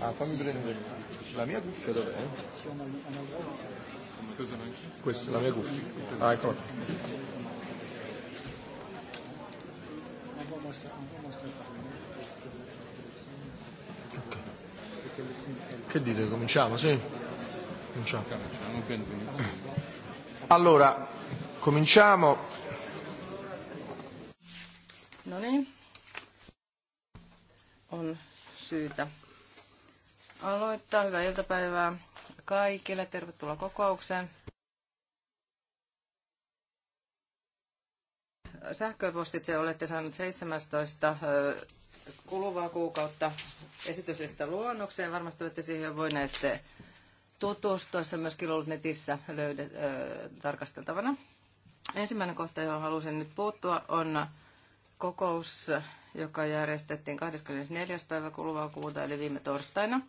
Ah, fammi prendere. La mia cuffia dov'è? Questa è la mia cuffia. Ah, ecco. Che dite, cominciamo, sì? Cominciamo. Allora, cominciamo. puheenjohtaja. Hyvää iltapäivää kaikille. Tervetuloa kokoukseen. Sähköpostitse olette saaneet 17 kuluvaa kuukautta esityslistä luonnokseen. Varmasti olette siihen voineet tutustua. Se on myöskin ollut netissä löydet, ö, tarkasteltavana. Ensimmäinen kohta, johon halusin nyt puuttua, on kokous, joka järjestettiin 24. päivä kuluvaa kuuta, eli viime torstaina.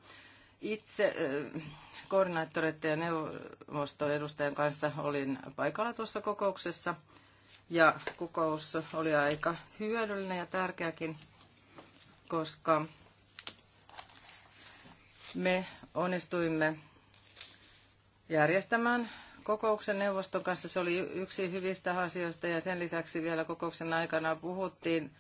Itse koordinaattoreiden ja neuvoston edustajan kanssa olin paikalla tuossa kokouksessa ja kokous oli aika hyödyllinen ja tärkeäkin, koska me onnistuimme järjestämään kokouksen neuvoston kanssa. Se oli yksi hyvistä asioista ja sen lisäksi vielä kokouksen aikana puhuttiin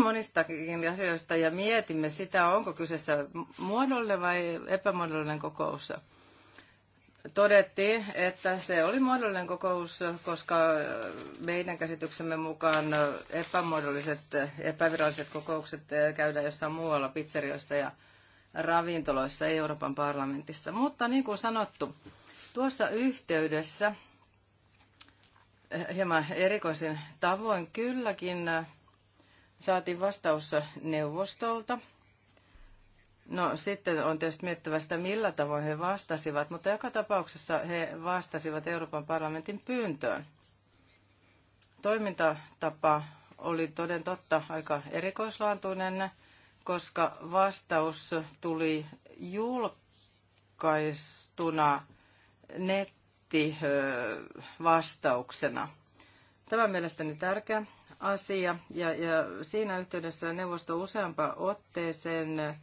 monistakin asioista ja mietimme sitä, onko kyseessä muodollinen vai epämuodollinen kokous. Todettiin, että se oli muodollinen kokous, koska meidän käsityksemme mukaan epämuodolliset, epäviralliset kokoukset käydään jossain muualla, pizzerioissa ja ravintoloissa, Euroopan parlamentissa. Mutta niin kuin sanottu, tuossa yhteydessä hieman erikoisin tavoin kylläkin Saatiin vastaus neuvostolta. No sitten on tietysti miettivä sitä, millä tavoin he vastasivat, mutta joka tapauksessa he vastasivat Euroopan parlamentin pyyntöön. Toimintatapa oli toden totta aika erikoislaatuinen, koska vastaus tuli julkaistuna nettivastauksena. Tämä on mielestäni tärkeä asia. Ja, ja siinä yhteydessä neuvosto useampa otteeseen,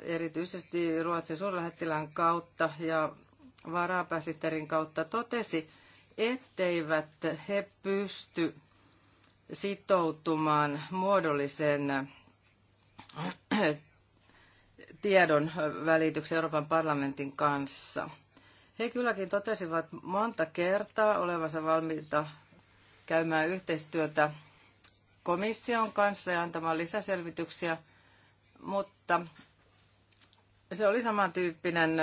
erityisesti Ruotsin suurlähettilän kautta ja varapääsihteerin kautta, totesi, etteivät he pysty sitoutumaan muodollisen tiedon välityksen Euroopan parlamentin kanssa. He kylläkin totesivat monta kertaa olevansa valmiita käymään yhteistyötä komission kanssa ja antamaan lisäselvityksiä, mutta se oli samantyyppinen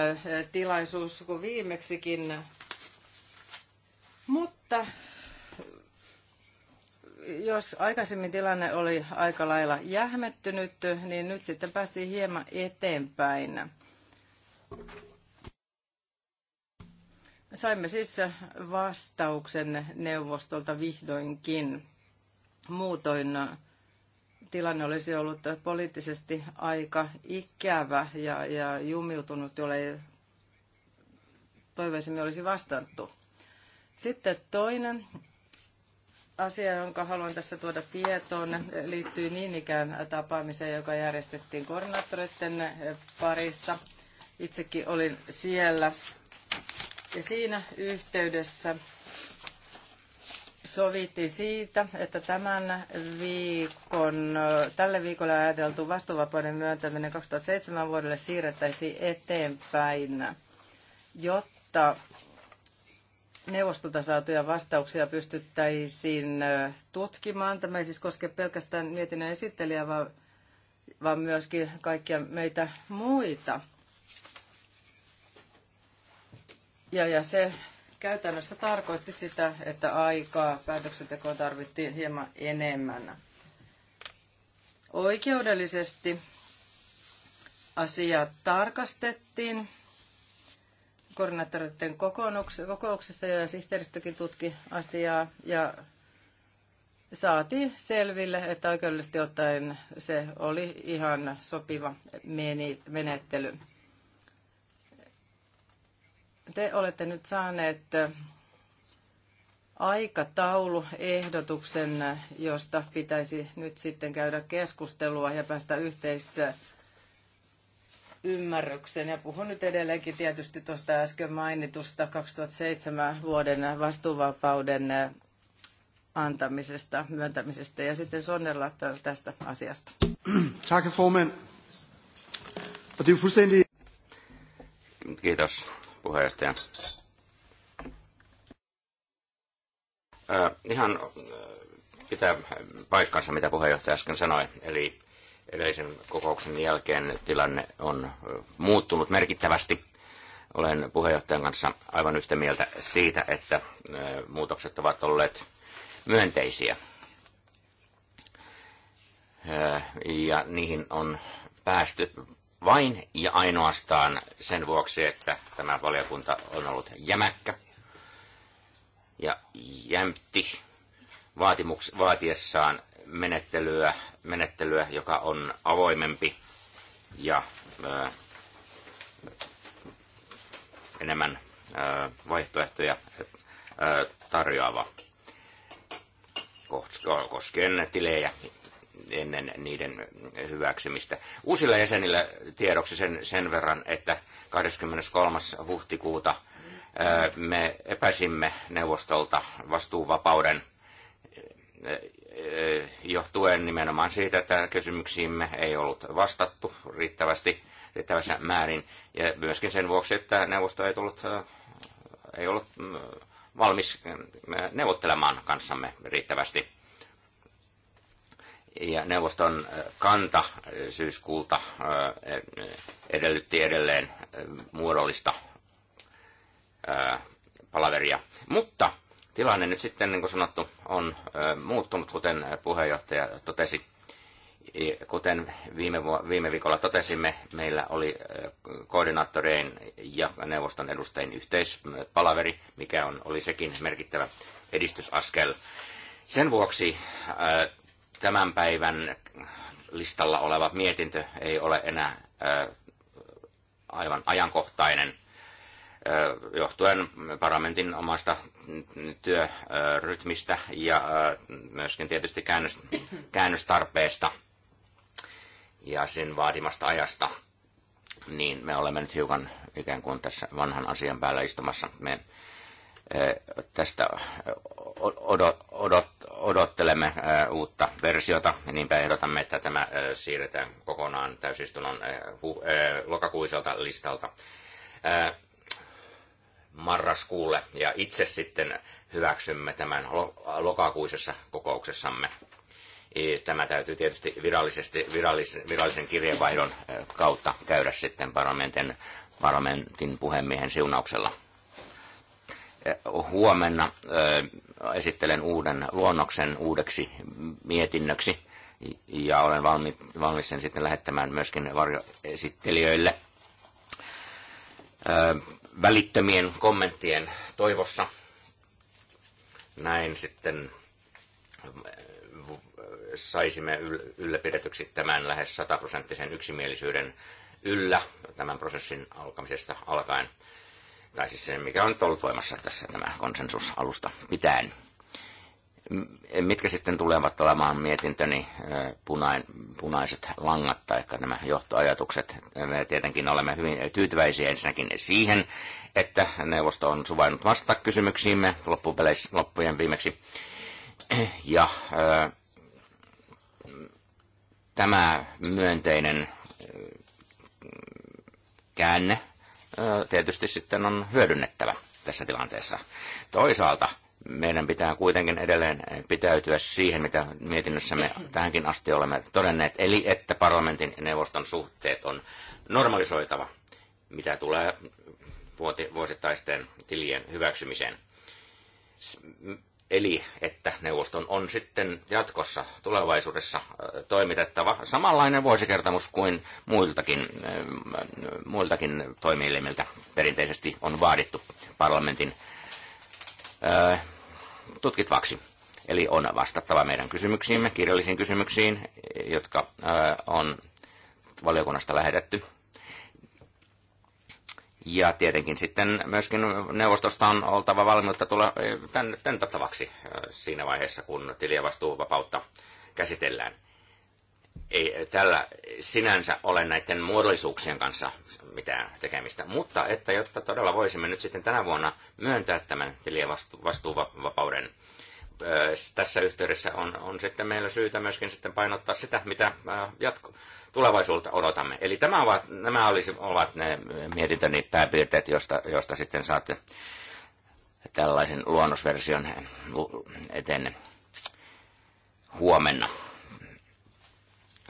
tilaisuus kuin viimeksikin. Mutta jos aikaisemmin tilanne oli aika lailla jähmettynyt, niin nyt sitten päästiin hieman eteenpäin. Saimme siis vastauksen neuvostolta vihdoinkin. Muutoin tilanne olisi ollut poliittisesti aika ikävä ja, ja jumiutunut, jolle toiveisimme olisi vastattu. Sitten toinen asia, jonka haluan tässä tuoda tietoon, liittyy niin ikään tapaamiseen, joka järjestettiin koordinaattoreiden parissa. Itsekin olin siellä. Ja siinä yhteydessä sovittiin siitä, että tämän viikon, tälle viikolle ajateltu vastuuvapauden myöntäminen 2007 vuodelle siirrettäisiin eteenpäin, jotta neuvostolta saatuja vastauksia pystyttäisiin tutkimaan. Tämä ei siis koske pelkästään mietinnön esittelijää, vaan, vaan myöskin kaikkia meitä muita. Ja, ja se käytännössä tarkoitti sitä, että aikaa päätöksentekoon tarvittiin hieman enemmän. Oikeudellisesti asiaa tarkastettiin koordinaattoreiden kokouksessa ja sihteeristökin tutki asiaa ja saatiin selville, että oikeudellisesti ottaen se oli ihan sopiva menettely te olette nyt saaneet aikatauluehdotuksen, josta pitäisi nyt sitten käydä keskustelua ja päästä yhteisymmärrykseen. Ja puhun nyt edelleenkin tietysti tuosta äsken mainitusta 2007 vuoden vastuuvapauden antamisesta, myöntämisestä ja sitten Sonnella tästä asiasta. Tack er Kiitos puheenjohtaja. Ihan pitää paikkansa, mitä puheenjohtaja äsken sanoi. Eli edellisen kokouksen jälkeen tilanne on muuttunut merkittävästi. Olen puheenjohtajan kanssa aivan yhtä mieltä siitä, että muutokset ovat olleet myönteisiä. Ja niihin on päästy vain ja ainoastaan sen vuoksi, että tämä valiokunta on ollut jämäkkä ja jämpti vaatimuks- vaatiessaan menettelyä, menettelyä, joka on avoimempi ja ö, enemmän ö, vaihtoehtoja ö, tarjoava koskien tilejä ennen niiden hyväksymistä. Uusilla jäsenillä tiedoksi sen, sen verran, että 23. huhtikuuta me epäsimme neuvostolta vastuuvapauden johtuen nimenomaan siitä, että kysymyksiimme ei ollut vastattu riittävästi, riittävässä määrin. Ja myöskin sen vuoksi, että neuvosto ei, tullut, ei ollut mm, valmis neuvottelemaan kanssamme riittävästi ja neuvoston äh, kanta äh, syyskuulta äh, edellytti edelleen muodollista palaveria. Mutta tilanne nyt sitten, niin kuin sanottu, on muuttunut, kuten puheenjohtaja totesi. Kuten viime, viime viikolla totesimme, meillä oli koordinaattorein ja neuvoston edustajien yhteispalaveri, mikä on, oli sekin merkittävä edistysaskel. Sen vuoksi tämän päivän listalla oleva mietintö ei ole enää aivan ajankohtainen johtuen parlamentin omasta työrytmistä ja myöskin tietysti käännös, käännöstarpeesta ja sen vaatimasta ajasta, niin me olemme nyt hiukan ikään kuin tässä vanhan asian päällä istumassa. Me Eh, tästä eh, odot, odot, odottelemme eh, uutta versiota, niinpä ehdotamme, että tämä siirretään kokonaan täysistunnon lokakuiselta listalta marraskuulle ja itse sitten hyväksymme tämän lokakuisessa kokouksessamme. Tämä täytyy tietysti virallisesti, virallis, virallisen kirjeenvaihdon kautta käydä sitten parlamentin, puhemiehen siunauksella huomenna esittelen uuden luonnoksen uudeksi mietinnöksi ja olen valmi, valmis sen sitten lähettämään myöskin varjoesittelijöille välittömien kommenttien toivossa. Näin sitten saisimme ylläpidetyksi tämän lähes sataprosenttisen yksimielisyyden yllä tämän prosessin alkamisesta alkaen tai siis se, mikä on nyt ollut voimassa tässä tämä konsensusalusta pitäen. Mitkä sitten tulevat olemaan mietintöni punain, punaiset langat tai nämä johtoajatukset? Me tietenkin olemme hyvin tyytyväisiä ensinnäkin siihen, että neuvosto on suvainnut vastata kysymyksiimme loppujen viimeksi. Ja tämä myönteinen käänne tietysti sitten on hyödynnettävä tässä tilanteessa. Toisaalta meidän pitää kuitenkin edelleen pitäytyä siihen, mitä mietinnössämme tähänkin asti olemme todenneet, eli että parlamentin ja neuvoston suhteet on normalisoitava, mitä tulee vuosittaisten tilien hyväksymiseen Eli että neuvoston on sitten jatkossa tulevaisuudessa toimitettava samanlainen vuosikertomus kuin muiltakin, muiltakin toimielimiltä perinteisesti on vaadittu parlamentin tutkittavaksi. Eli on vastattava meidän kysymyksiimme, kirjallisiin kysymyksiin, jotka on valiokunnasta lähetetty ja tietenkin sitten myöskin neuvostosta on oltava valmiutta tulla tän, tentattavaksi siinä vaiheessa, kun tiliä vastuuvapautta käsitellään. Ei tällä sinänsä ole näiden muodollisuuksien kanssa mitään tekemistä, mutta että jotta todella voisimme nyt sitten tänä vuonna myöntää tämän tilien vastuuvapauden, tässä yhteydessä on, on sitten meillä syytä myöskin sitten painottaa sitä, mitä jatko, tulevaisuudelta odotamme. Eli tämä ovat, nämä olisi, ovat ne mietintöni pääpiirteet, josta, josta sitten saatte tällaisen luonnosversion eteen huomenna.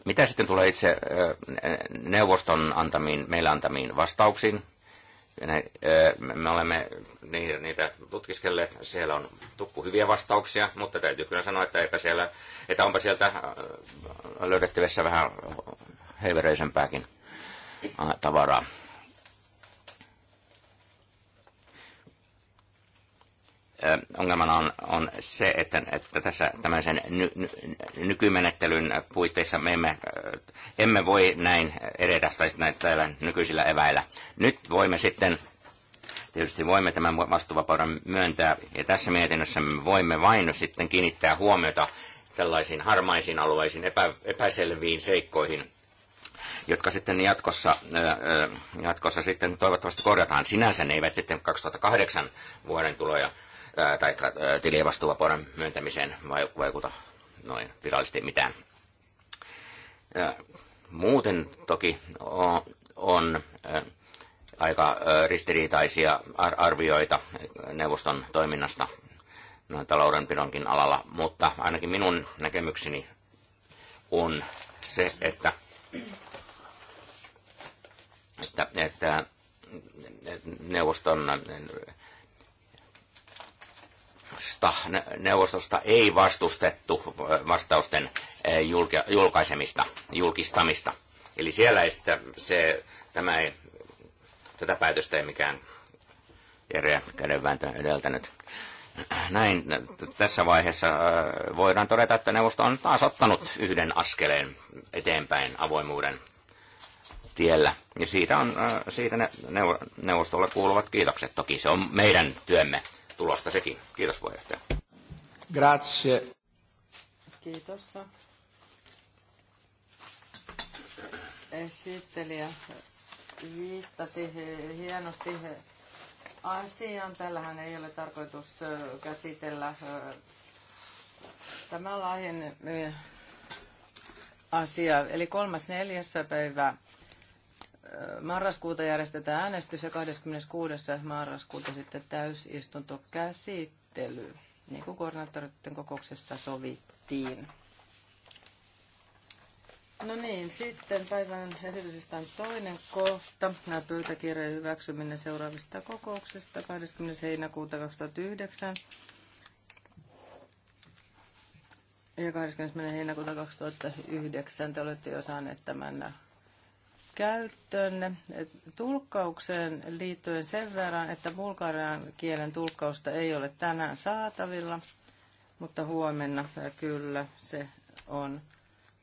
Mitä sitten tulee itse neuvoston antamiin, meillä antamiin vastauksiin me olemme niitä tutkiskelleet. Siellä on tukku hyviä vastauksia, mutta täytyy kyllä sanoa, että, eipä siellä, että onpa sieltä löydettävissä vähän heivereisempääkin tavaraa. ongelmana on, on se, että, että tässä tämmöisen ny, ny, nykymenettelyn puitteissa me emme, emme voi näin edetä näillä nykyisillä eväillä. Nyt voimme sitten, tietysti voimme tämän vastuvapauden myöntää, ja tässä mietinnössä me voimme vain sitten kiinnittää huomiota tällaisiin harmaisiin alueisiin, epä, epäselviin seikkoihin, jotka sitten jatkossa, jatkossa sitten toivottavasti korjataan. Sinänsä ne eivät sitten 2008 vuoden tuloja tai tilien vastuuvapauden myöntämiseen vaikuta noin virallisesti mitään. Muuten toki on aika ristiriitaisia arvioita neuvoston toiminnasta noin taloudenpidonkin alalla, mutta ainakin minun näkemykseni on se, että, että, että neuvoston neuvostosta, neuvostosta ei vastustettu vastausten julkaisemista, julkistamista. Eli siellä ei sitä, se, tämä ei, tätä päätöstä ei mikään järeä kädenvääntö edeltänyt. Näin tässä vaiheessa voidaan todeta, että neuvosto on taas ottanut yhden askeleen eteenpäin avoimuuden tiellä. Ja siitä, on, siitä ne neuvostolle kuuluvat kiitokset. Toki se on meidän työmme tulosta sekin. Kiitos puheenjohtaja. Grazie. Kiitos. Esittelijä viittasi hienosti asiaan. Tällähän ei ole tarkoitus käsitellä tämän laajemmin asiaa. Eli kolmas neljäs päivä marraskuuta järjestetään äänestys ja 26. marraskuuta sitten täysistunto käsittely, niin kuin koordinaattoreiden kokouksessa sovittiin. No niin, sitten päivän on toinen kohta. Nämä pöytäkirjan hyväksyminen seuraavista kokouksista 20. heinäkuuta 2009 ja 20. heinäkuuta 2009. Te olette jo saaneet tämän käyttöön tulkkaukseen liittyen sen verran, että bulgarian kielen tulkkausta ei ole tänään saatavilla, mutta huomenna kyllä se on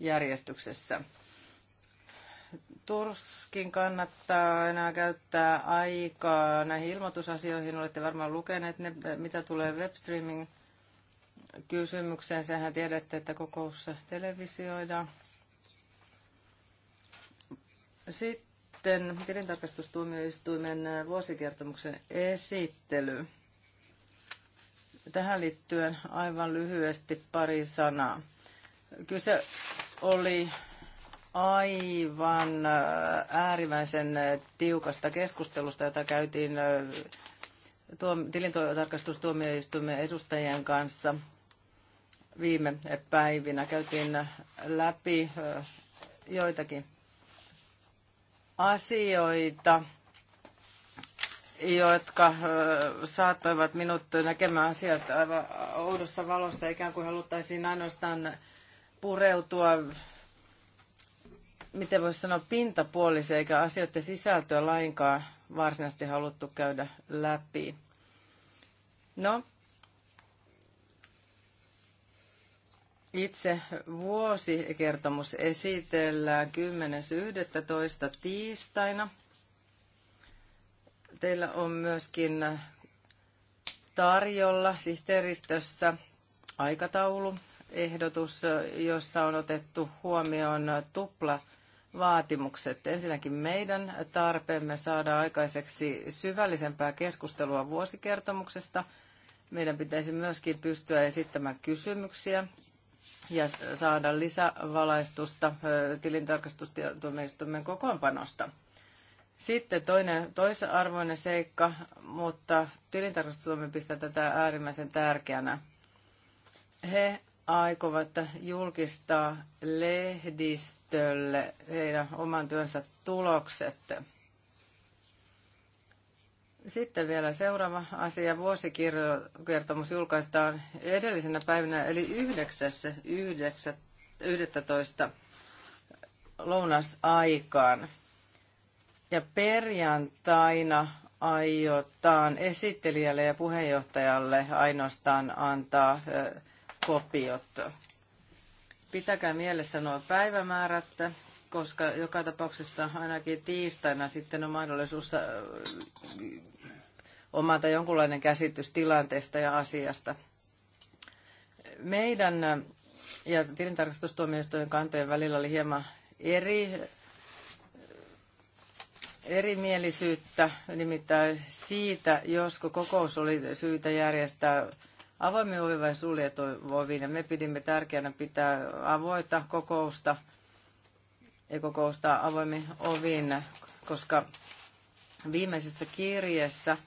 järjestyksessä. Turskin kannattaa enää käyttää aikaa näihin ilmoitusasioihin. Olette varmaan lukeneet ne, mitä tulee webstreaming kysymykseen. Sehän tiedätte, että kokous televisioidaan. Sitten tilintarkastustuomioistuimen vuosikertomuksen esittely. Tähän liittyen aivan lyhyesti pari sanaa. Kyse oli aivan äh, äärimmäisen tiukasta keskustelusta, jota käytiin äh, tilintarkastustuomioistuimen edustajien kanssa viime päivinä. Käytiin läpi äh, joitakin asioita, jotka saattoivat minut näkemään asiat aivan oudossa valossa, ikään kuin haluttaisiin ainoastaan pureutua, miten voisi sanoa, pintapuolisen, eikä asioiden sisältöä lainkaan varsinaisesti haluttu käydä läpi. No, Itse vuosikertomus esitellään 10.11. tiistaina. Teillä on myöskin tarjolla sihteeristössä aikataulu ehdotus, jossa on otettu huomioon tupla vaatimukset. Ensinnäkin meidän tarpeemme saada aikaiseksi syvällisempää keskustelua vuosikertomuksesta. Meidän pitäisi myöskin pystyä esittämään kysymyksiä ja saada lisävalaistusta tilintarkastustuomioistuimen kokoonpanosta. Sitten toinen toisarvoinen seikka, mutta tilintarkastustuomio pistää tätä äärimmäisen tärkeänä. He aikovat julkistaa lehdistölle heidän oman työnsä tulokset. Sitten vielä seuraava asia. Vuosikertomus julkaistaan edellisenä päivänä, eli 9.11. lounasaikaan. Ja perjantaina aiotaan esittelijälle ja puheenjohtajalle ainoastaan antaa kopiot. Pitäkää mielessä nuo päivämäärät, koska joka tapauksessa ainakin tiistaina sitten on mahdollisuus omata jonkunlainen käsitys tilanteesta ja asiasta. Meidän ja tilintarkastustuomioistuimen kantojen välillä oli hieman eri, erimielisyyttä, nimittäin siitä, josko kokous oli syytä järjestää avoimin ovi vai suljetuin me pidimme tärkeänä pitää avoita kokousta ja kokousta avoimin ovin, koska viimeisessä kirjeessä –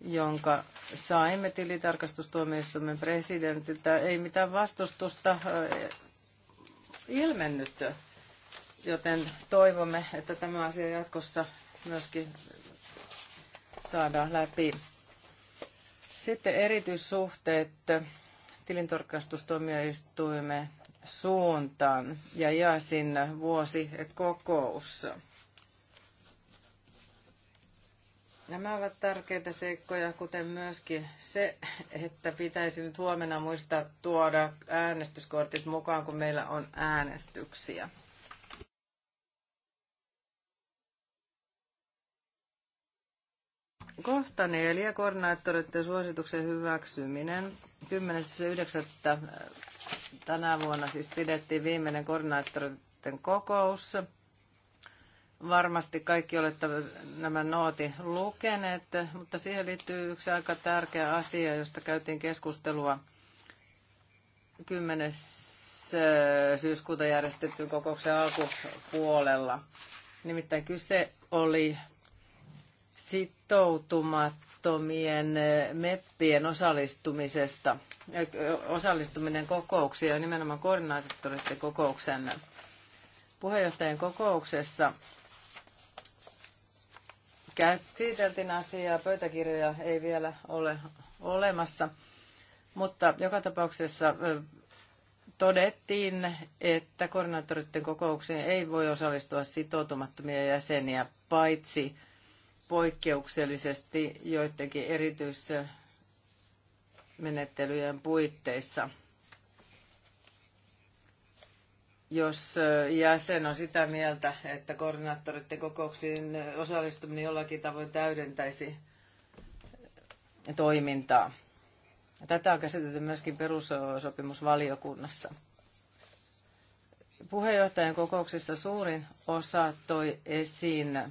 jonka saimme tilitarkastustuomioistuimen presidentiltä, ei mitään vastustusta ilmennyt, joten toivomme, että tämä asia jatkossa myöskin saadaan läpi. Sitten erityissuhteet tilintarkastustuomioistuimen suuntaan ja Jaasin vuosi kokoussa. Nämä ovat tärkeitä seikkoja, kuten myöskin se, että pitäisi nyt huomenna muistaa tuoda äänestyskortit mukaan, kun meillä on äänestyksiä. Kohta neljä, koordinaattoreiden suosituksen hyväksyminen. 10.9. Äh, tänä vuonna siis pidettiin viimeinen koordinaattoreiden kokous. Varmasti kaikki olette nämä nooti lukeneet, mutta siihen liittyy yksi aika tärkeä asia, josta käytiin keskustelua 10. syyskuuta järjestettyyn kokouksen alkupuolella. Nimittäin kyse oli sitoutumattomien meppien osallistumisesta, osallistuminen kokouksiin ja nimenomaan koordinaattoreiden kokouksen puheenjohtajien kokouksessa käsiteltiin asiaa, pöytäkirjoja ei vielä ole olemassa, mutta joka tapauksessa todettiin, että koordinaattoritten kokoukseen ei voi osallistua sitoutumattomia jäseniä, paitsi poikkeuksellisesti joidenkin erityismenettelyjen puitteissa – jos jäsen on sitä mieltä, että koordinaattoreiden kokouksiin osallistuminen jollakin tavoin täydentäisi toimintaa. Tätä on käsitelty myöskin perussopimusvaliokunnassa. Puheenjohtajan kokouksissa suurin osa toi esiin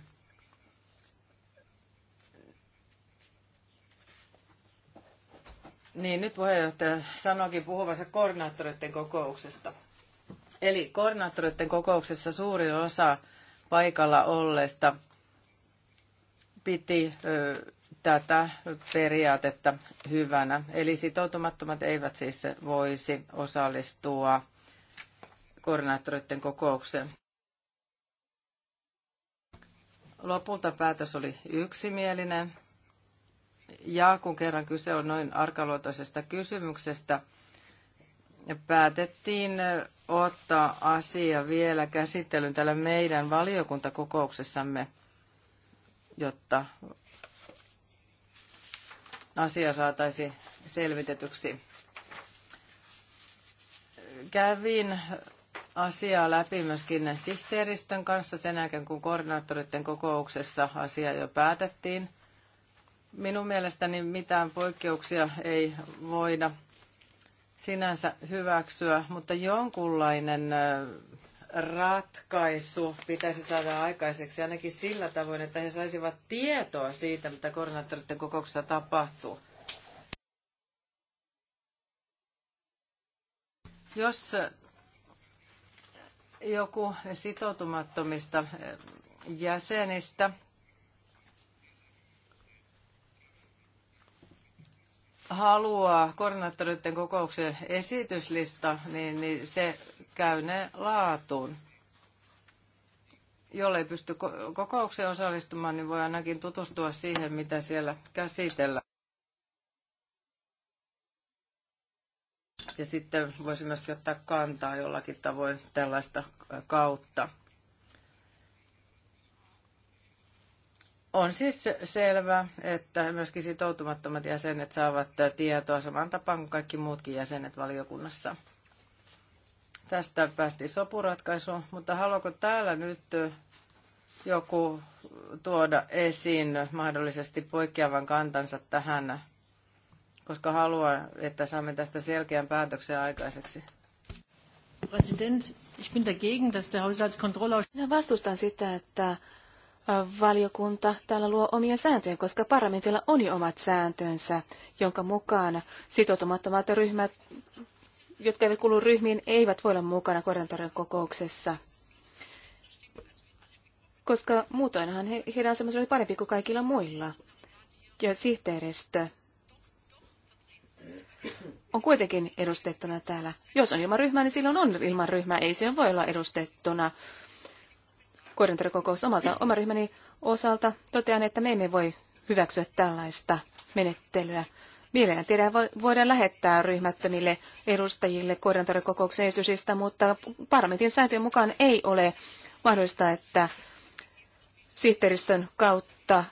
Niin, nyt puheenjohtaja sanoikin puhuvansa koordinaattoreiden kokouksesta – Eli koordinaattoreiden kokouksessa suurin osa paikalla olleista piti ö, tätä periaatetta hyvänä. Eli sitoutumattomat eivät siis voisi osallistua koordinaattoreiden kokoukseen. Lopulta päätös oli yksimielinen. Ja kun kerran kyse on noin arkaluotoisesta kysymyksestä – päätettiin ottaa asia vielä käsittelyyn täällä meidän valiokuntakokouksessamme, jotta asia saataisiin selvitetyksi. Kävin asiaa läpi myöskin sihteeristön kanssa sen jälkeen, kun koordinaattoreiden kokouksessa asia jo päätettiin. Minun mielestäni mitään poikkeuksia ei voida sinänsä hyväksyä, mutta jonkunlainen ratkaisu pitäisi saada aikaiseksi ainakin sillä tavoin, että he saisivat tietoa siitä, mitä koordinaattoreiden kokouksessa tapahtuu. Jos joku sitoutumattomista jäsenistä – haluaa koordinaattoreiden kokouksen esityslista, niin, niin se ne laatuun. Jolle ei pysty kokoukseen osallistumaan, niin voi ainakin tutustua siihen, mitä siellä käsitellään. Ja sitten voisi myös ottaa kantaa jollakin tavoin tällaista kautta. On siis selvä, että myöskin sitoutumattomat jäsenet saavat tietoa saman tapaan kuin kaikki muutkin jäsenet valiokunnassa. Tästä päästiin sopuratkaisuun, mutta haluaako täällä nyt joku tuoda esiin mahdollisesti poikkeavan kantansa tähän, koska haluan, että saamme tästä selkeän päätöksen aikaiseksi? President, ich bin dagegen, dass der Haushaltskontrollaus... Minä vastustan sitä, että valiokunta täällä luo omia sääntöjä, koska parlamentilla on jo omat sääntönsä, jonka mukaan sitoutumattomat ryhmät, jotka eivät kuulu ryhmiin, eivät voi olla mukana koordinaattorin kokouksessa. Koska muutoinhan he, heidän asemansa oli parempi kuin kaikilla muilla. Ja sihteeristö on kuitenkin edustettuna täällä. Jos on ilman ryhmää, niin silloin on ilman ryhmää. Ei se voi olla edustettuna koordinaattorikokous omalta oma ryhmäni osalta. Totean, että me emme voi hyväksyä tällaista menettelyä. Mielellään tiedä voidaan lähettää ryhmättömille edustajille koordinaattorikokouksen esitysistä, mutta parlamentin sääntöjen mukaan ei ole mahdollista, että sihteeristön kautta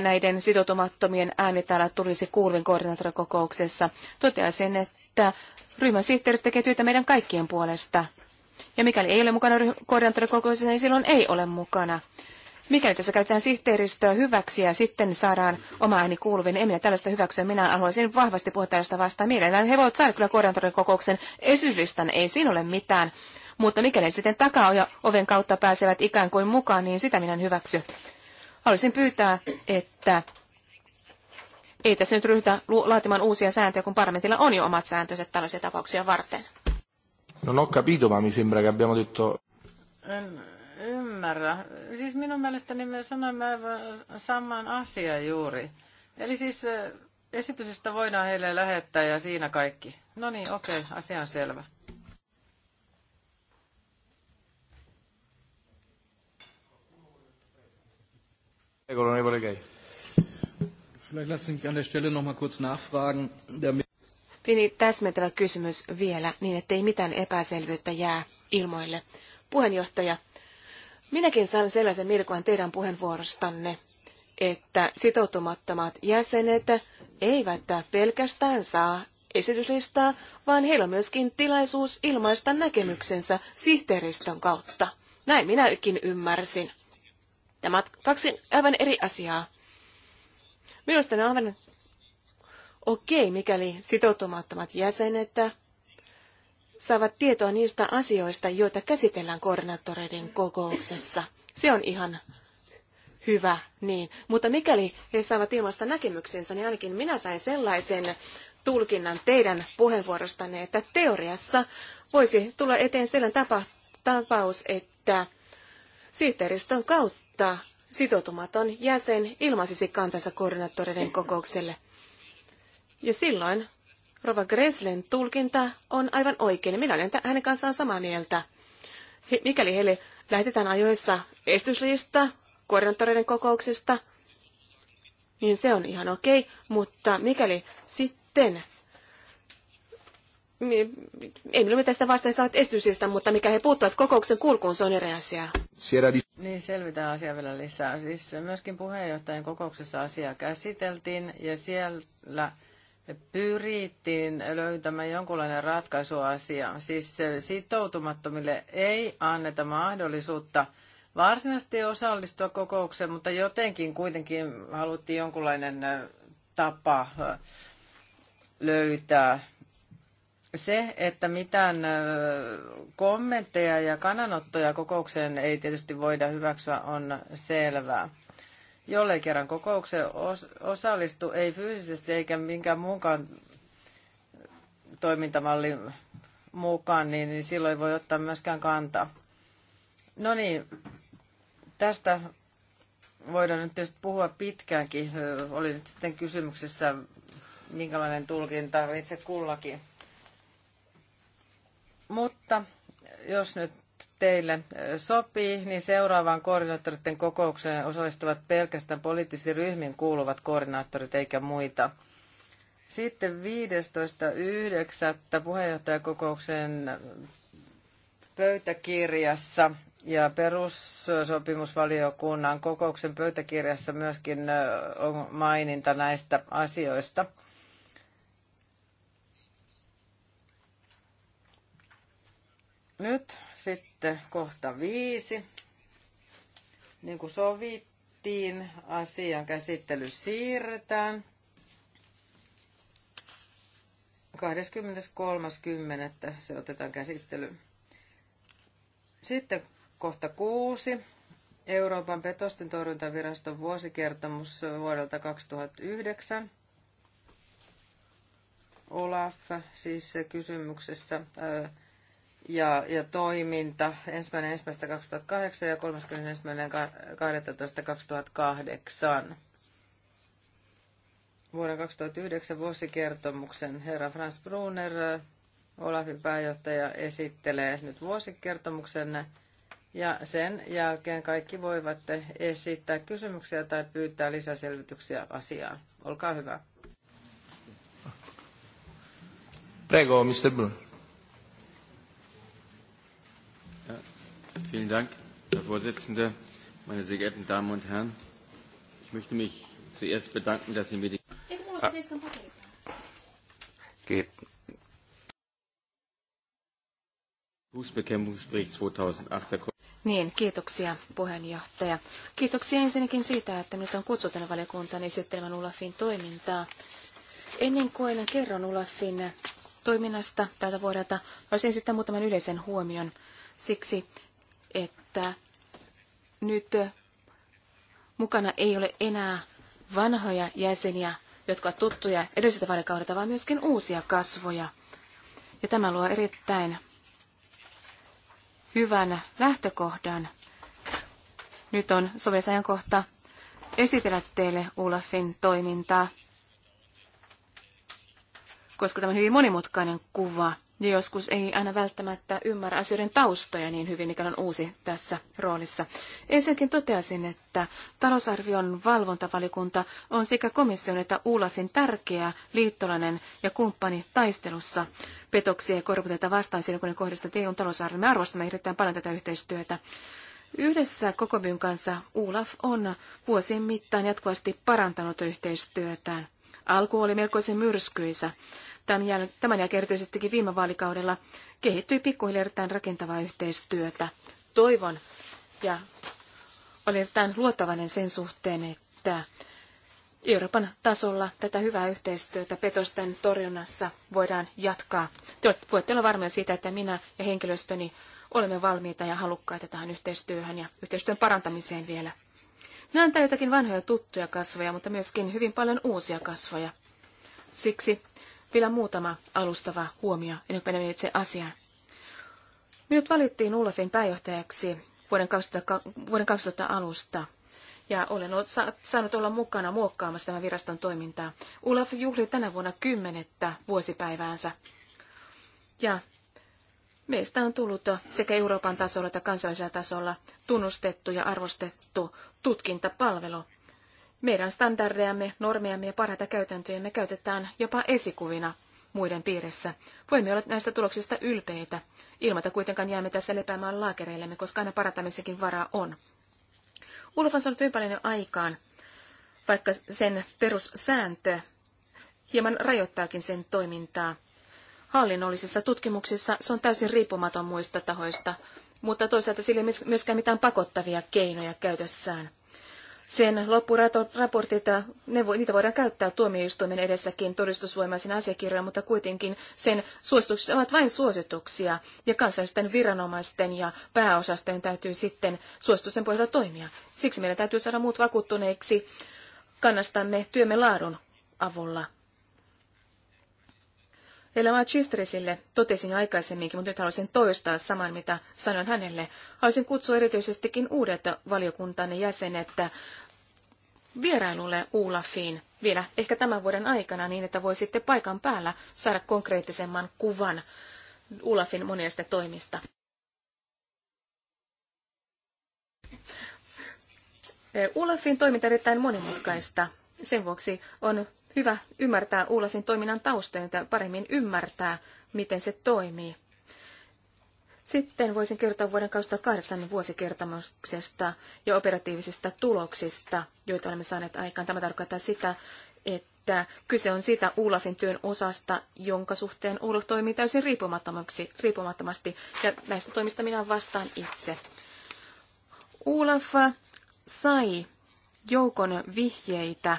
näiden sitoutumattomien ääni täällä tulisi kuulvin koordinaattorikokouksessa. Toteaisin, että ryhmän sihteeristö tekee työtä meidän kaikkien puolesta. Ja mikäli ei ole mukana koordinaattorikokouksessa, niin silloin ei ole mukana. Mikäli tässä käytetään sihteeristöä hyväksi ja sitten saadaan oma ääni kuuluviin, niin en minä tällaista hyväksyä. Minä haluaisin vahvasti puhua tällaista vastaan. Mielellään he voivat saada kyllä koordinaattorikokouksen esityslistan, ei siinä ole mitään. Mutta mikäli sitten oven kautta pääsevät ikään kuin mukaan, niin sitä minä en hyväksy. Haluaisin pyytää, että ei tässä nyt ryhdytä laatimaan uusia sääntöjä, kun parlamentilla on jo omat sääntöiset tällaisia tapauksia varten. Non ho capito, ma mi sembra che abbiamo detto... En ymmärrä. Siis minun mielestäni me sanoimme saman asia juuri. Eli siis esityksestä voidaan heille lähettää ja siinä kaikki. No niin, okei, okay, asia on selvä. Herr Kollege Gay. Vielleicht lassen Sie mich an der Stelle noch mal kurz nachfragen, damit Pieni täsmentävä kysymys vielä, niin ettei mitään epäselvyyttä jää ilmoille. Puheenjohtaja, minäkin saan sellaisen mielikuvan teidän puheenvuorostanne, että sitoutumattomat jäsenet eivät pelkästään saa esityslistaa, vaan heillä on myöskin tilaisuus ilmaista näkemyksensä sihteeristön kautta. Näin minäkin ymmärsin. Tämä on kaksi aivan eri asiaa. Minusta ne on aivan okei, mikäli sitoutumattomat jäsenet saavat tietoa niistä asioista, joita käsitellään koordinaattoreiden kokouksessa. Se on ihan hyvä, niin. Mutta mikäli he saavat ilmaista näkemyksensä, niin ainakin minä sain sellaisen tulkinnan teidän puheenvuorostanne, että teoriassa voisi tulla eteen sellainen tapa, tapaus, että sihteeristön kautta sitoutumaton jäsen ilmaisisi kantansa koordinaattoreiden kokoukselle. Ja silloin Rova Greslen tulkinta on aivan oikein. Minä olen hänen kanssaan samaa mieltä. He, mikäli heille lähetetään ajoissa estyslista koordinaattoreiden kokouksesta, niin se on ihan okei, mutta mikäli sitten ei minulla mitään sitä vastaan saavat estyslista, mutta mikä he puuttuvat kokouksen kulkuun, se on eri asia. Niin, selvitään asia vielä lisää. Siis myöskin puheenjohtajan kokouksessa asiaa käsiteltiin ja siellä pyrittiin löytämään jonkunlainen ratkaisu asiaan. Siis sitoutumattomille ei anneta mahdollisuutta varsinaisesti osallistua kokoukseen, mutta jotenkin kuitenkin haluttiin jonkunlainen tapa löytää. Se, että mitään kommentteja ja kannanottoja kokoukseen ei tietysti voida hyväksyä, on selvää jollei kerran kokoukseen osallistu, ei fyysisesti eikä minkään muunkaan toimintamallin mukaan, niin, niin silloin voi ottaa myöskään kantaa. No niin, tästä voidaan nyt tietysti puhua pitkäänkin. Oli nyt sitten kysymyksessä, minkälainen tulkinta itse kullakin. Mutta jos nyt teille sopii, niin seuraavaan koordinaattoreiden kokoukseen osallistuvat pelkästään poliittisiin ryhmiin kuuluvat koordinaattorit eikä muita. Sitten 15.9. puheenjohtajakokouksen pöytäkirjassa ja perussopimusvaliokunnan kokouksen pöytäkirjassa myöskin on maininta näistä asioista. Nyt sitten kohta viisi. Niin kuin sovittiin, asian käsittely siirretään. 23.10. se otetaan käsittely. Sitten kohta kuusi. Euroopan petosten torjuntaviraston vuosikertomus vuodelta 2009. Olaf siis kysymyksessä ja, ja toiminta 1.1.2008 ja 31.12.2008. Vuoden 2009 vuosikertomuksen herra Franz Brunner, Olafin pääjohtaja, esittelee nyt vuosikertomuksen ja sen jälkeen kaikki voivat esittää kysymyksiä tai pyytää lisäselvityksiä asiaan. Olkaa hyvä. Prego, Mr. Brunner. Vielen Dank, Herr Vorsitzender, meine sehr geehrten Damen und Herren. Ich möchte mich zuerst bedanken, dass Sie mir die... Fußbekämpfungsbericht 2008 niin, kiitoksia puheenjohtaja. Kiitoksia ensinnäkin siitä, että nyt on kutsuttu tänne valiokuntaan esittelemään Ulafin toimintaa. Ennen kuin kerron Ulafin toiminnasta tältä vuodelta, olisin sitten muutaman yleisen huomion siksi, että nyt mukana ei ole enää vanhoja jäseniä, jotka ovat tuttuja edelliseltä vaalikaudelta, vaan myöskin uusia kasvoja. Ja tämä luo erittäin hyvän lähtökohdan. Nyt on kohta esitellä teille Ulafin toimintaa, koska tämä on hyvin monimutkainen kuva – ja joskus ei aina välttämättä ymmärrä asioiden taustoja niin hyvin, mikä on uusi tässä roolissa. Ensinnäkin toteasin, että talousarvion valvontavalikunta on sekä komission että ULAFin tärkeä liittolainen ja kumppani taistelussa petoksia ja korruptiota vastaan silloin, kun ne kohdistuvat EUn talousarvioon. Me arvostamme erittäin paljon tätä yhteistyötä. Yhdessä Kokobyn kanssa ULAF on vuosien mittaan jatkuvasti parantanut yhteistyötään. Alku oli melkoisen myrskyisä, tämän, jäl- tämän jälkeen erityisestikin viime vaalikaudella kehittyi pikkuhiljaa erittäin rakentavaa yhteistyötä. Toivon ja olen erittäin luottavainen sen suhteen, että Euroopan tasolla tätä hyvää yhteistyötä petosten torjunnassa voidaan jatkaa. Te voitte olla varmoja siitä, että minä ja henkilöstöni olemme valmiita ja halukkaita tähän yhteistyöhön ja yhteistyön parantamiseen vielä. Nämä on jotakin vanhoja tuttuja kasvoja, mutta myöskin hyvin paljon uusia kasvoja. Siksi vielä muutama alustava huomio, ennen kuin menemme itse asiaan. Minut valittiin Ulefin pääjohtajaksi vuoden 2000, vuoden 2000 alusta ja olen ollut, saanut olla mukana muokkaamassa tämän viraston toimintaa. Ulaf juhli tänä vuonna kymmenettä vuosipäiväänsä. Ja meistä on tullut sekä Euroopan tasolla että kansallisella tasolla tunnustettu ja arvostettu tutkintapalvelu meidän standardejamme, normejamme ja parhaita käytäntöjämme käytetään jopa esikuvina muiden piirissä. Voimme olla näistä tuloksista ylpeitä, ilmata kuitenkaan jäämme tässä lepäämään laakereillemme, koska aina parantamisenkin varaa on. Ulf on saanut paljon aikaan, vaikka sen perussääntö hieman rajoittaakin sen toimintaa. Hallinnollisissa tutkimuksissa se on täysin riippumaton muista tahoista, mutta toisaalta sillä ei myöskään mitään pakottavia keinoja käytössään. Sen loppuraportit, äh, ne vo, niitä voidaan käyttää tuomioistuimen edessäkin todistusvoimaisen asiakirjan, mutta kuitenkin sen suositukset ovat vain suosituksia, ja kansallisten viranomaisten ja pääosastojen täytyy sitten suositusten pohjalta toimia. Siksi meidän täytyy saada muut vakuuttuneiksi kannastamme työmme laadun avulla. Elämä Chistresille totesin jo aikaisemminkin, mutta nyt haluaisin toistaa saman, mitä sanoin hänelle. Haluaisin kutsua erityisestikin uudet valiokuntanne jäsenet vierailulle Ulafiin vielä ehkä tämän vuoden aikana niin, että voisitte paikan päällä saada konkreettisemman kuvan Ulafin monista toimista. Ulafin eh, toiminta on erittäin monimutkaista. Sen vuoksi on hyvä ymmärtää Ulafin toiminnan taustoja ja paremmin ymmärtää, miten se toimii. Sitten voisin kertoa vuoden 2008 vuosikertomuksesta ja operatiivisista tuloksista, joita olemme saaneet aikaan. Tämä tarkoittaa sitä, että kyse on siitä Ulafin työn osasta, jonka suhteen Ulof toimii täysin riippumattomaksi, riippumattomasti, ja näistä toimista minä vastaan itse. Ulaf sai joukon vihjeitä,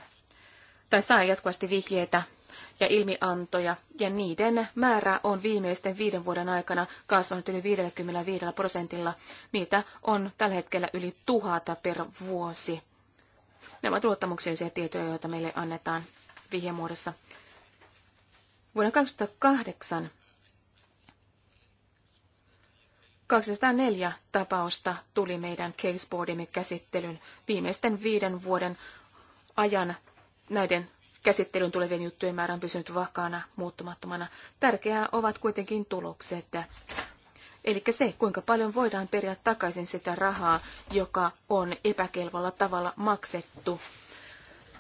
tai sai jatkuvasti vihjeitä ja ilmiantoja, ja niiden määrä on viimeisten viiden vuoden aikana kasvanut yli 55 prosentilla. Niitä on tällä hetkellä yli tuhata per vuosi. Nämä ovat luottamuksellisia tietoja, joita meille annetaan vihjemuodossa. Vuonna 2008 204 tapausta tuli meidän caseboardimme käsittelyn viimeisten viiden vuoden ajan näiden käsittelyn tulevien juttujen määrä on pysynyt vakaana, muuttumattomana. Tärkeää ovat kuitenkin tulokset. Eli se, kuinka paljon voidaan periä takaisin sitä rahaa, joka on epäkelvolla tavalla maksettu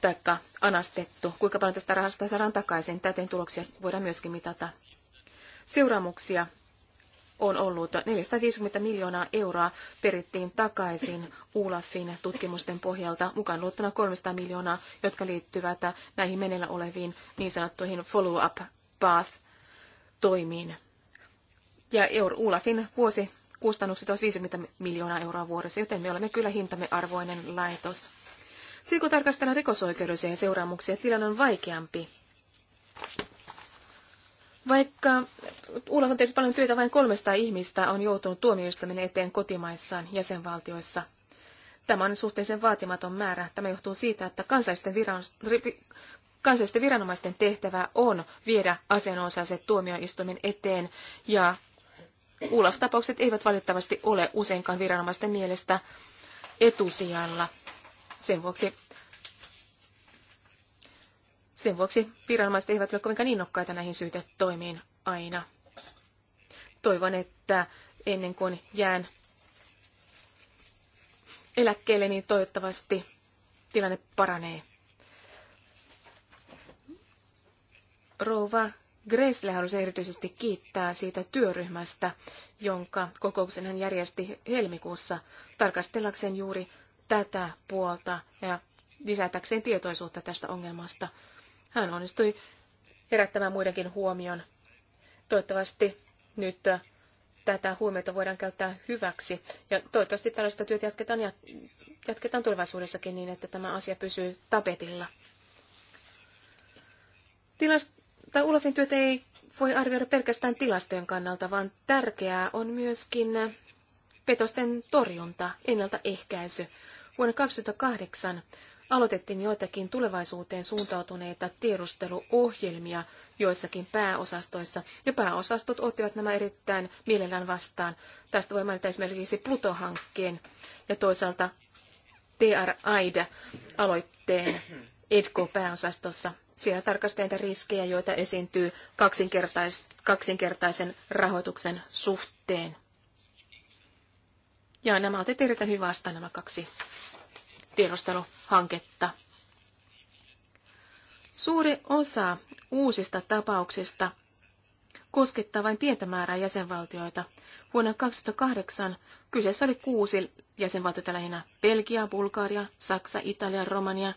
tai anastettu. Kuinka paljon tästä rahasta saadaan takaisin, täten tuloksia voidaan myöskin mitata. Seuraamuksia on ollut 450 miljoonaa euroa perittiin takaisin ULAFin tutkimusten pohjalta, mukaan luottuna 300 miljoonaa, jotka liittyvät näihin meneillä oleviin niin sanottuihin follow-up path-toimiin. Ja Eur ULAFin vuosi kustannukset ovat 50 miljoonaa euroa vuodessa, joten me olemme kyllä hintamme arvoinen laitos. Sitten kun tarkastellaan rikosoikeudellisia seuraamuksia, tilanne on vaikeampi. Vaikka Ulla on tehnyt paljon työtä, vain 300 ihmistä on joutunut tuomioistuimen eteen kotimaissaan jäsenvaltioissa. Tämä on suhteellisen vaatimaton määrä. Tämä johtuu siitä, että kansallisten, viran... kansallisten viranomaisten tehtävä on viedä asianosaiset tuomioistuimen eteen ja Ulaf-tapaukset eivät valitettavasti ole useinkaan viranomaisten mielestä etusijalla. Sen vuoksi sen vuoksi viranomaiset eivät ole kovinkaan innokkaita näihin syytetoimiin aina. Toivon, että ennen kuin jään eläkkeelle, niin toivottavasti tilanne paranee. Rouva Gressle halusi erityisesti kiittää siitä työryhmästä, jonka kokouksen hän järjesti helmikuussa tarkastellakseen juuri tätä puolta ja lisätäkseen tietoisuutta tästä ongelmasta. Hän onnistui herättämään muidenkin huomion. Toivottavasti nyt äh, tätä huomiota voidaan käyttää hyväksi. Ja toivottavasti tällaista työtä jatketaan, ja jatketaan tulevaisuudessakin niin, että tämä asia pysyy tapetilla. Tilast- Ulofin työtä ei voi arvioida pelkästään tilastojen kannalta, vaan tärkeää on myöskin äh, petosten torjunta, ennaltaehkäisy. Vuonna 2008 aloitettiin joitakin tulevaisuuteen suuntautuneita tiedusteluohjelmia joissakin pääosastoissa, ja pääosastot ottivat nämä erittäin mielellään vastaan. Tästä voi mainita esimerkiksi Pluto-hankkeen ja toisaalta trida aloitteen EDCO-pääosastossa. Siellä tarkastetaan riskejä, joita esiintyy kaksinkertais, kaksinkertaisen rahoituksen suhteen. Ja nämä otettiin erittäin hyvin vastaan nämä kaksi tiedusteluhanketta. Suuri osa uusista tapauksista koskettaa vain pientä määrää jäsenvaltioita. Vuonna 2008 kyseessä oli kuusi jäsenvaltiota lähinnä Belgia, Bulgaria, Saksa, Italia, Romania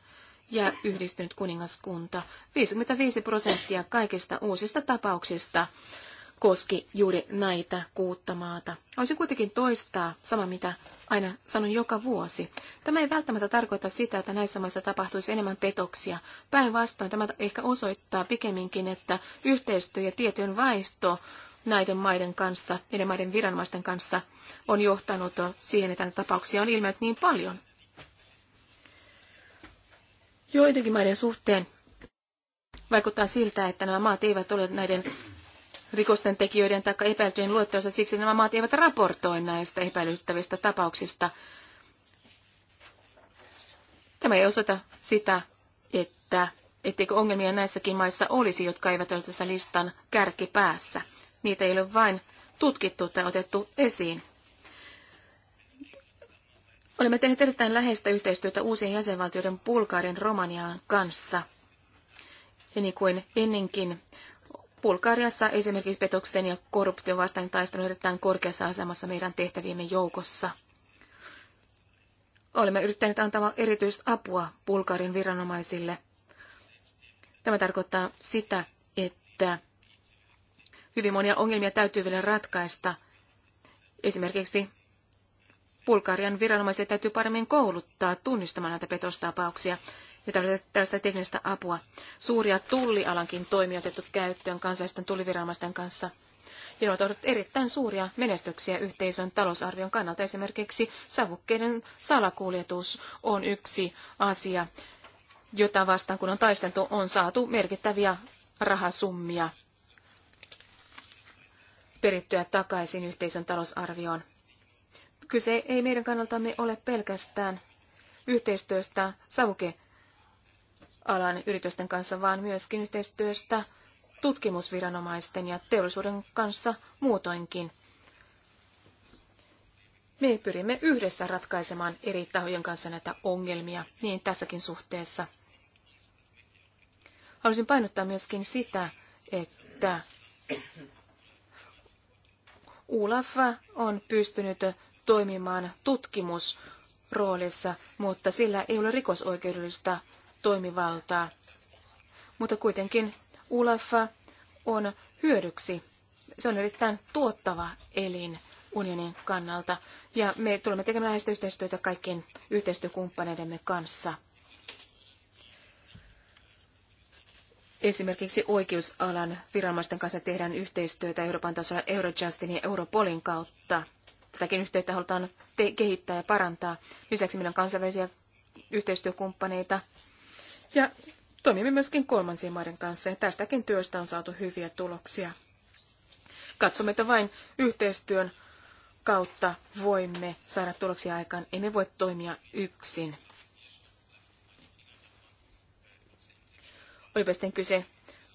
ja yhdistynyt kuningaskunta. 55 prosenttia kaikista uusista tapauksista koski juuri näitä kuutta maata. Olisin kuitenkin toistaa sama, mitä aina sanon joka vuosi. Tämä ei välttämättä tarkoita sitä, että näissä maissa tapahtuisi enemmän petoksia. Päinvastoin tämä ehkä osoittaa pikemminkin, että yhteistyö ja tietyn vaisto näiden maiden kanssa, niiden maiden viranomaisten kanssa, on johtanut siihen, että näitä tapauksia on ilmennyt niin paljon. Joidenkin maiden suhteen vaikuttaa siltä, että nämä maat eivät ole näiden rikosten tekijöiden tai epäiltyjen luettelossa, siksi että nämä maat eivät raportoi näistä epäilyttävistä tapauksista. Tämä ei osoita sitä, että etteikö ongelmia näissäkin maissa olisi, jotka eivät ole tässä listan kärkipäässä. Niitä ei ole vain tutkittu tai otettu esiin. Olemme tehneet erittäin läheistä yhteistyötä uusien jäsenvaltioiden Bulgarin Romaniaan kanssa. Ja niin kuin ennenkin, Bulgariassa esimerkiksi petoksen ja korruption vastainen taistelu erittäin korkeassa asemassa meidän tehtäviemme joukossa. Olemme yrittäneet antaa erityistä apua Bulgarin viranomaisille. Tämä tarkoittaa sitä, että hyvin monia ongelmia täytyy vielä ratkaista. Esimerkiksi Bulgarian viranomaiset täytyy paremmin kouluttaa tunnistamaan näitä petostapauksia ja tällaista teknistä apua. Suuria tullialankin toimia otettu käyttöön kansallisten tulliviranomaisten kanssa. Ja ne ovat olleet erittäin suuria menestyksiä yhteisön talousarvion kannalta. Esimerkiksi savukkeiden salakuljetus on yksi asia, jota vastaan kun on taisteltu, on saatu merkittäviä rahasummia perittyä takaisin yhteisön talousarvioon. Kyse ei meidän kannaltamme ole pelkästään yhteistyöstä savuke alan yritysten kanssa, vaan myöskin yhteistyöstä tutkimusviranomaisten ja teollisuuden kanssa muutoinkin. Me pyrimme yhdessä ratkaisemaan eri tahojen kanssa näitä ongelmia, niin tässäkin suhteessa. Haluaisin painottaa myöskin sitä, että Ulaf on pystynyt toimimaan tutkimusroolissa, mutta sillä ei ole rikosoikeudellista toimivaltaa. Mutta kuitenkin ULAFA on hyödyksi. Se on erittäin tuottava elin unionin kannalta. Ja me tulemme tekemään näistä yhteistyötä kaikkien yhteistyökumppaneidemme kanssa. Esimerkiksi oikeusalan viranomaisten kanssa tehdään yhteistyötä Euroopan tasolla Eurojustin ja Europolin kautta. Tätäkin yhteyttä halutaan kehittää ja parantaa. Lisäksi meillä on kansainvälisiä yhteistyökumppaneita ja toimimme myöskin kolmansien maiden kanssa ja tästäkin työstä on saatu hyviä tuloksia. Katsomme, että vain yhteistyön kautta voimme saada tuloksia aikaan. Emme voi toimia yksin. Olipa sitten kyse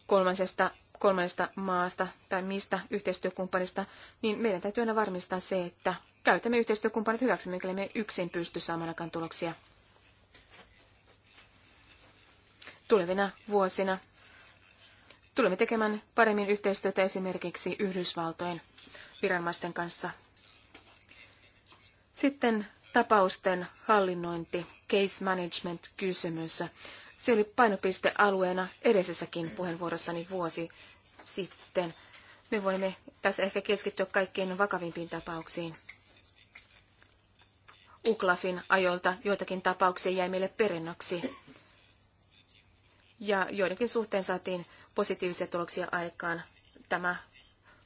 kolmansesta, kolmannesta maasta tai mistä yhteistyökumppanista, niin meidän täytyy aina varmistaa se, että käytämme yhteistyökumppanit hyväksi, mikäli me yksin pysty saamaan aikaan tuloksia. tulevina vuosina. Tulemme tekemään paremmin yhteistyötä esimerkiksi Yhdysvaltojen viranomaisten kanssa. Sitten tapausten hallinnointi, case management kysymys. Se oli painopistealueena edellisessäkin puheenvuorossani vuosi sitten. Me voimme tässä ehkä keskittyä kaikkein vakavimpiin tapauksiin. Uklafin ajolta joitakin tapauksia jäi meille perinnöksi ja joidenkin suhteen saatiin positiivisia tuloksia aikaan. Tämä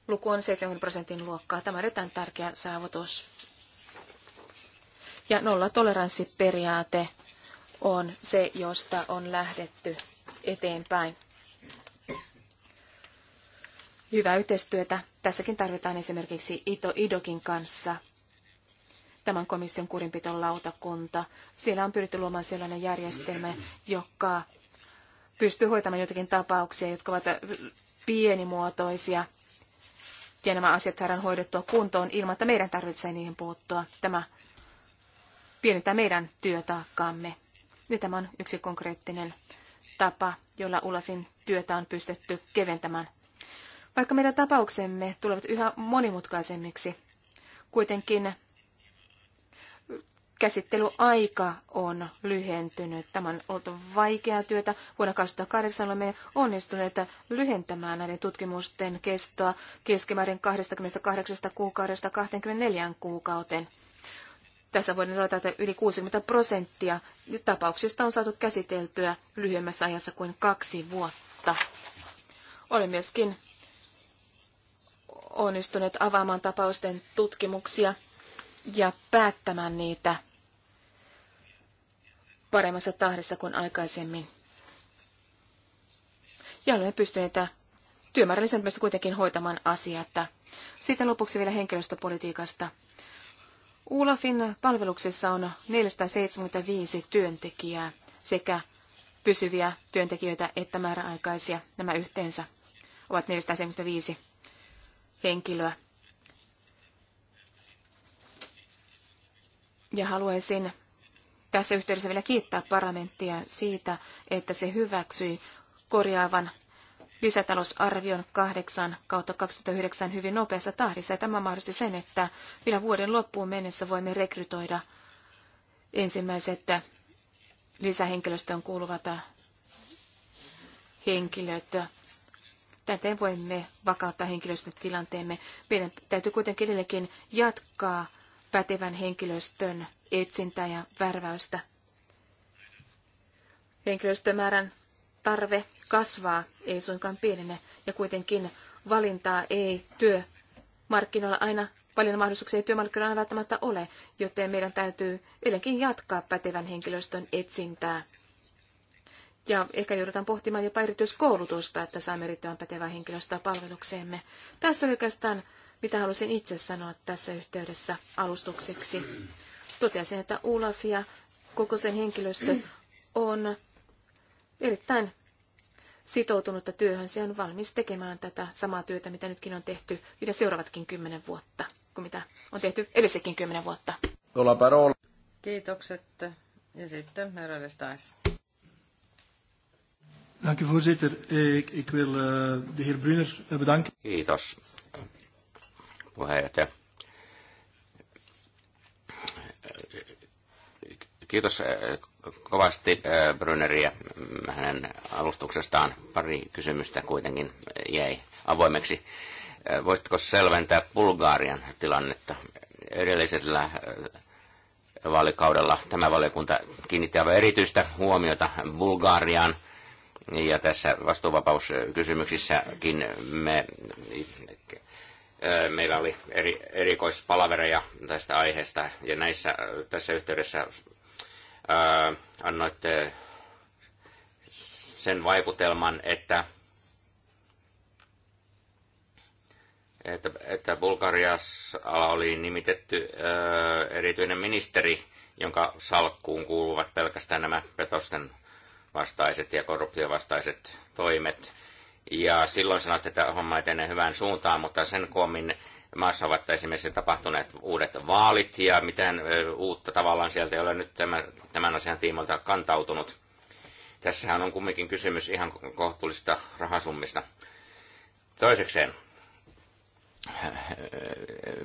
luku on 70 prosentin luokkaa. Tämä on erittäin tärkeä saavutus. Ja nollatoleranssiperiaate on se, josta on lähdetty eteenpäin. Hyvää yhteistyötä. Tässäkin tarvitaan esimerkiksi Ito Idokin kanssa tämän komission kurinpitolautakunta. Siellä on pyritty luomaan sellainen järjestelmä, joka pystyy hoitamaan jotakin tapauksia, jotka ovat pienimuotoisia, ja nämä asiat saadaan hoidettua kuntoon ilman, että meidän tarvitsee niihin puuttua. Tämä pienentää meidän työtaakkaamme. Ja tämä on yksi konkreettinen tapa, jolla Ulafin työtä on pystytty keventämään. Vaikka meidän tapauksemme tulevat yhä monimutkaisemmiksi, kuitenkin käsittelyaika on lyhentynyt. Tämä on ollut vaikeaa työtä. Vuonna 2008 olemme onnistuneet lyhentämään näiden tutkimusten kestoa keskimäärin 28 kuukaudesta 24 kuukauteen. Tässä voidaan todeta, että yli 60 prosenttia tapauksista on saatu käsiteltyä lyhyemmässä ajassa kuin kaksi vuotta. Olen myöskin onnistuneet avaamaan tapausten tutkimuksia ja päättämään niitä paremmassa tahdissa kuin aikaisemmin. Ja olemme pystyneet työmäärän lisääntymistä kuitenkin hoitamaan asiat. Sitten lopuksi vielä henkilöstöpolitiikasta. Ulafin palveluksessa on 475 työntekijää sekä pysyviä työntekijöitä että määräaikaisia. Nämä yhteensä ovat 475 henkilöä. Ja haluaisin tässä yhteydessä vielä kiittää parlamenttia siitä, että se hyväksyi korjaavan lisätalousarvion 8 kautta 2009 hyvin nopeassa tahdissa. Ja tämä mahdollisti sen, että vielä vuoden loppuun mennessä voimme rekrytoida ensimmäiset lisähenkilöstön kuuluvat henkilöt. Täten voimme vakauttaa henkilöstön tilanteemme. Meidän täytyy kuitenkin edelleenkin jatkaa pätevän henkilöstön etsintää ja värväystä. Henkilöstömäärän tarve kasvaa, ei suinkaan pienene, ja kuitenkin valintaa ei työmarkkinoilla aina, paljon mahdollisuuksia ei työmarkkinoilla aina välttämättä ole, joten meidän täytyy edelleenkin jatkaa pätevän henkilöstön etsintää. Ja ehkä joudutaan pohtimaan jopa erityiskoulutusta, että saamme riittävän pätevää henkilöstöä palvelukseemme. Tässä oli oikeastaan, mitä halusin itse sanoa tässä yhteydessä alustukseksi totesin, että Olaf ja koko sen henkilöstö on erittäin sitoutunutta työhön. Se on valmis tekemään tätä samaa työtä, mitä nytkin on tehty, mitä seuraavatkin kymmenen vuotta, kuin mitä on tehty edellisetkin kymmenen vuotta. Kiitokset. Ja sitten herra Lestais. Dank u voorzitter. Ik, ik wil uh, de heer Brunner bedanken. Kiitos puheenjohtaja. Kiitos eh, kovasti eh, Bryneriä mm, hänen alustuksestaan. Pari kysymystä kuitenkin jäi avoimeksi. Eh, voisitko selventää Bulgarian tilannetta? Edellisellä vaalikaudella tämä valiokunta kiinnitti aivan erityistä huomiota Bulgariaan. Ja tässä vastuuvapauskysymyksissäkin me, meillä oli eri, erikoispalavereja tästä aiheesta. Ja näissä, tässä yhteydessä ää, annoitte sen vaikutelman, että, että, että Bulgariassa oli nimitetty ää, erityinen ministeri, jonka salkkuun kuuluvat pelkästään nämä petosten vastaiset ja korruptiovastaiset toimet. Ja silloin sanoitte, että homma etenee hyvään suuntaan, mutta sen koomin maassa ovat esimerkiksi tapahtuneet uudet vaalit ja mitään uutta tavallaan sieltä ei ole nyt tämän, tämän asian tiimoilta kantautunut. Tässähän on kumminkin kysymys ihan kohtuullisista rahasummista. Toisekseen,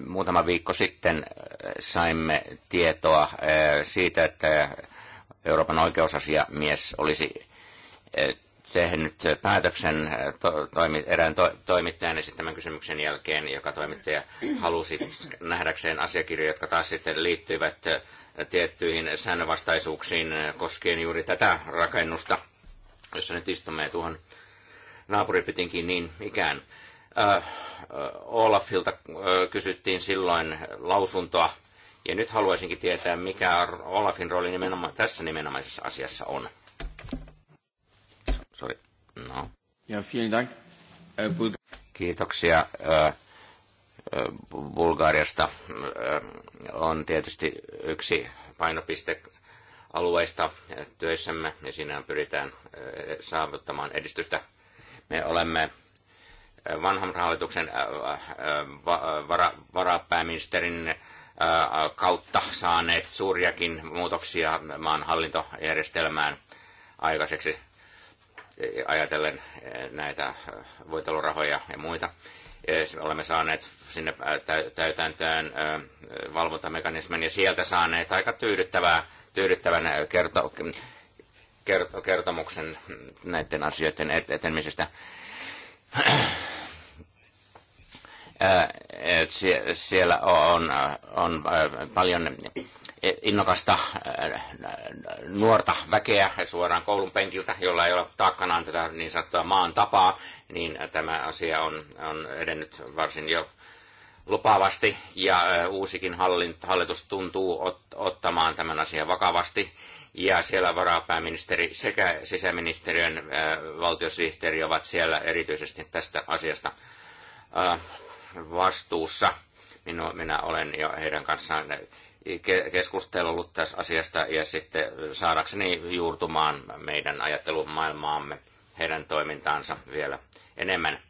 muutama viikko sitten saimme tietoa siitä, että Euroopan oikeusasiamies olisi tehnyt päätöksen to, toimi, erään to, toimittajan esittämän kysymyksen jälkeen, joka toimittaja halusi nähdäkseen asiakirjoja, jotka taas sitten liittyivät tiettyihin säännövastaisuuksiin koskien juuri tätä rakennusta, jossa nyt istumme tuohon naapuripitinkin niin ikään. Äh, Olafilta äh, kysyttiin silloin lausuntoa, ja nyt haluaisinkin tietää, mikä Olafin rooli nimenomaan, tässä nimenomaisessa asiassa on. Sorry. No. Ja, vielen dank. Äh, Kiitoksia. Äh, äh, Bulgariasta on tietysti yksi painopiste alueista työssämme ja siinä pyritään saavuttamaan edistystä. Me olemme vanhan hallituksen varapääministerin kautta saaneet suuriakin muutoksia maan hallintojärjestelmään aikaiseksi ajatellen eh, näitä eh, voitelurahoja ja muita. Eh, olemme saaneet sinne täytäntöön valvontamekanismin ja sieltä saaneet aika tyydyttävää, tyydyttävän kerto, kerto, kertomuksen näiden asioiden etenemisestä. Sie siellä on, on paljon innokasta äh, nuorta väkeä suoraan koulun penkiltä, jolla ei ole taakkanaan tätä niin sanottua maan tapaa, niin tämä asia on, on edennyt varsin jo lupaavasti ja äh, uusikin hallitus tuntuu ot, ottamaan tämän asian vakavasti. Ja siellä varapääministeri sekä sisäministeriön äh, valtiosihteeri ovat siellä erityisesti tästä asiasta vastuussa. Minua minä olen jo heidän kanssaan keskustellut tässä asiasta ja sitten saadakseni juurtumaan meidän ajattelumaailmaamme, heidän toimintaansa vielä enemmän.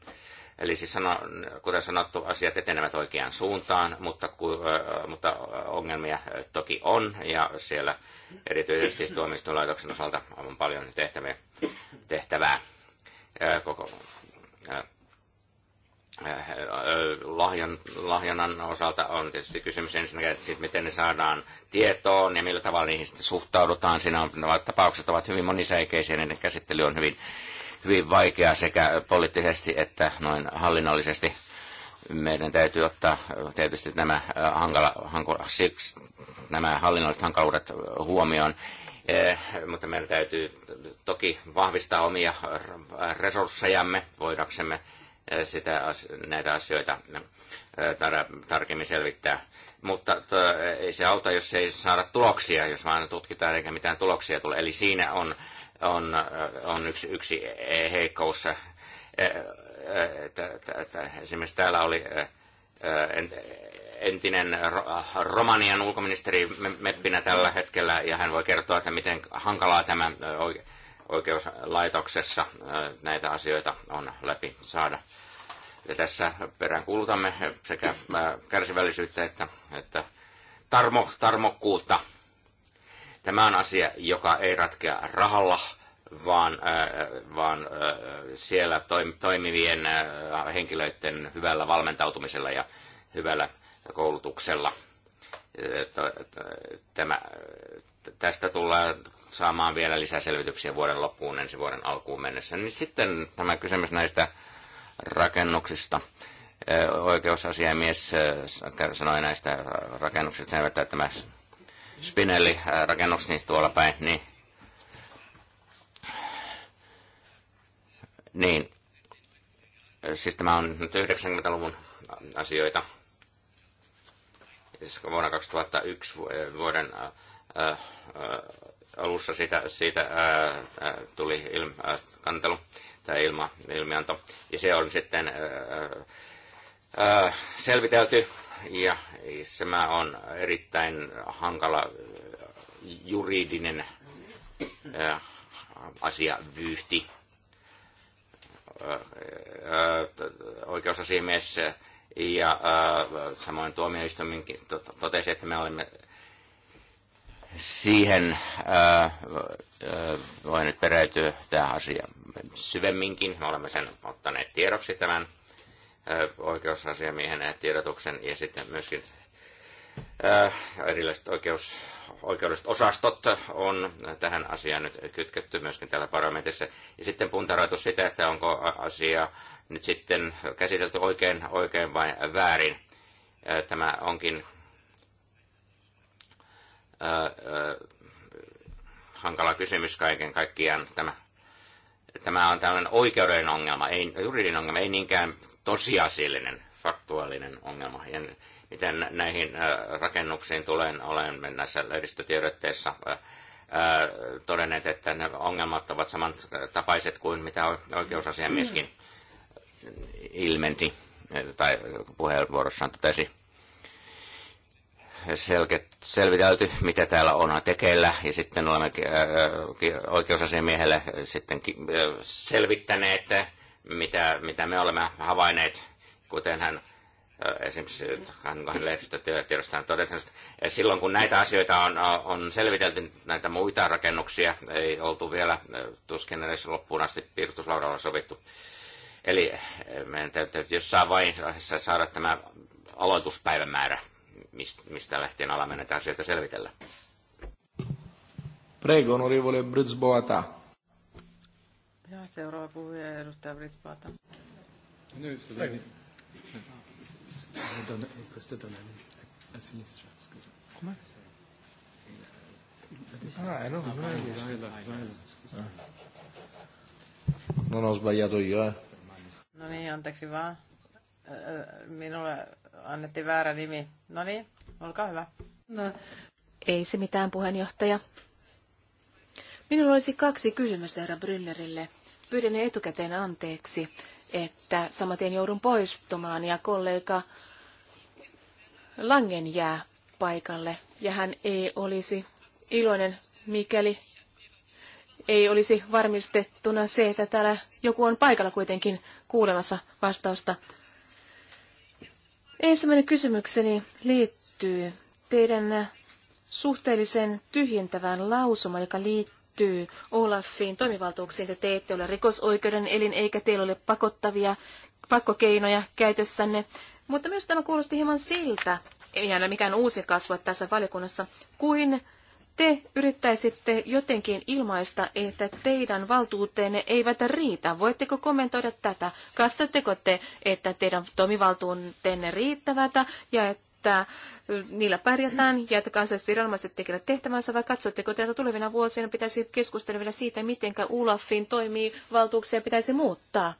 Eli siis sano, kuten sanottu, asiat etenevät oikeaan suuntaan, mutta, ku, mutta ongelmia toki on, ja siellä erityisesti tuomistolaitoksen osalta on paljon tehtäviä, tehtävää. Koko Äh, äh, lahjan, lahjanan osalta on tietysti kysymys ensinnäkin, että siitä miten ne saadaan tietoon ja millä tavalla niihin sitten suhtaudutaan. Siinä on, nämä tapaukset ovat hyvin monisäikeisiä, niiden käsittely on hyvin, hyvin vaikeaa sekä poliittisesti että noin hallinnollisesti. Meidän täytyy ottaa äh, tietysti nämä, hankala, hankala, siksi, nämä hallinnolliset hankaluudet huomioon. Eh, mutta meidän täytyy toki vahvistaa omia resurssejamme, voidaksemme sitä, näitä asioita äh, tarkemmin selvittää. Mutta äh, ei se auta, jos ei saada tuloksia, jos vaan tutkitaan eikä mitään tuloksia tule. Eli siinä on, on, äh, on yksi, yksi heikkous. Esimerkiksi täällä oli entinen Romanian ulkoministeri meppinä tällä hetkellä, ja hän voi kertoa, että miten hankalaa tämä oikeuslaitoksessa näitä asioita on läpi saada. Ja tässä peräänkuulutamme sekä kärsivällisyyttä että, että tarmo, tarmokkuutta. Tämä on asia, joka ei ratkea rahalla, vaan, äh, vaan äh, siellä toim, toimivien äh, henkilöiden hyvällä valmentautumisella ja hyvällä koulutuksella. Tämä, tästä tullaan saamaan vielä lisää selvityksiä vuoden loppuun, ensi vuoden alkuun mennessä. Niin sitten tämä kysymys näistä rakennuksista. Oikeusasiamies sanoi näistä rakennuksista, että tämä spinelli rakennus niin tuolla päin, niin, niin siis tämä on nyt 90-luvun asioita. Siis vuonna 2001 vuoden Äh, äh, alussa siitä, siitä äh, äh tuli ilm, äh, kantelu tai ilma, ilmianto. Ja se on sitten äh, äh, äh selvitelty ja se on erittäin hankala juridinen äh, asia vyyhti. oikeusasiamies ja samoin tuomioistuminkin totesi, että me olemme siihen äh, äh, voi nyt pereytyä tämä asia syvemminkin. Me olemme sen ottaneet tiedoksi tämän äh, oikeusasiamiehen tiedotuksen ja sitten myöskin erilaiset oikeus, oikeudelliset osastot on tähän asiaan nyt kytketty myöskin täällä parlamentissa. Ja sitten puntaroitu sitä, että onko asia nyt sitten käsitelty oikein, oikein vai väärin. tämä onkin äh, hankala kysymys kaiken kaikkiaan. Tämä, tämä on tällainen oikeuden ongelma, ei, juridinen ongelma, ei niinkään tosiasiallinen, faktuaalinen ongelma. Ja miten näihin äh, rakennuksiin tulen, olen näissä lehdistötiedotteissa ää, todenneet, että ne ongelmat ovat samantapaiset kuin mitä oikeusasiamieskin ilmenti tai puheenvuorossaan totesi selvitelty, mitä täällä on tekeillä, ja sitten olemme äh, äh, oikeusasiamiehelle sitten äh, selvittäneet, mitä, mitä me olemme havainneet, kuten hän esimerkiksi hän on todennut, että silloin kun näitä asioita on, on selvitelty, näitä muita rakennuksia ei oltu vielä tuskin edes loppuun asti piirustuslaudalla sovittu. Eli meidän täytyy jossain vaiheessa saada tämä aloituspäivämäärä mistä lähtien alamme näitä asioita selvitellä. Prego, onorevole Britsboata. Ja seuraava puhuja, edustaja Britsboata. No, eh, Come? Ah, eh no, non ho sbagliato io, eh. No niin, anteeksi vaan. Minulle annettiin väärä nimi. No niin, olkaa hyvä. No. Ei se mitään, puheenjohtaja. Minulla olisi kaksi kysymystä herra Brynnerille. Pyydän etukäteen anteeksi, että samaten joudun poistumaan ja kollega Langen jää paikalle ja hän ei olisi iloinen, mikäli ei olisi varmistettuna se, että täällä joku on paikalla kuitenkin kuulemassa vastausta Ensimmäinen kysymykseni liittyy teidän suhteellisen tyhjentävään lausumaan, joka liittyy Olafiin toimivaltuuksiin. että te ette ole rikosoikeuden elin, eikä teillä ole pakottavia pakkokeinoja käytössänne. Mutta myös tämä kuulosti hieman siltä, ei aina mikään uusi kasvu tässä valiokunnassa, kuin te yrittäisitte jotenkin ilmaista, että teidän valtuuteenne eivät riitä. Voitteko kommentoida tätä? Katsotteko te, että teidän toimivaltuuteenne riittävät ja että niillä pärjätään ja että kansalliset viranomaiset tekevät tehtävänsä vai katsotteko, että tulevina vuosina pitäisi keskustella vielä siitä, miten ULAFin toimii valtuuksia pitäisi muuttaa?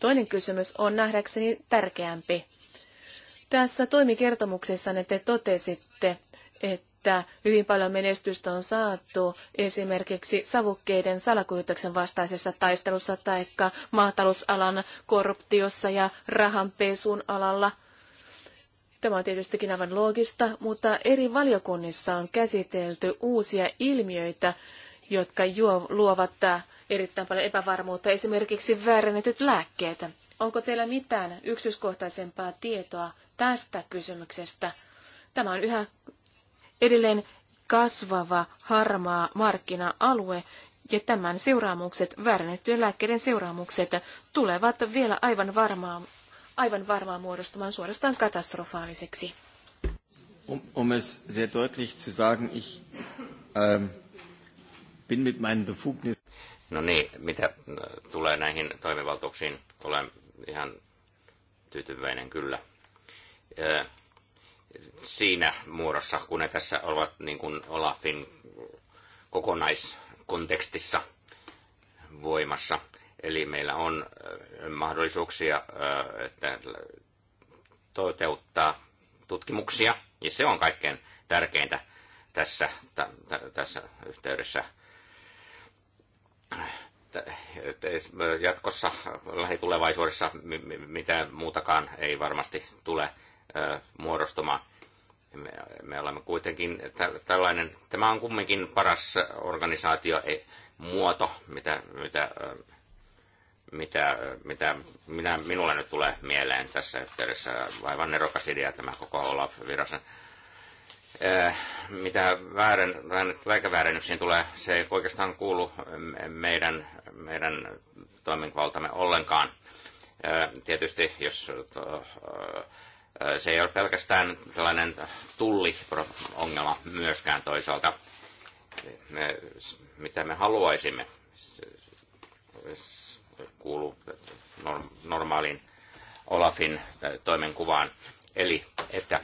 Toinen kysymys on nähdäkseni tärkeämpi. Tässä toimikertomuksessa te totesitte, että että hyvin paljon menestystä on saatu esimerkiksi savukkeiden salakuljetuksen vastaisessa taistelussa tai maatalousalan korruptiossa ja rahanpesun alalla. Tämä on tietystikin aivan loogista, mutta eri valiokunnissa on käsitelty uusia ilmiöitä, jotka juo, luovat erittäin paljon epävarmuutta, esimerkiksi väärennetyt lääkkeet. Onko teillä mitään yksityiskohtaisempaa tietoa tästä kysymyksestä? Tämä on yhä edelleen kasvava harmaa markkina-alue, ja tämän seuraamukset, väärennettyjen lääkkeiden seuraamukset, tulevat vielä aivan varmaan, aivan varmaan muodostumaan suorastaan katastrofaaliseksi. Um, um es sehr deutlich zu sagen, ich ähm, bin mit meinen Befugnissen. No niin, mitä äh, tulee näihin toimivaltuuksiin, olen ihan tyytyväinen kyllä. Äh, siinä muodossa, kun ne tässä ovat niin kuin Olafin kokonaiskontekstissa voimassa. Eli meillä on äh, mahdollisuuksia äh, että toteuttaa tutkimuksia, ja se on kaikkein tärkeintä tässä, tässä yhteydessä äh, jatkossa lähitulevaisuudessa mitään muutakaan ei varmasti tule muodostuma. Me, me olemme kuitenkin tällainen, tämä on kumminkin paras organisaatio, ei, muoto, mitä, mitä, mitä, mitä minä, minulle nyt tulee mieleen tässä yhteydessä. Aivan nerokas idea tämä koko Olaf Virasen mitä väärän, lääkeväärennyksiin tulee, se ei oikeastaan kuulu meidän, meidän toimintavaltamme ollenkaan. Tietysti jos se ei ole pelkästään tällainen tulliongelma myöskään toisaalta, me, mitä me haluaisimme kuuluu normaaliin Olafin toimenkuvaan. Eli että,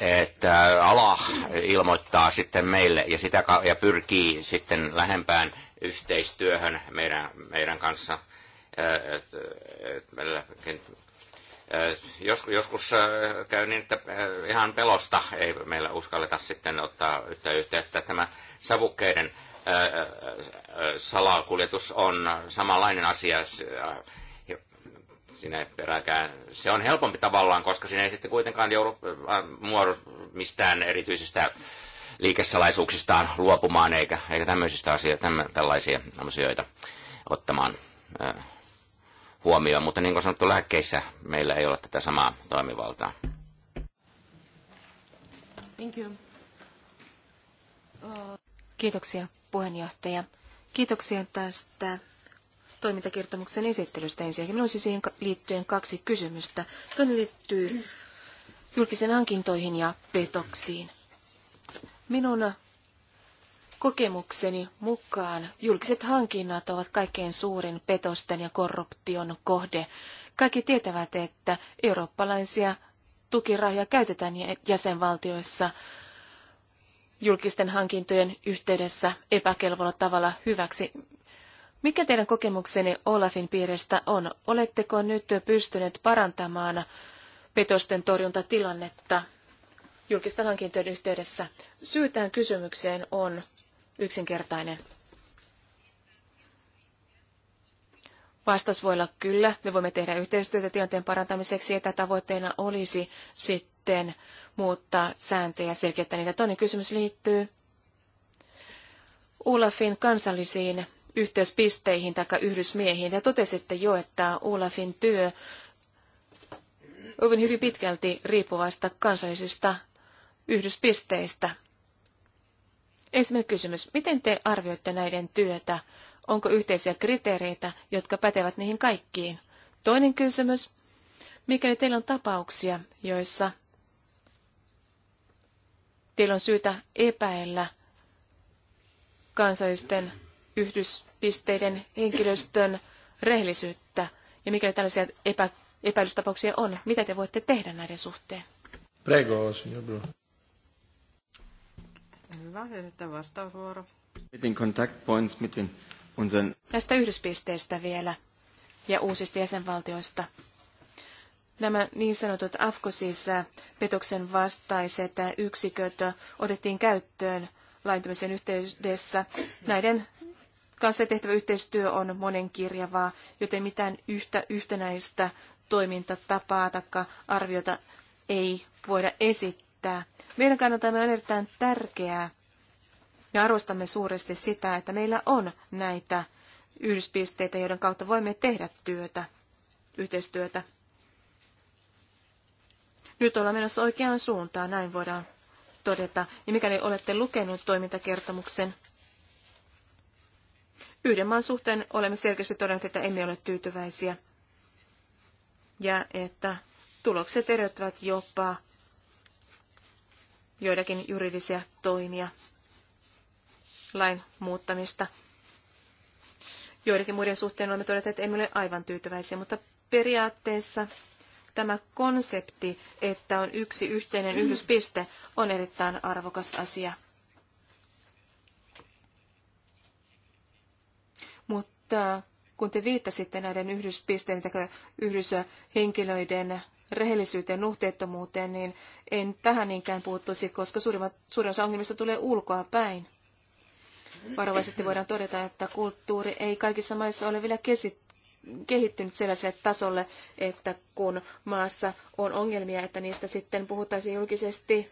että ala ilmoittaa sitten meille ja, sitä, ja pyrkii sitten lähempään yhteistyöhön meidän, meidän kanssa. Äh, joskus äh, käy niin, että äh, ihan pelosta ei meillä uskalleta sitten ottaa yhtä yhteyttä. Tämä savukkeiden salakuljetus on samanlainen asia ei peräkään. Se on helpompi tavallaan, koska siinä ei sitten kuitenkaan joudu muodu mistään erityisistä liikesalaisuuksistaan luopumaan, eikä, eikä tämmöisistä asioita, tämmö, tällaisia asioita ottamaan huomioon, mutta niin kuin sanottu, lääkkeissä meillä ei ole tätä samaa toimivaltaa. Thank you. Uh, Kiitoksia puheenjohtaja. Kiitoksia tästä toimintakertomuksen esittelystä ensinnäkin. Minulla olisi siihen liittyen kaksi kysymystä. Toinen liittyy julkisen hankintoihin ja petoksiin. Minun Kokemukseni mukaan julkiset hankinnat ovat kaikkein suurin petosten ja korruption kohde. Kaikki tietävät, että eurooppalaisia tukirahoja käytetään jäsenvaltioissa julkisten hankintojen yhteydessä epäkelvolla tavalla hyväksi. Mikä teidän kokemukseni Olafin piiristä on? Oletteko nyt pystyneet parantamaan petosten torjuntatilannetta julkisten hankintojen yhteydessä? Syytään kysymykseen on yksinkertainen. Vastaus voi olla kyllä. Me voimme tehdä yhteistyötä tilanteen parantamiseksi, että tavoitteena olisi sitten muuttaa sääntöjä selkeyttä niitä. Toinen kysymys liittyy Ulafin kansallisiin yhteyspisteihin tai yhdysmiehiin. ja totesitte jo, että Ulafin työ on hyvin pitkälti riippuvasta kansallisista yhdyspisteistä. Ensimmäinen kysymys. Miten te arvioitte näiden työtä? Onko yhteisiä kriteereitä, jotka pätevät niihin kaikkiin? Toinen kysymys. Mikäli teillä on tapauksia, joissa teillä on syytä epäillä kansallisten yhdyspisteiden henkilöstön rehellisyyttä, ja mikäli tällaisia epä, epäilystapauksia on, mitä te voitte tehdä näiden suhteen? Prego, signor Bruno. Hyvä. Ja sitten vastausvuoro. Näistä yhdyspisteistä vielä ja uusista jäsenvaltioista. Nämä niin sanotut AFKOSissa äh, petoksen vastaiset äh, yksiköt äh, otettiin käyttöön laajentumisen yhteydessä. Näiden kanssa tehtävä yhteistyö on monenkirjavaa, joten mitään yhtä yhtenäistä toimintatapaa tai arviota ei voida esittää että meidän kannatamme on erittäin tärkeää ja arvostamme suuresti sitä, että meillä on näitä yhdyspisteitä, joiden kautta voimme tehdä työtä, yhteistyötä. Nyt ollaan menossa oikeaan suuntaan, näin voidaan todeta. Ja mikäli olette lukenut toimintakertomuksen, yhden maan suhteen olemme selkeästi todenneet, että emme ole tyytyväisiä. Ja että tulokset erottavat jopa joidakin juridisia toimia, lain muuttamista. Joidenkin muiden suhteen olemme todenneet, että emme ole aivan tyytyväisiä, mutta periaatteessa tämä konsepti, että on yksi yhteinen yhdyspiste, on erittäin arvokas asia. Mutta kun te viittasitte näiden yhdyspisteiden tai yhdyshenkilöiden rehellisyyteen, nuhteettomuuteen, niin en tähän niinkään puuttuisi, koska suurimmat, suurin osa ongelmista tulee ulkoa päin. Varovaisesti voidaan todeta, että kulttuuri ei kaikissa maissa ole vielä kesit, kehittynyt sellaiselle tasolle, että kun maassa on ongelmia, että niistä sitten puhuttaisiin julkisesti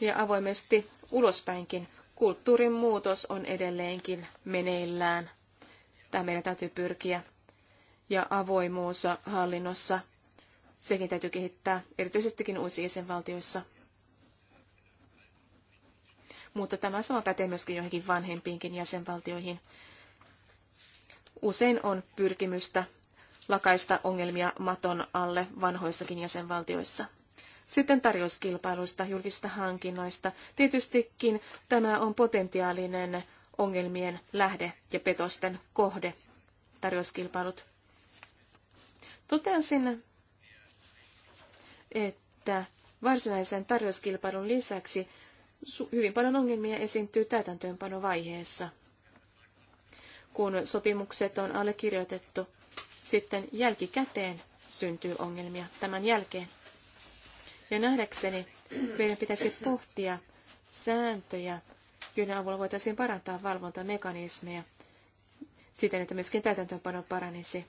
ja avoimesti ulospäinkin. Kulttuurin muutos on edelleenkin meneillään. Tämä meidän täytyy pyrkiä. Ja avoimuus hallinnossa Sekin täytyy kehittää, erityisestikin uusissa jäsenvaltioissa. Mutta tämä sama pätee myöskin joihinkin vanhempiinkin jäsenvaltioihin. Usein on pyrkimystä lakaista ongelmia maton alle vanhoissakin jäsenvaltioissa. Sitten tarjouskilpailuista, julkisista hankinnoista. Tietystikin tämä on potentiaalinen ongelmien lähde ja petosten kohde, tarjouskilpailut. Totean sinne että varsinaisen tarjouskilpailun lisäksi hyvin paljon ongelmia esiintyy täytäntöönpanovaiheessa. Kun sopimukset on allekirjoitettu, sitten jälkikäteen syntyy ongelmia tämän jälkeen. Ja nähdäkseni meidän pitäisi pohtia sääntöjä, joiden avulla voitaisiin parantaa valvontamekanismeja siten, että myöskin täytäntöönpano paranisi.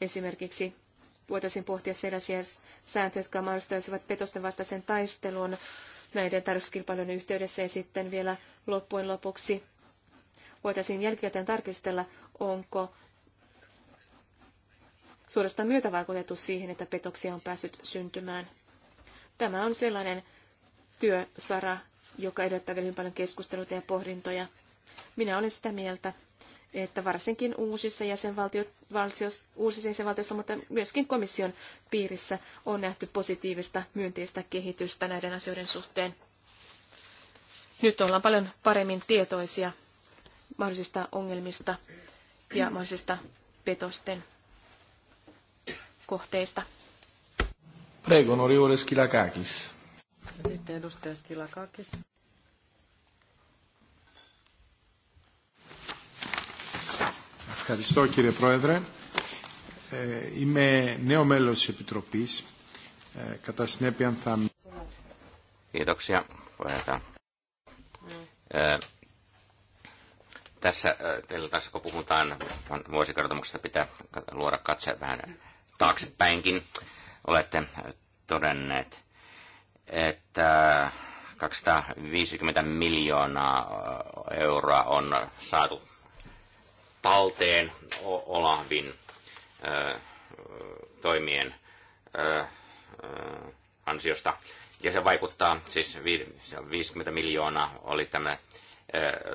Esimerkiksi voitaisiin pohtia sellaisia sääntöjä, jotka mahdollistaisivat petosten vastaisen taistelun näiden tarjouskilpailujen yhteydessä ja sitten vielä loppujen lopuksi voitaisiin jälkikäteen tarkistella, onko suorastaan myötävaikutettu siihen, että petoksia on päässyt syntymään. Tämä on sellainen työsara, joka edellyttää hyvin paljon keskusteluita ja pohdintoja. Minä olen sitä mieltä, että varsinkin uusissa jäsenvaltioissa, uusissa jäsenvaltioissa, mutta myöskin komission piirissä on nähty positiivista myönteistä kehitystä näiden asioiden suhteen. Nyt ollaan paljon paremmin tietoisia mahdollisista ongelmista ja mahdollisista petosten kohteista. Prego, onorevole Skilakakis. Sitten edustaja Skilakakis. Ευχαριστώ κύριε Πρόεδρε. Ε, είμαι νέο μέλος της Επιτροπής. Ε, κατά συνέπεια θα... Kiitoksia, puheenjohtaja. Ε, tässä, teillä taas kun puhutaan vuosikertomuksesta, pitää luoda katse vähän taaksepäinkin. Olette todenneet, että 250 miljoonaa euroa on saatu talteen Olavin toimien ansiosta. Ja se vaikuttaa, siis 50 miljoonaa oli tämä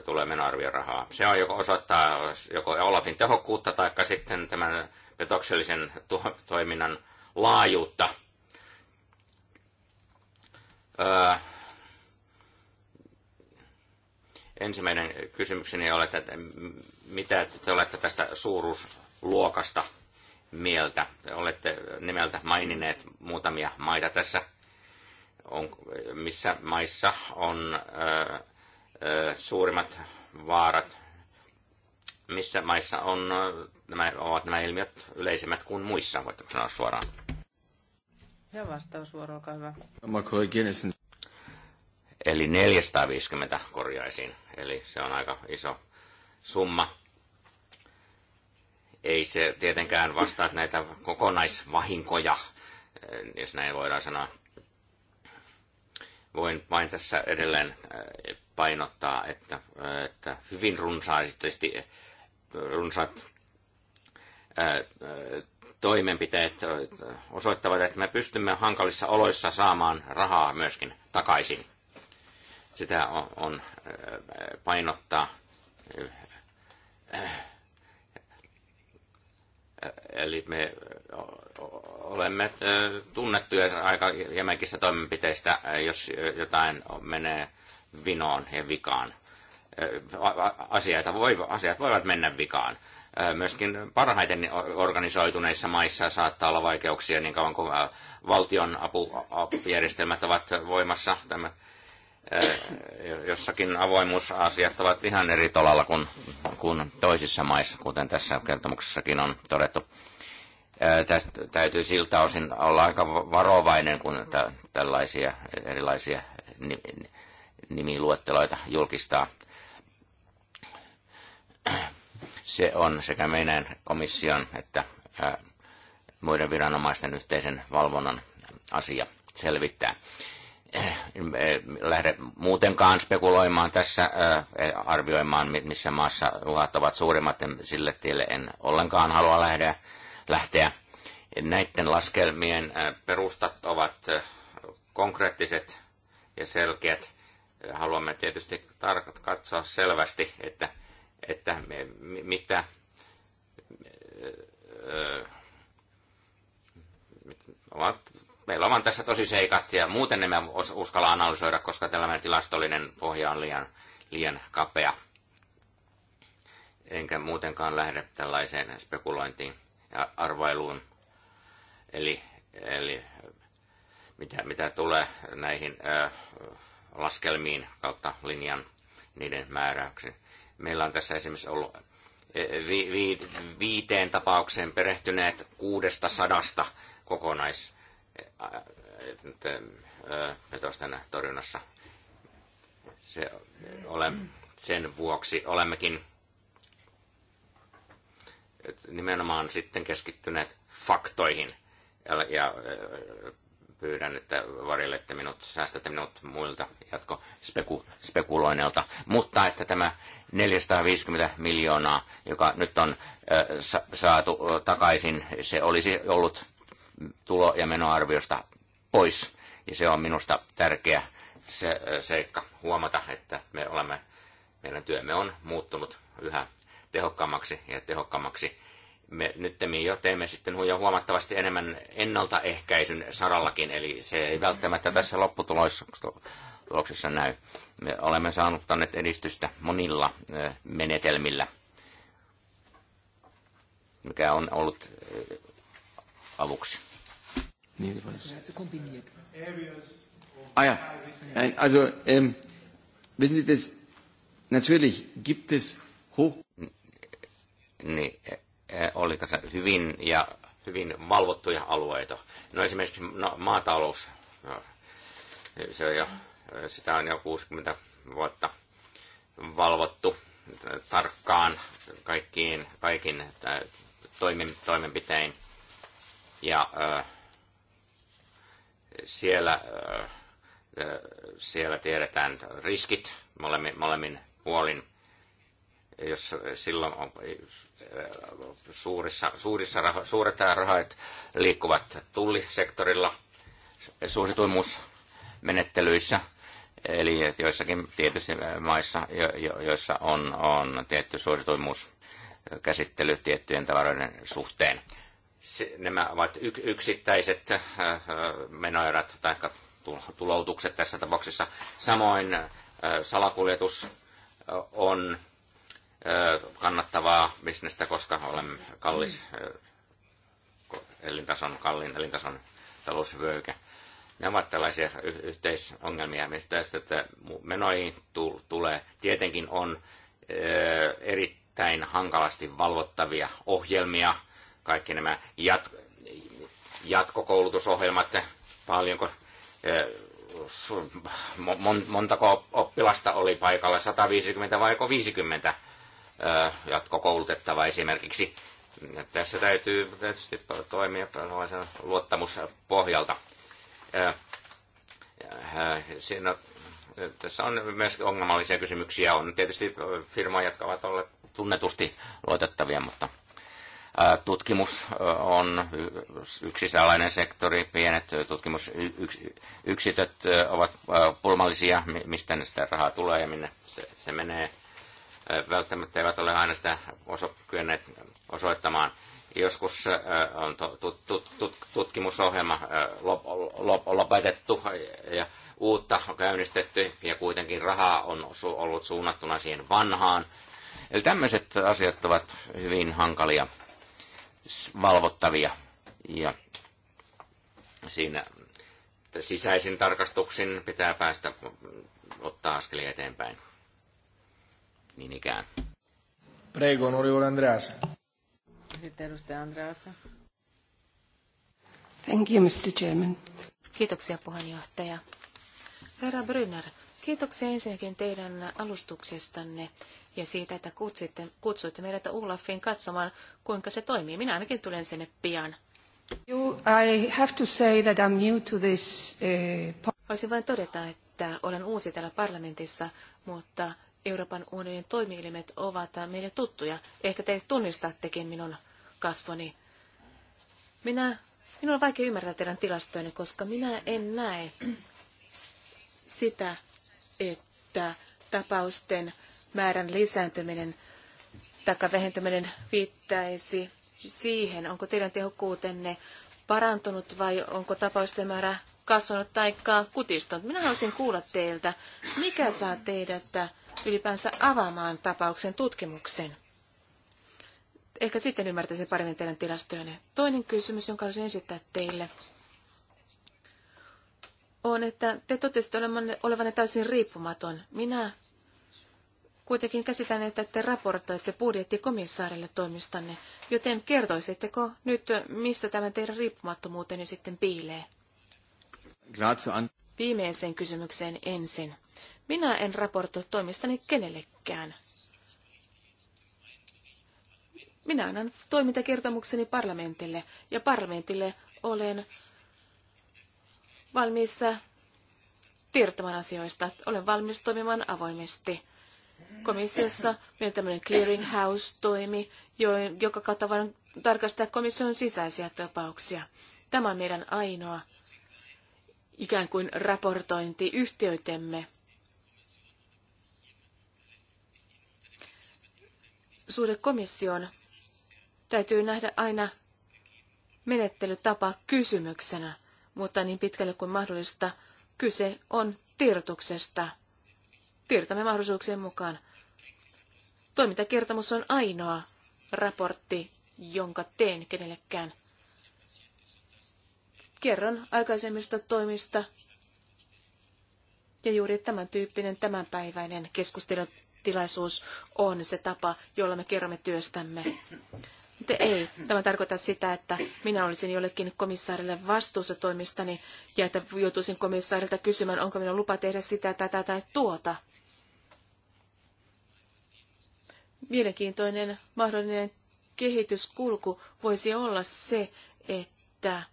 tulee menoarviorahaa. Se on joko osoittaa joko Olafin tehokkuutta tai sitten tämän petoksellisen toiminnan laajuutta. Öö, ensimmäinen kysymykseni oli, että mitä te olette tästä suuruusluokasta mieltä? Olette nimeltä maininneet muutamia maita tässä, on, missä maissa on ö, ö, suurimmat vaarat, missä maissa on, nämä, ovat nämä ilmiöt yleisemmät kuin muissa, voitteko sanoa suoraan? Ja vastausvuoro, olkaa hyvä. Eli 450 korjaisiin, eli se on aika iso summa. Ei se tietenkään vastaa näitä kokonaisvahinkoja, eh, jos näin voidaan sanoa. Voin vain tässä edelleen eh, painottaa, että, eh, että hyvin runsaasti runsaat toimenpiteet osoittavat, että me pystymme hankalissa oloissa saamaan rahaa myöskin takaisin. Sitä on painottaa Eli me olemme tunnettuja aika jämäkissä toimenpiteistä, jos jotain menee vinoon ja vikaan. Asioita voi, asiat voivat mennä vikaan. Myöskin parhaiten organisoituneissa maissa saattaa olla vaikeuksia niin kauan kuin valtion apujärjestelmät ovat voimassa. Tämä Äh, jossakin avoimuusasiat ovat ihan eri tolalla kuin, kuin toisissa maissa, kuten tässä kertomuksessakin on todettu. Äh, tästä täytyy siltä osin olla aika varovainen, kun tä, tällaisia erilaisia nimiluetteloita julkistaa. Se on sekä meidän komission että äh, muiden viranomaisten yhteisen valvonnan asia selvittää lähde muutenkaan spekuloimaan tässä, arvioimaan missä maassa uhat ovat suurimmat, sille tielle en ollenkaan halua lähteä. lähteä. Näiden laskelmien perustat ovat konkreettiset ja selkeät. Haluamme tietysti tarkat katsoa selvästi, että, että me, mitä, ovat meillä on tässä tosi seikat ja muuten emme uskalla analysoida, koska tällainen tilastollinen pohja on liian, liian kapea. Enkä muutenkaan lähde tällaiseen spekulointiin ja arvailuun. Eli, eli mitä, mitä tulee näihin ö, laskelmiin kautta linjan niiden määräyksiin. Meillä on tässä esimerkiksi ollut e, vi, vi, viiteen tapaukseen perehtyneet kuudesta sadasta kokonais petosten torjunnassa. Se, ole, sen vuoksi olemmekin nimenomaan sitten keskittyneet faktoihin ja pyydän, että varjelette minut, säästätte minut muilta jatko speku, spekuloineilta. Mutta että tämä 450 miljoonaa, joka nyt on saatu takaisin, se olisi ollut tulo- ja menoarviosta pois. Ja se on minusta tärkeä se, seikka huomata, että me olemme, meidän työmme on muuttunut yhä tehokkaammaksi ja tehokkaammaksi. Me nyt jo teemme sitten huomattavasti enemmän ennaltaehkäisyn sarallakin, eli se ei välttämättä tässä lopputuloksessa näy. Me olemme saaneet edistystä monilla menetelmillä, mikä on ollut avuksi. Niin, Ah ja, äh, ähm, niin, äh, äh, oli tässä hyvin ja hyvin valvottuja alueita. No esimerkiksi no, maatalous, no, se on jo, sitä on jo 60 vuotta valvottu tarkkaan kaikkiin, kaikin toimin, toimenpitein. Ja siellä, siellä tiedetään riskit molemmin, molemmin puolin. Jos silloin on suurissa, suurissa raho, suuret rahat liikkuvat tullisektorilla suosituimuusmenettelyissä, eli joissakin tietyissä maissa, jo, joissa on, on tietty suosituimuuskäsittely tiettyjen tavaroiden suhteen nämä ovat yksittäiset äh, äh, menoerät tai tuloutukset tässä tapauksessa. Samoin äh, salakuljetus on kannattavaa bisnestä, koska olemme kallis elintason, kalliin elintason talousvyöhyke. Ne ovat tällaisia yhteisongelmia, mistä että menoihin tulee. Tietenkin on erittäin hankalasti valvottavia ohjelmia, kaikki nämä jat, jatkokoulutusohjelmat, paljonko, montako oppilasta oli paikalla, 150 vai 50 jatkokoulutettava esimerkiksi. Tässä täytyy tietysti toimia luottamuspohjalta. Siinä, tässä on myös ongelmallisia kysymyksiä. On tietysti firmoja, jotka ovat olleet tunnetusti luotettavia, mutta – Tutkimus on yksi sellainen sektori, pienet tutkimusyksiköt ovat pulmallisia, mistä sitä rahaa tulee ja minne se, se menee. Välttämättä eivät ole aina sitä oso, kyenneet osoittamaan. Joskus on tutkimusohjelma lopetettu ja uutta on käynnistetty ja kuitenkin rahaa on ollut suunnattuna siihen vanhaan. Eli tämmöiset asiat ovat hyvin hankalia valvottavia. Ja siinä sisäisin tarkastuksin pitää päästä ottaa askelia eteenpäin. Niin ikään. Prego, onorevole Andreas. Sitten edustaja Andreas. Thank you, Mr. Chairman. Kiitoksia puheenjohtaja. Herra Brynner, kiitoksia ensinnäkin teidän alustuksestanne ja siitä, että kutsuitte, kutsuitte meidät Olafiin katsomaan, kuinka se toimii. Minä ainakin tulen sinne pian. You, I have to say that I'm new to this, uh... Voisin vain todeta, että olen uusi täällä parlamentissa, mutta Euroopan unionin toimielimet ovat meille tuttuja. Ehkä te tunnistattekin minun kasvoni. Minä, minun on vaikea ymmärtää teidän tilastoinne, koska minä en näe sitä, että tapausten määrän lisääntyminen tai vähentyminen viittäisi siihen, onko teidän tehokkuutenne parantunut vai onko tapausten määrä kasvanut tai kutistunut. Minä haluaisin kuulla teiltä, mikä saa teidät ylipäänsä avaamaan tapauksen tutkimuksen. Ehkä sitten ymmärtäisin paremmin teidän tilastojanne. Toinen kysymys, jonka haluaisin esittää teille, on, että te totesitte olevanne täysin riippumaton. Minä Kuitenkin käsitän, että te raportoitte budjettikomissaarille toimistanne, joten kertoisitteko nyt, missä tämä teidän riippumattomuuteni sitten piilee? Viimeiseen kysymykseen ensin. Minä en raportoi toimistani kenellekään. Minä annan toimintakertomukseni parlamentille ja parlamentille olen valmis tiedottamaan asioista. Olen valmis toimimaan avoimesti. Komissiossa meillä tämmöinen clearing house toimi, joka kautta voidaan tarkastaa komission sisäisiä tapauksia. Tämä on meidän ainoa ikään kuin yhteytemme Suuren komission täytyy nähdä aina menettelytapa kysymyksenä, mutta niin pitkälle kuin mahdollista kyse on tiedotuksesta – Tiedotamme mahdollisuuksien mukaan. Toimintakertomus on ainoa raportti, jonka teen kenellekään. Kerron aikaisemmista toimista ja juuri tämän tyyppinen tämänpäiväinen keskustelutilaisuus on se tapa, jolla me kerromme työstämme. Mutta ei, tämä tarkoittaa sitä, että minä olisin jollekin komissaarille vastuussa toimistani ja että joutuisin komissaarilta kysymään, onko minun lupa tehdä sitä, tätä tai tuota. mielenkiintoinen mahdollinen kehityskulku voisi olla se, että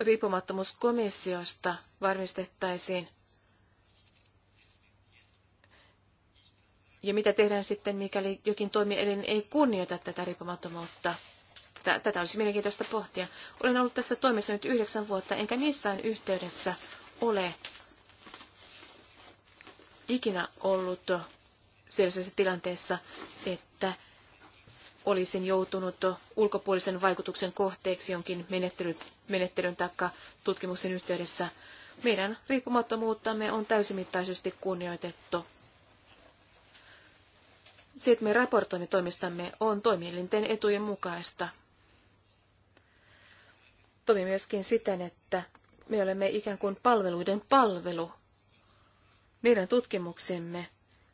riippumattomuus komissiosta varmistettaisiin. Ja mitä tehdään sitten, mikäli jokin toimielin ei kunnioita tätä riippumattomuutta? Tätä olisi mielenkiintoista pohtia. Olen ollut tässä toimessa nyt yhdeksän vuotta, enkä missään yhteydessä ole ikinä ollut sellaisessa tilanteessa, että olisin joutunut ulkopuolisen vaikutuksen kohteeksi jonkin menettelyn, menettelyn tai tutkimuksen yhteydessä. Meidän riippumattomuuttamme on täysimittaisesti kunnioitettu. Se, että me raportoimme toimistamme, on toimielinten etujen mukaista. Toimi myöskin siten, että me olemme ikään kuin palveluiden palvelu. Meidän tutkimuksemme,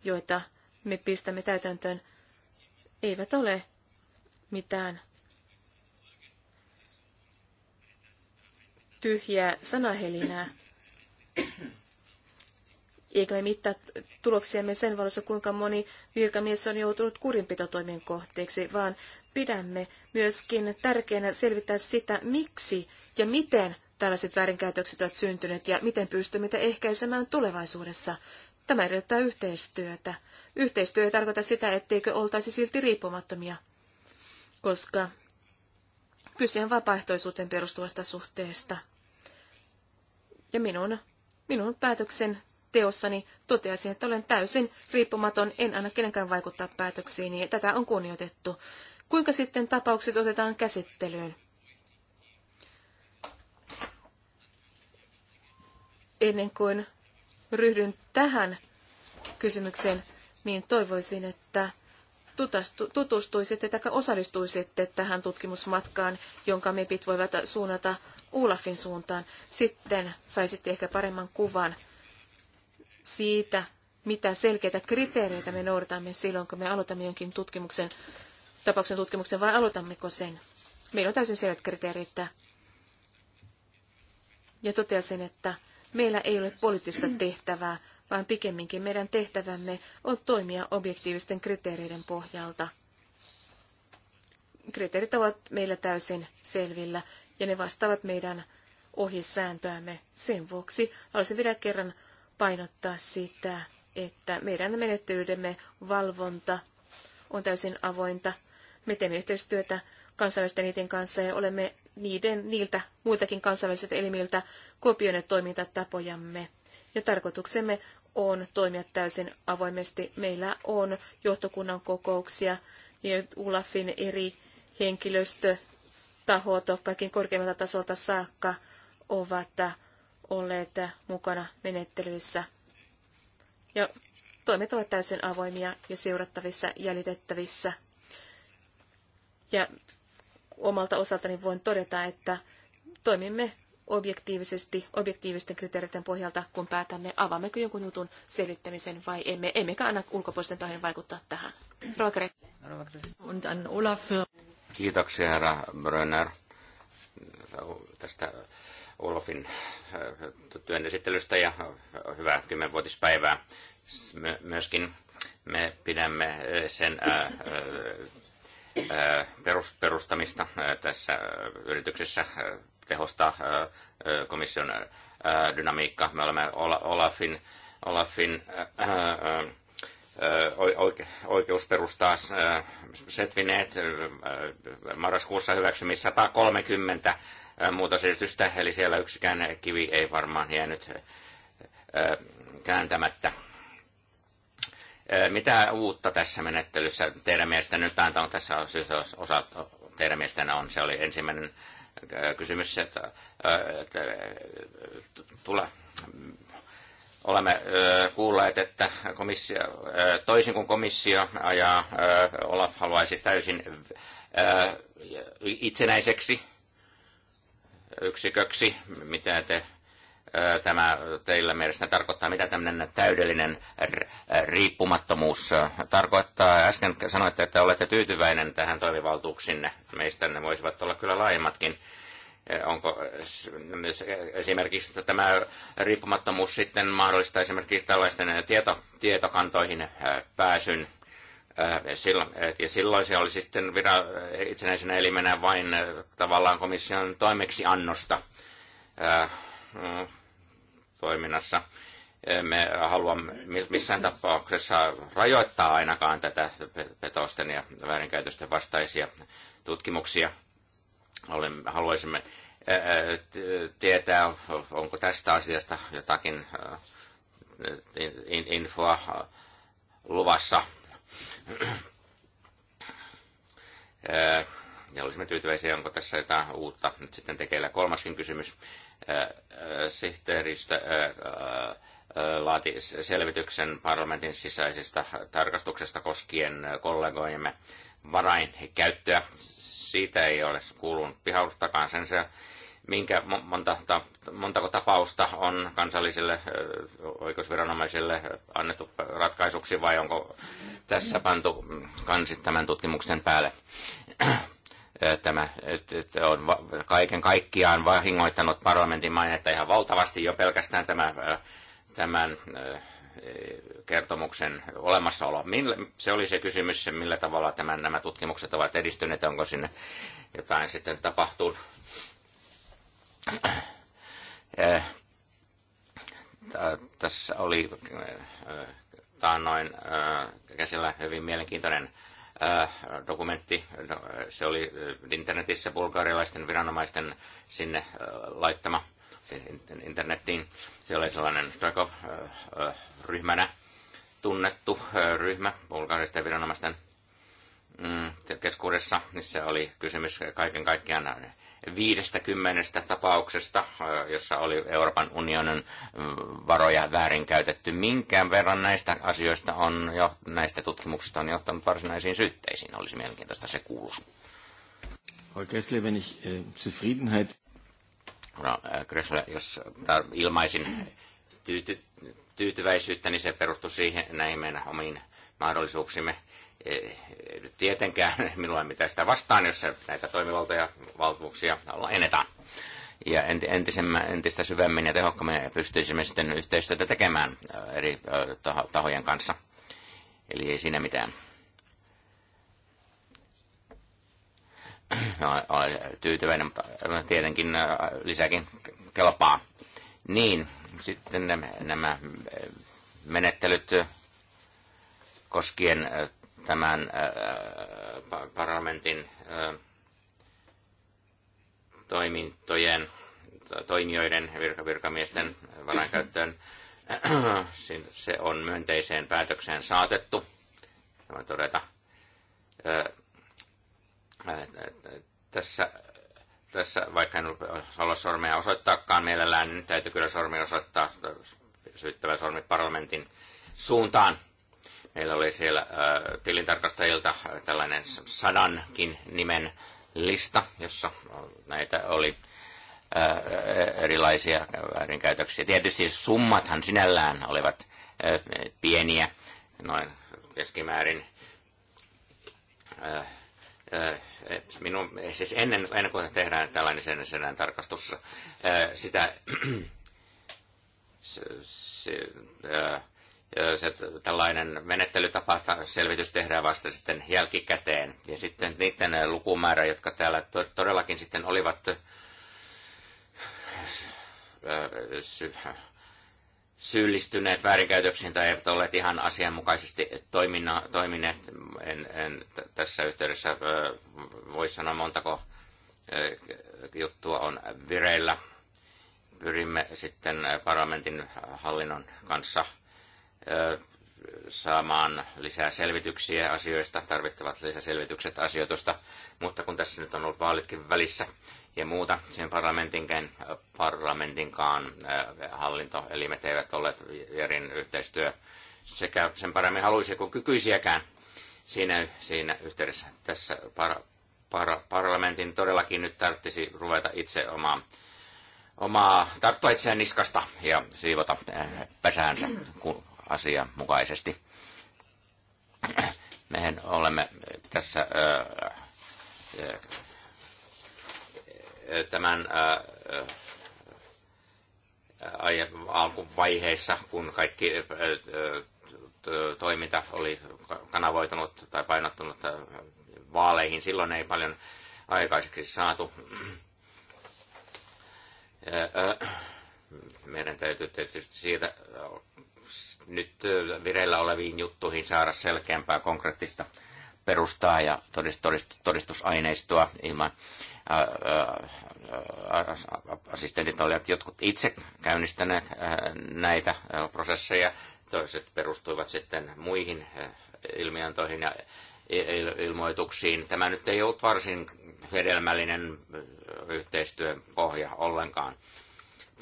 joita me pistämme täytäntöön, eivät ole mitään tyhjää sanahelinää. Eikä me mittaa tuloksiamme sen valossa, kuinka moni virkamies on joutunut kurinpitotoimien kohteeksi, vaan pidämme myöskin tärkeänä selvittää sitä, miksi ja miten tällaiset väärinkäytökset ovat syntyneet ja miten pystymme ehkäisemään tulevaisuudessa. Tämä edellyttää yhteistyötä. Yhteistyö ei tarkoita sitä, etteikö oltaisi silti riippumattomia, koska kyse on vapaaehtoisuuteen perustuvasta suhteesta. Ja minun, minun päätöksen teossani toteaisin että olen täysin riippumaton, en anna kenenkään vaikuttaa päätöksiini, ja tätä on kunnioitettu. Kuinka sitten tapaukset otetaan käsittelyyn? Ennen kuin ryhdyn tähän kysymykseen, niin toivoisin, että tutustuisitte tai osallistuisitte tähän tutkimusmatkaan, jonka MEPit voivat suunnata Ulafin suuntaan. Sitten saisitte ehkä paremman kuvan siitä, mitä selkeitä kriteereitä me noudatamme silloin, kun me aloitamme jonkin tutkimuksen, tapauksen tutkimuksen, vai aloitammeko sen. Meillä on täysin selvät kriteerit. Ja sen, että Meillä ei ole poliittista tehtävää, vaan pikemminkin meidän tehtävämme on toimia objektiivisten kriteereiden pohjalta. Kriteerit ovat meillä täysin selvillä ja ne vastaavat meidän ohjesääntöämme. Sen vuoksi haluaisin vielä kerran painottaa sitä, että meidän menettelyidemme valvonta on täysin avointa. Me teemme yhteistyötä kansainvälisten niiden kanssa ja olemme niiden, niiltä muiltakin kansainvälisiltä elimiltä kopioineet toimintatapojamme. Ja tarkoituksemme on toimia täysin avoimesti. Meillä on johtokunnan kokouksia ja ULAFin eri henkilöstötahot, kaikin korkeimmalta tasolta saakka, ovat olleet mukana menettelyissä. Ja toimet ovat täysin avoimia ja seurattavissa, jäljitettävissä. Ja omalta osaltani voin todeta, että toimimme objektiivisesti, objektiivisten kriteereiden pohjalta, kun päätämme, avaammeko jonkun jutun selvittämisen vai emme. Emmekä anna ulkopuolisten tahojen vaikuttaa tähän. Roger. Kiitoksia, herra Brönner, tästä Olafin äh, työn esittelystä ja äh, hyvää kymmenvuotispäivää myöskin. Me pidämme sen äh, perustamista tässä yrityksessä tehostaa komission dynamiikka. Me olemme Olafin, Olafin oikeusperustaa setvineet marraskuussa hyväksymissä 130 muutosyritystä, eli siellä yksikään kivi ei varmaan jäänyt kääntämättä mitä uutta tässä menettelyssä teidän mielestä nyt on tässä siis osa teidän mielestänne on? Se oli ensimmäinen kysymys, että, että tule, olemme kuulleet, että komissio, toisin kuin komissio ajaa, Olaf haluaisi täysin itsenäiseksi yksiköksi, mitä te tämä teillä mielestä tarkoittaa, mitä tämmöinen täydellinen riippumattomuus tarkoittaa. Äsken sanoitte, että olette tyytyväinen tähän toimivaltuuksinne. Meistä ne voisivat olla kyllä laajemmatkin. Onko esimerkiksi tämä riippumattomuus sitten mahdollista esimerkiksi tällaisten tieto, tietokantoihin pääsyn? Ja silloin se oli sitten vira, itsenäisenä elimenä vain tavallaan komission toimeksiannosta Mm, toiminnassa. Me haluamme missään tapauksessa rajoittaa ainakaan tätä petosten ja väärinkäytösten vastaisia tutkimuksia. Haluaisimme tietää, onko tästä asiasta jotakin infoa luvassa. Ja olisimme tyytyväisiä, onko tässä jotain uutta nyt sitten tekeillä. Kolmaskin kysymys sihteeristö laati selvityksen parlamentin sisäisestä tarkastuksesta koskien kollegoimme varainkäyttöä. Siitä ei ole kuulunut pihaustakaan sen sijaan minkä monta, ta, montako tapausta on kansallisille oikeusviranomaisille annettu ratkaisuksi vai onko tässä pantu kansi tämän tutkimuksen päälle tämä on kaiken kaikkiaan vahingoittanut parlamentin mainetta ihan valtavasti jo pelkästään tämän, tämän e, kertomuksen olemassaolo. Se oli se kysymys, millä tavalla tämän, nämä tutkimukset ovat edistyneet, onko sinne jotain sitten tapahtunut. Tässä oli taannoin käsillä hyvin mielenkiintoinen Äh, dokumentti. No, se oli äh, internetissä bulgarialaisten viranomaisten sinne äh, laittama siis internettiin. Se oli sellainen Stoikov-ryhmänä tunnettu ryhmä bulgarialaisten viranomaisten Mm, keskuudessa, missä oli kysymys kaiken kaikkiaan 50 tapauksesta, jossa oli Euroopan unionin mm, varoja väärinkäytetty. Minkään verran näistä asioista on jo, näistä tutkimuksista on johtanut varsinaisiin syytteisiin. Olisi mielenkiintoista se kuulla. Äh, no, Kressle, äh, jos ilmaisin tyyty, tyytyväisyyttä, niin se perustui siihen näihin meidän omiin mahdollisuuksimme tietenkään minulla ei mitään sitä vastaan, jos näitä toimivaltoja valtuuksia enetään. Ja entistä syvemmin ja tehokkaammin pystyisimme sitten yhteistyötä tekemään eri tahojen kanssa. Eli ei siinä mitään. No, olen tyytyväinen, mutta tietenkin lisäkin kelpaa. Niin, sitten nämä menettelyt koskien tämän äh, parlamentin äh, toimintojen, toimijoiden, virkavirkamiesten varainkäyttöön. Se on myönteiseen päätökseen saatettu. Tämä todeta. Äh, tässä, tässä vaikka en halua sormea osoittaakaan mielellään, niin täytyy kyllä sormi osoittaa syyttävä sormi parlamentin suuntaan Meillä oli siellä äh, tilintarkastajilta tällainen sadankin nimen lista, jossa näitä oli äh, erilaisia väärinkäytöksiä. Tietysti summathan sinällään olivat äh, pieniä, noin keskimäärin minun, siis ennen, ennen kuin tehdään tällainen sen, sen tarkastus, sitä se, se, se tällainen menettelytapa selvitys tehdään vasta sitten jälkikäteen. Ja sitten niiden lukumäärä, jotka täällä todellakin sitten olivat syyllistyneet väärinkäytöksiin tai eivät olleet ihan asianmukaisesti toimina, toimineet. En, en tässä yhteydessä voi sanoa montako juttua on vireillä. Pyrimme sitten parlamentin hallinnon kanssa – saamaan lisää selvityksiä asioista, tarvittavat lisäselvitykset asioitusta, mutta kun tässä nyt on ollut vaalitkin välissä ja muuta, sen parlamentinkin, parlamentinkaan hallintoelimet eivät olleet järin yhteistyö sekä sen paremmin haluisi kuin kykyisiäkään siinä, siinä yhteydessä tässä par, par, parlamentin todellakin nyt tarvitsisi ruveta itse omaa omaa tarttua itseään niskasta ja siivota pesäänsä asian mukaisesti. Mehän olemme tässä äh, äh, äh, tämän alkuvaiheessa, kun kaikki toiminta oli kanavoitunut tai painottunut vaaleihin, silloin ei paljon aikaiseksi saatu. Meidän täytyy tietysti siitä nyt äh, vireillä oleviin juttuihin saada selkeämpää konkreettista perustaa ja todistusaineistoa ilman äh, äh, assistentit olivat jotkut itse käynnistäneet näitä prosesseja, toiset perustuivat sitten muihin ilmiöntoihin ja ilmoituksiin. Tämä nyt ei ollut varsin hedelmällinen yhteistyön pohja ollenkaan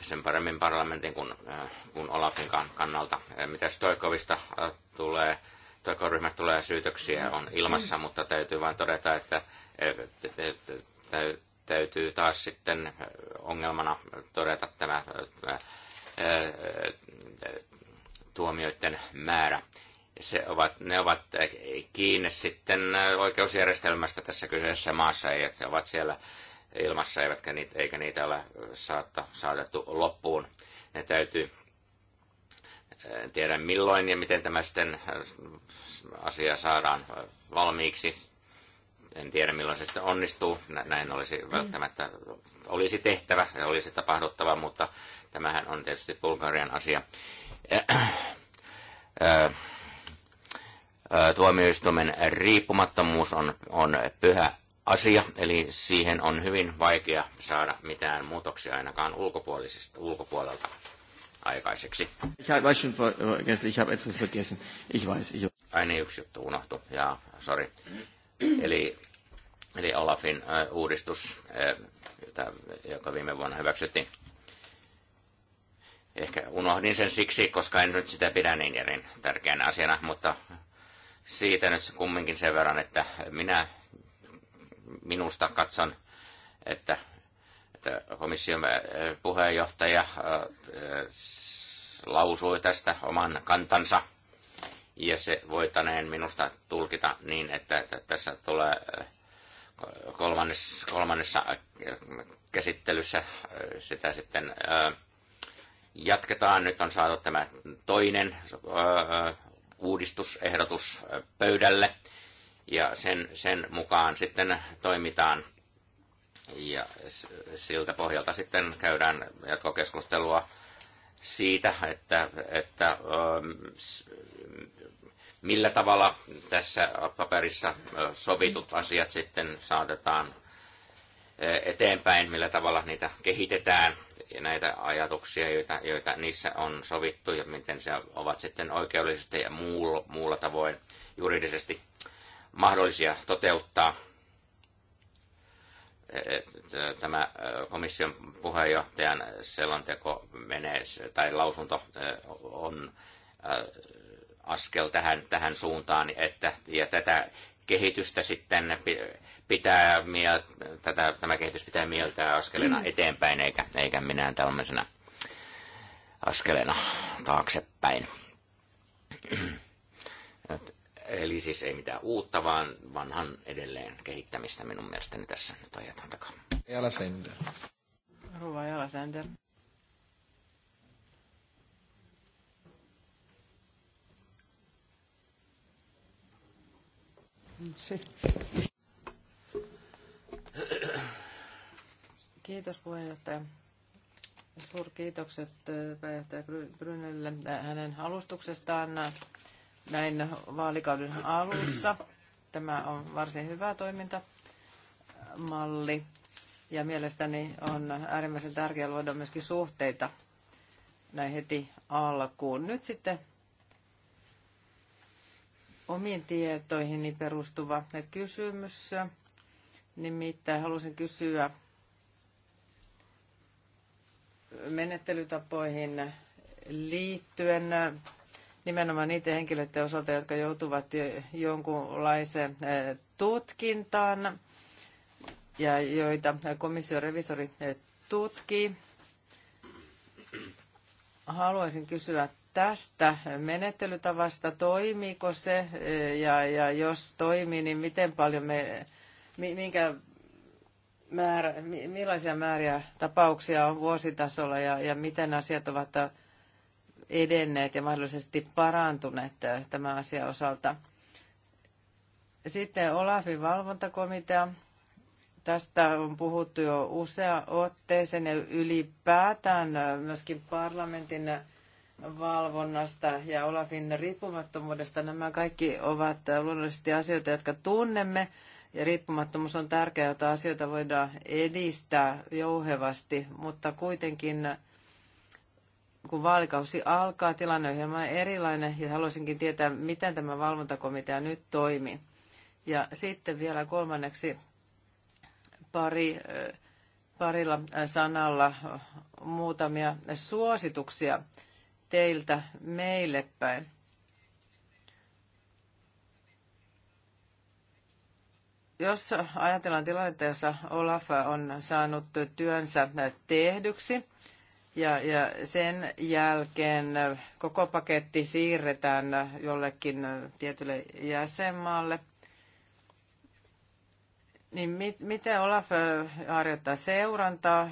sen paremmin parlamentin kuin, äh, kuin Olafin kannalta. Äh, Mitä Stoikovista äh, tulee, Stoikov-ryhmästä tulee syytöksiä on ilmassa, mutta täytyy vain todeta, että täytyy taas sitten ongelmana todeta tämä tuomioiden määrä. Se ovat, ne ovat kiinni sitten oikeusjärjestelmästä tässä kyseisessä maassa, ja se ovat siellä ilmassa, eivätkä niitä, eikä niitä ole saatta, saatettu loppuun. Ne täytyy en tiedä milloin ja miten tämä sitten asia saadaan valmiiksi. En tiedä milloin se sitten onnistuu. Näin olisi mm. välttämättä olisi tehtävä ja olisi tapahduttava, mutta tämähän on tietysti Bulgarian asia. Tuomioistuimen riippumattomuus on, on pyhä asia, eli siihen on hyvin vaikea saada mitään muutoksia ainakaan ulkopuolisista, ulkopuolelta aikaiseksi. Ich weiß schon vergessen, äh, ich habe etwas vergessen. Ich weiß, ich... Aina niin, yksi juttu unohtu, ja sorry. Eli, eli Olafin äh, uudistus, äh, jota, joka viime vuonna hyväksyttiin. Ehkä unohdin sen siksi, koska en nyt sitä pidä niin järin tärkeänä asiana, mutta siitä nyt kumminkin sen verran, että minä minusta katson, että, että komission äh, puheenjohtaja äh, äh, lausui tästä oman kantansa, ja se voitaneen minusta tulkita niin, että tässä tulee kolmannes, kolmannessa käsittelyssä sitä sitten jatketaan. Nyt on saatu tämä toinen uudistusehdotus pöydälle ja sen, sen mukaan sitten toimitaan. Ja siltä pohjalta sitten käydään jatkokeskustelua siitä, että, että ähm, millä tavalla tässä paperissa sovitut asiat sitten saatetaan eteenpäin, millä tavalla niitä kehitetään ja näitä ajatuksia, joita, joita niissä on sovittu ja miten se ovat sitten oikeudellisesti ja muulla, muulla tavoin juridisesti mahdollisia toteuttaa. E, e, tämä e, komission puheenjohtajan selonteko menee, tai lausunto on askel tähän, tähän suuntaan, että, ja tätä kehitystä sitten pitää, tätä, tämä kehitys pitää mieltää askelena mm. eteenpäin, eikä, eikä minään tämmöisenä askelena taaksepäin. Eli siis ei mitään uutta, vaan vanhan edelleen kehittämistä minun mielestäni tässä nyt ajetaan takaa. Jalasender. Ruva Sender. Se. Kiitos puheenjohtaja. Suurkiitokset eh, pääjohtaja Brynnelle eh, hänen alustuksestaan näin vaalikauden alussa. Tämä on varsin hyvä toimintamalli ja mielestäni on äärimmäisen tärkeää luoda myöskin suhteita näin heti alkuun. Nyt sitten omiin tietoihin perustuva kysymys. Nimittäin halusin kysyä menettelytapoihin liittyen nimenomaan niiden henkilöiden osalta, jotka joutuvat jonkunlaiseen eh, tutkintaan ja joita komission revisori eh, tutkii. Haluaisin kysyä tästä menettelytavasta, toimiiko se eh, ja, ja jos toimii, niin miten paljon me, minkä määrä, millaisia määriä tapauksia on vuositasolla ja, ja miten asiat ovat edenneet ja mahdollisesti parantuneet tämän asian osalta. Sitten Olafin valvontakomitea. Tästä on puhuttu jo usea otteeseen ja ylipäätään myöskin parlamentin valvonnasta ja Olafin riippumattomuudesta. Nämä kaikki ovat luonnollisesti asioita, jotka tunnemme. Ja riippumattomuus on tärkeää, jota asioita voidaan edistää jouhevasti, mutta kuitenkin kun vaalikausi alkaa, tilanne on hieman erilainen ja haluaisinkin tietää, miten tämä valvontakomitea nyt toimii. Ja sitten vielä kolmanneksi pari, eh, parilla eh, sanalla muutamia suosituksia teiltä meille päin. Jos ajatellaan tilannetta, jossa Olaf on saanut työnsä tehdyksi, ja, ja sen jälkeen koko paketti siirretään jollekin tietylle jäsenmaalle. Niin mit, miten Olaf harjoittaa seurantaa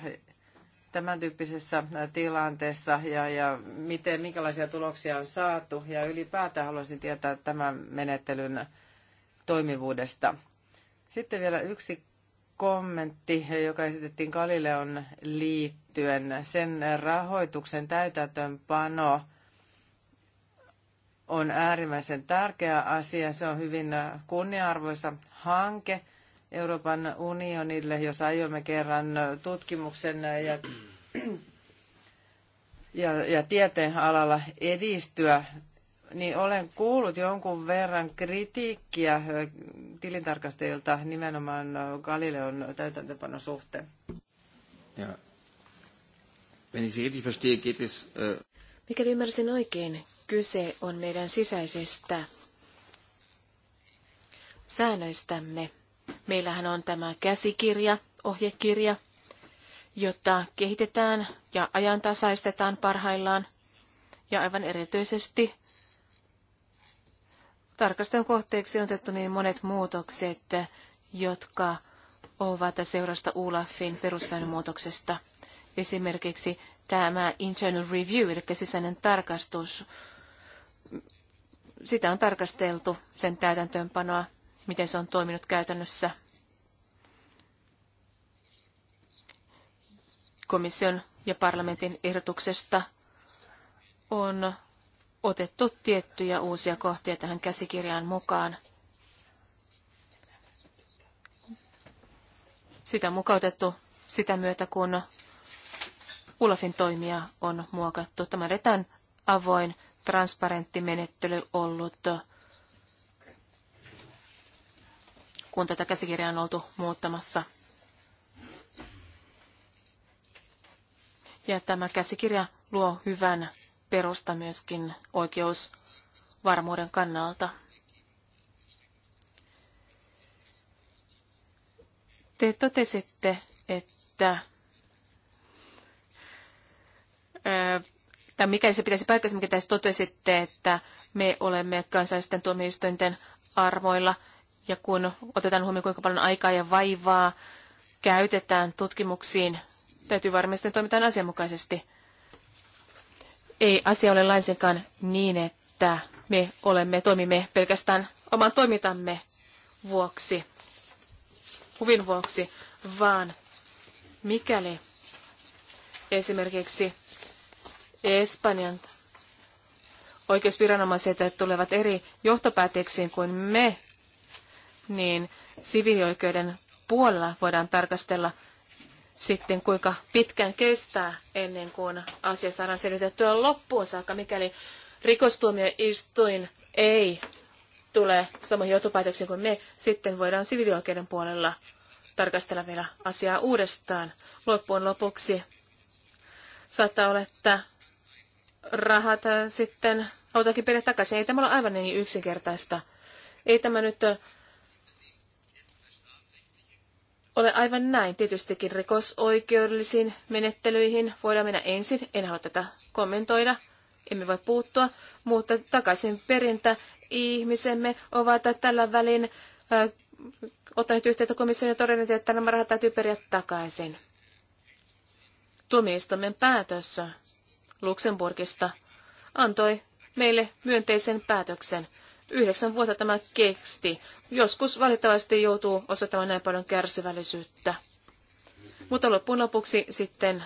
tämän tyyppisessä tilanteessa ja, ja miten, minkälaisia tuloksia on saatu? Ja ylipäätään haluaisin tietää tämän menettelyn toimivuudesta. Sitten vielä yksi kommentti, joka esitettiin Galileon liittyen. Sen rahoituksen täytäntöönpano on äärimmäisen tärkeä asia. Se on hyvin kunniarvoisa hanke Euroopan unionille, jos aiomme kerran tutkimuksen ja, ja, ja tieteen alalla edistyä niin olen kuullut jonkun verran kritiikkiä tilintarkastajilta nimenomaan Galileon täytäntöpanon suhteen. Ja. Wenn ich richtig verstehe, geht es, äh... Mikäli ymmärsin oikein, kyse on meidän sisäisistä säännöistämme. Meillähän on tämä käsikirja, ohjekirja, jota kehitetään ja ajantasaistetaan parhaillaan. Ja aivan erityisesti Tarkastelun kohteeksi on otettu niin monet muutokset, jotka ovat seurasta ULAFin perussäännönmuutoksesta. Esimerkiksi tämä internal review, eli sisäinen tarkastus, sitä on tarkasteltu, sen täytäntöönpanoa, miten se on toiminut käytännössä. Komission ja parlamentin ehdotuksesta on otettu tiettyjä uusia kohtia tähän käsikirjaan mukaan. Sitä mukautettu sitä myötä, kun Ulafin toimia on muokattu. Tämä retan avoin, transparentti menettely ollut, kun tätä käsikirjaa on oltu muuttamassa. Ja tämä käsikirja luo hyvän perusta myöskin oikeusvarmuuden kannalta. Te totesitte, että tai mikäli se pitäisi paikkansa, mikä tässä totesitte, että me olemme kansallisten tuomioistuinten armoilla, ja kun otetaan huomioon, kuinka paljon aikaa ja vaivaa käytetään tutkimuksiin, täytyy varmistaa, että toimitaan asianmukaisesti ei asia ole laisinkaan niin, että me olemme, toimimme pelkästään oman toimintamme vuoksi, huvin vuoksi, vaan mikäli esimerkiksi Espanjan oikeusviranomaiset tulevat eri johtopäätöksiin kuin me, niin siviilioikeuden puolella voidaan tarkastella sitten kuinka pitkään kestää ennen kuin asia saadaan selvitettyä loppuun saakka, mikäli rikostuomioistuin ei tule samoihin johtopäätöksiin kuin me, sitten voidaan siviilioikeuden puolella tarkastella vielä asiaa uudestaan. Loppuun lopuksi saattaa olla, että rahat äh, sitten hautaankin periä takaisin. Ei tämä ole aivan niin yksinkertaista. Ei tämä nyt äh, ole aivan näin. Tietystikin rikosoikeudellisiin menettelyihin voidaan mennä ensin. En halua tätä kommentoida. Emme voi puuttua, mutta takaisin perintä ihmisemme ovat tällä välin äh, ottaneet yhteyttä komissioon ja todenneet, että nämä rahat täytyy periä takaisin. Tuomioistuimen päätössä Luxemburgista antoi meille myönteisen päätöksen. Yhdeksän vuotta tämä kesti. Joskus valitettavasti joutuu osoittamaan näin paljon kärsivällisyyttä. Mutta loppujen lopuksi sitten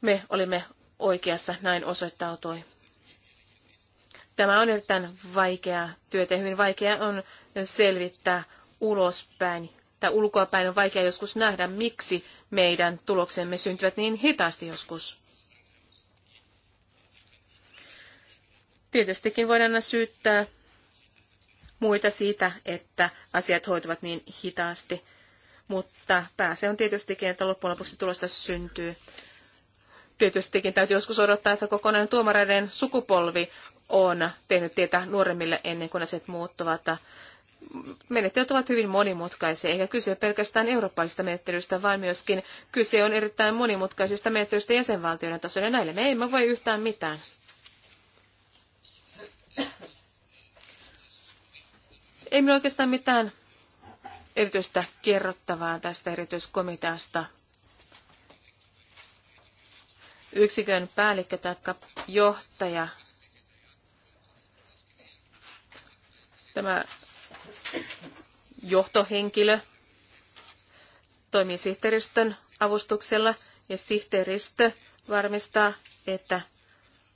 me olimme oikeassa, näin osoittautui. Tämä on erittäin vaikea työtä hyvin vaikea on selvittää ulospäin tai ulkoapäin on vaikea joskus nähdä, miksi meidän tuloksemme syntyvät niin hitaasti joskus. Tietystikin voidaan syyttää muita siitä, että asiat hoituvat niin hitaasti, mutta pääse on tietystikin, että loppujen lopuksi tulosta syntyy. Tietystikin täytyy joskus odottaa, että kokonainen tuomareiden sukupolvi on tehnyt tietä nuoremmille ennen kuin asiat muuttuvat. Menettelyt ovat hyvin monimutkaisia, eikä kyse pelkästään eurooppalaisista menettelyistä, vaan myöskin kyse on erittäin monimutkaisista menettelyistä jäsenvaltioiden tasolla. Näille me emme voi yhtään mitään. Ei minulla oikeastaan mitään erityistä kerrottavaa tästä erityiskomiteasta. Yksikön päällikkö tai johtaja. Tämä johtohenkilö toimii sihteeristön avustuksella ja sihteeristö varmistaa, että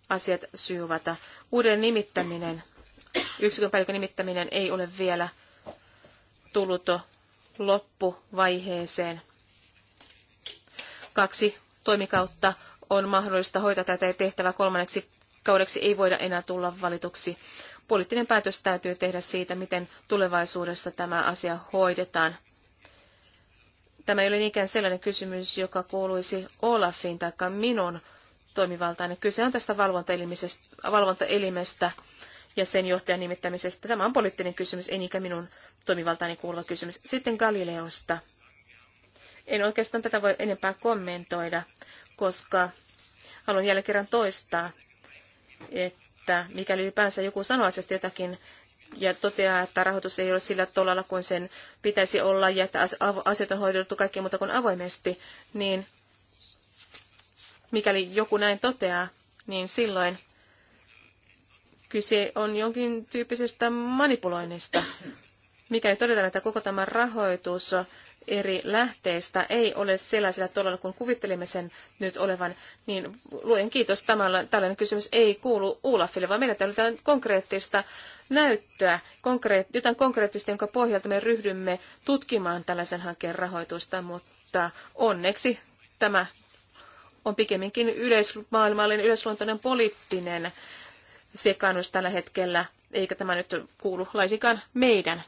asiat sujuvat. Uuden nimittäminen yksikön päällikön nimittäminen ei ole vielä tullut loppuvaiheeseen. Kaksi toimikautta on mahdollista hoitaa tätä tehtävää kolmanneksi kaudeksi ei voida enää tulla valituksi. Poliittinen päätös täytyy tehdä siitä, miten tulevaisuudessa tämä asia hoidetaan. Tämä ei ole niinkään sellainen kysymys, joka kuuluisi Olafin tai minun toimivaltaani. Kyse on tästä valvontaelimestä, valvontaelimestä ja sen johtajan nimittämisestä. Tämä on poliittinen kysymys, ei niinkään minun toimivaltaani kuuluva kysymys. Sitten Galileosta. En oikeastaan tätä voi enempää kommentoida, koska haluan jälleen kerran toistaa, että mikäli ylipäänsä joku sanoo asiasta jotakin ja toteaa, että rahoitus ei ole sillä tolalla kuin sen pitäisi olla ja että asiat on hoidettu kaikki muuta kuin avoimesti, niin mikäli joku näin toteaa, niin silloin Kyse on jonkin tyyppisestä manipuloinnista, mikäli todetaan, että koko tämä rahoitus eri lähteistä ei ole sellaisella tavalla, kun kuvittelimme sen nyt olevan, niin luen kiitos, tämän, tällainen kysymys ei kuulu Ulafille, vaan meillä tarvitaan konkreettista näyttöä, konkreet, jotain konkreettista, jonka pohjalta me ryhdymme tutkimaan tällaisen hankkeen rahoitusta, mutta onneksi tämä on pikemminkin yleismaailmallinen, yleisluontoinen poliittinen sekaannus tällä hetkellä, eikä tämä nyt kuulu laisikaan meidän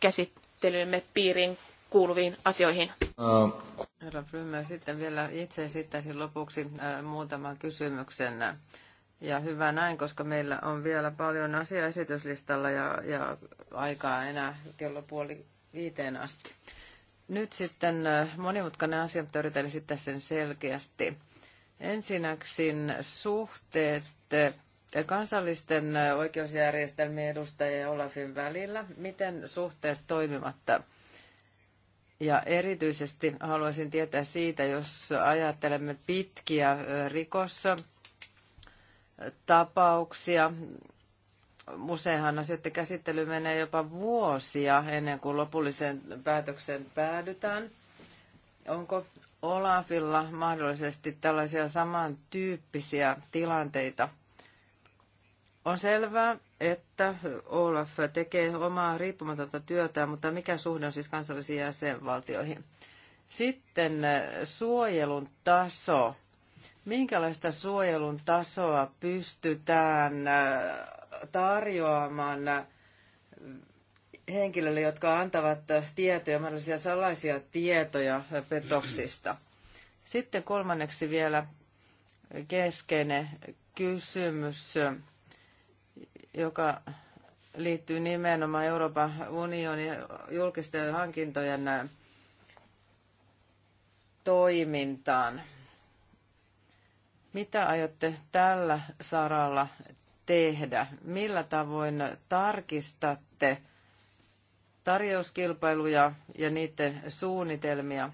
käsittelymme piiriin kuuluviin asioihin. Herra Frymer, sitten vielä itse esittäisin lopuksi äh, muutaman kysymyksen. Ja hyvä näin, koska meillä on vielä paljon asiaa esityslistalla ja, ja aikaa enää kello puoli viiteen asti. Nyt sitten äh, monimutkainen asia, mutta yritän sitten sen selkeästi. Ensinnäkin suhteet kansallisten oikeusjärjestelmien edustajien ja Olafin välillä, miten suhteet toimivat Ja erityisesti haluaisin tietää siitä, jos ajattelemme pitkiä rikossa tapauksia. Useinhan asioiden käsittely menee jopa vuosia ennen kuin lopulliseen päätökseen päädytään. Onko Olafilla mahdollisesti tällaisia samantyyppisiä tilanteita – on selvää, että Olaf tekee omaa riippumatonta työtä, mutta mikä suhde on siis kansallisiin jäsenvaltioihin? Sitten äh, suojelun taso. Minkälaista suojelun tasoa pystytään äh, tarjoamaan äh, henkilöille, jotka antavat tietoja, mahdollisia salaisia tietoja petoksista? Sitten kolmanneksi vielä keskeinen kysymys joka liittyy nimenomaan Euroopan unionin julkisten hankintojen äh, toimintaan. Mitä aiotte tällä saralla tehdä? Millä tavoin tarkistatte tarjouskilpailuja ja niiden suunnitelmia?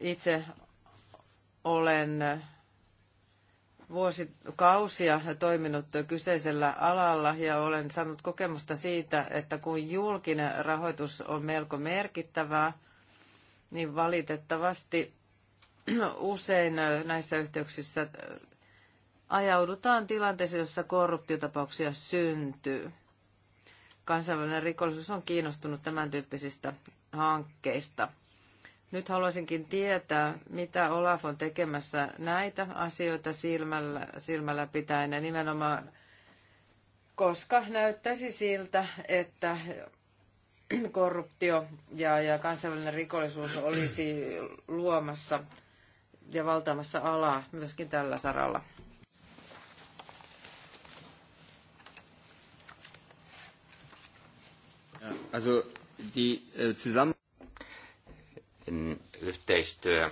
Itse olen vuosikausia toiminut kyseisellä alalla ja olen saanut kokemusta siitä, että kun julkinen rahoitus on melko merkittävää, niin valitettavasti usein näissä yhteyksissä ajaudutaan tilanteeseen, jossa korruptiotapauksia syntyy. Kansainvälinen rikollisuus on kiinnostunut tämän tyyppisistä hankkeista – nyt haluaisinkin tietää, mitä Olaf on tekemässä näitä asioita silmällä, silmällä pitäen ja nimenomaan, koska näyttäisi siltä, että korruptio ja, ja kansainvälinen rikollisuus olisi luomassa ja valtaamassa alaa myöskin tällä saralla. Also die äh, zusammen yhteistyö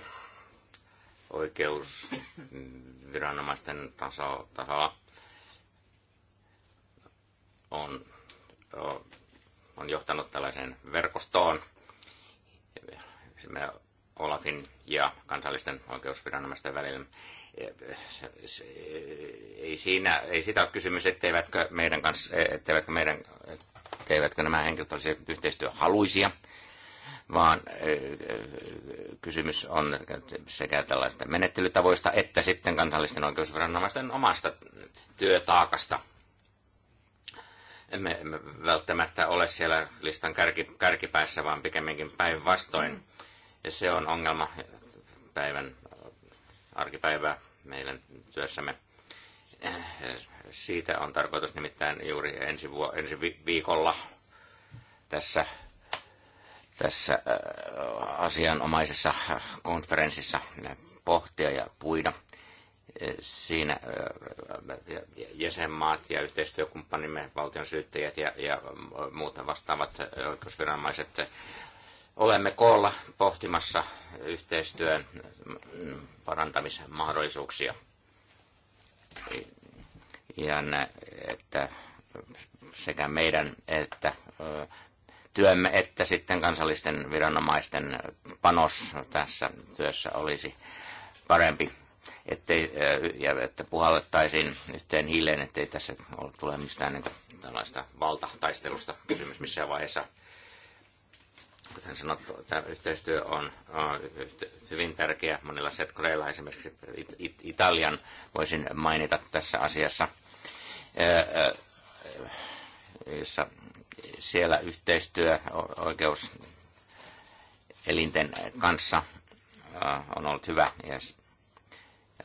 oikeusviranomaisten taso, tasolla on, on johtanut tällaiseen verkostoon. Me Olafin ja kansallisten oikeusviranomaisten välillä. E, ei, siinä, ei sitä ole kysymys, etteivätkö meidän, kanssa, etteivätkö meidän etteivätkö nämä henkilöt olisi yhteistyöhaluisia vaan eh, eh, kysymys on sekä tällaisista menettelytavoista että sitten kansallisten oikeusviranomaisten omasta työtaakasta. Emme, emme välttämättä ole siellä listan kärki, kärkipäässä, vaan pikemminkin päinvastoin. Ja se on ongelma päivän arkipäivää meidän työssämme siitä on tarkoitus nimittäin juuri ensi, vuo, ensi viikolla tässä tässä äh, asianomaisessa äh, konferenssissa pohtia ja puida. Äh, siinä jäsenmaat ja yhteistyökumppanimme, valtion syyttäjät ja, ja muut vastaavat oikeusviranomaiset olemme koolla pohtimassa yhteistyön mm, parantamismahdollisuuksia. Ja että sekä meidän että työmme että sitten kansallisten viranomaisten panos tässä työssä olisi parempi, ettei, äh, ja että puhallettaisiin yhteen hiileen, ettei tässä tule mistään niin tällaista valtataistelusta kysymys missään vaiheessa. Kuten sanottu, tämä yhteistyö on, on hyvin tärkeä monilla setkoreilla, esimerkiksi Italian voisin mainita tässä asiassa, äh, äh, jossa siellä yhteistyö oikeus elinten kanssa on ollut hyvä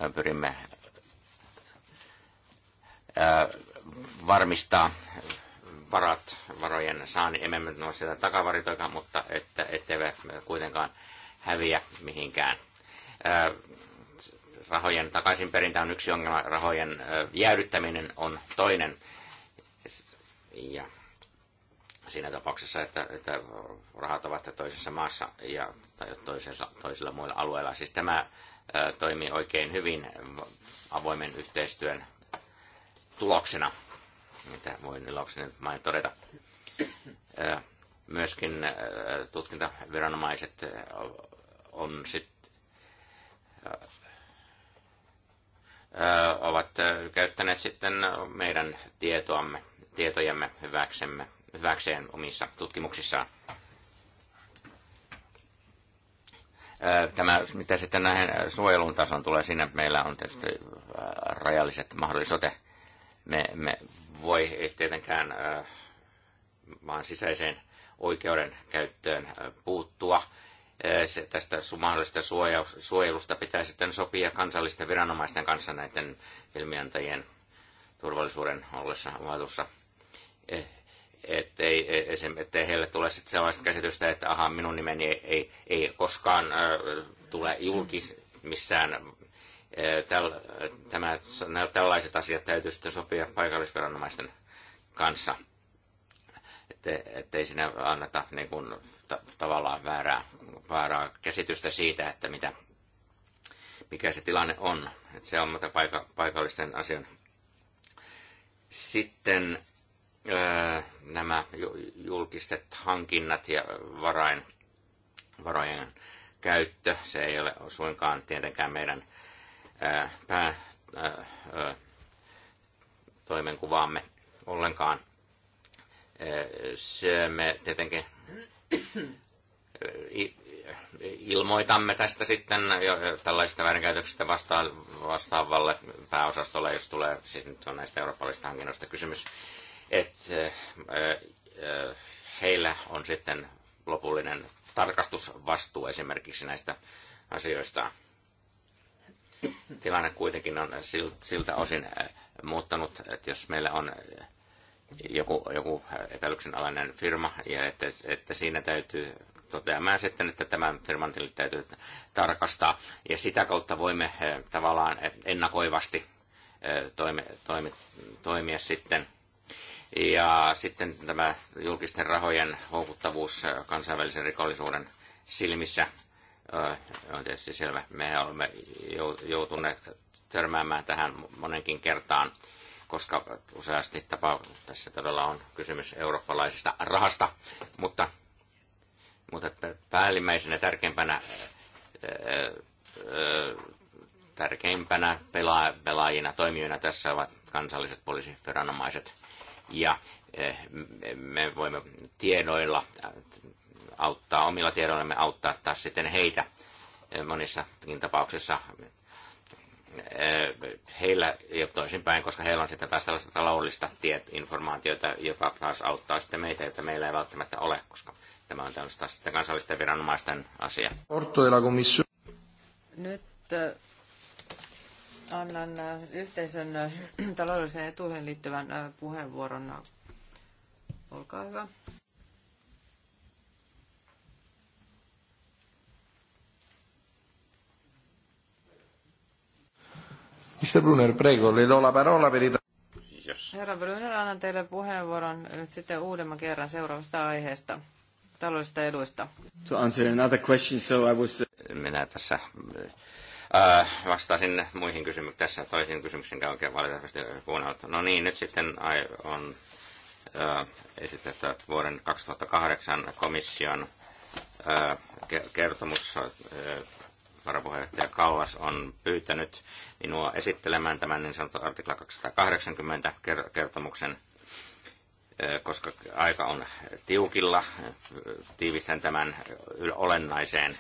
ja pyrimme varmistaa varat, varojen saani Emme nyt ole sitä takavaritoika, mutta että, etteivät kuitenkaan häviä mihinkään. Rahojen takaisinperintä on yksi ongelma, rahojen jäädyttäminen on toinen. Ja siinä tapauksessa, että, että rahat ovat toisessa maassa ja, tai toisella, toisella muilla alueilla. Siis tämä toimii oikein hyvin avoimen yhteistyön tuloksena, mitä voin ilokseni vain todeta. myöskin tutkintaviranomaiset on sit, ovat käyttäneet sitten meidän tietoamme, tietojamme hyväksemme – hyväkseen omissa tutkimuksissaan. Tämä, mitä sitten näihin suojelun tason tulee, siinä meillä on tietysti rajalliset mahdollisuudet. Me, me voi tietenkään maan sisäiseen oikeuden käyttöön puuttua. Se, tästä mahdollisesta suojelusta pitää sitten sopia kansallisten viranomaisten kanssa näiden filmiantajien turvallisuuden ollessa vaatussa eh, että ettei, ettei heille tule sitten sellaista käsitystä, että aha, minun nimeni ei, ei, ei koskaan äh, tule julkis missään. Äh, täl, tämä, tällaiset asiat täytyy sitten sopia paikallisviranomaisten kanssa, Ette, ettei sinä anneta niin kun ta, tavallaan väärää, väärää käsitystä siitä, että mitä, mikä se tilanne on. Et se on paika, paikallisten asian. Sitten nämä julkiset hankinnat ja varain, varojen käyttö. Se ei ole suinkaan tietenkään meidän pää, toimenkuvaamme ollenkaan. Se me tietenkin ilmoitamme tästä sitten jo tällaisista väärinkäytöksistä vastaavalle pääosastolle, jos tulee, siis nyt on näistä eurooppalaisista hankinnoista kysymys että eh, eh, heillä on sitten lopullinen tarkastusvastuu esimerkiksi näistä asioista. Tilanne kuitenkin on siltä osin eh, muuttanut, että jos meillä on joku, joku epäilyksen alainen firma, ja että, että siinä täytyy toteamaan sitten, että tämän firman tilit täytyy tarkastaa, ja sitä kautta voimme tavallaan ennakoivasti toimi, toimi, toimia sitten – ja sitten tämä julkisten rahojen houkuttavuus kansainvälisen rikollisuuden silmissä on tietysti selvä. Me olemme joutuneet törmäämään tähän monenkin kertaan, koska useasti tapa, tässä todella on kysymys eurooppalaisesta rahasta, mutta, mutta päällimmäisenä tärkeimpänä, tärkeimpänä pelaajina, toimijoina tässä ovat kansalliset poliisiviranomaiset – ja eh, me voimme tiedoilla äh, auttaa, omilla tiedoillamme auttaa taas sitten heitä eh, monissakin tapauksissa eh, heillä jo toisinpäin, koska heillä on sitten taas tällaista taloudellista tiet, informaatiota, joka taas auttaa sitten meitä, joita meillä ei välttämättä ole, koska tämä on tällaista sitten kansallisten viranomaisten asia. E Nyt Annan äh, yhteisön äh, taloudelliseen etuihin liittyvän äh, puheenvuoron. Olkaa hyvä. Mr. Brunner, prego, le do la parola per il... Herra Brunner, annan teille puheenvuoron nyt sitten uudemman kerran seuraavasta aiheesta, taloudellisista eduista. To answer another question, so I was... Uh- Minä tässä Äh, vastaisin muihin kysymyksiin tässä toisiin kysymyksiin oikein valitettavasti kuunnellut. No niin, nyt sitten on äh, esitetty vuoden 2008 komission äh, kertomus. Varapuheenjohtaja Kallas on pyytänyt minua esittelemään tämän niin sanotun artikla 280 kertomuksen koska aika on tiukilla, tiivistän tämän olennaiseen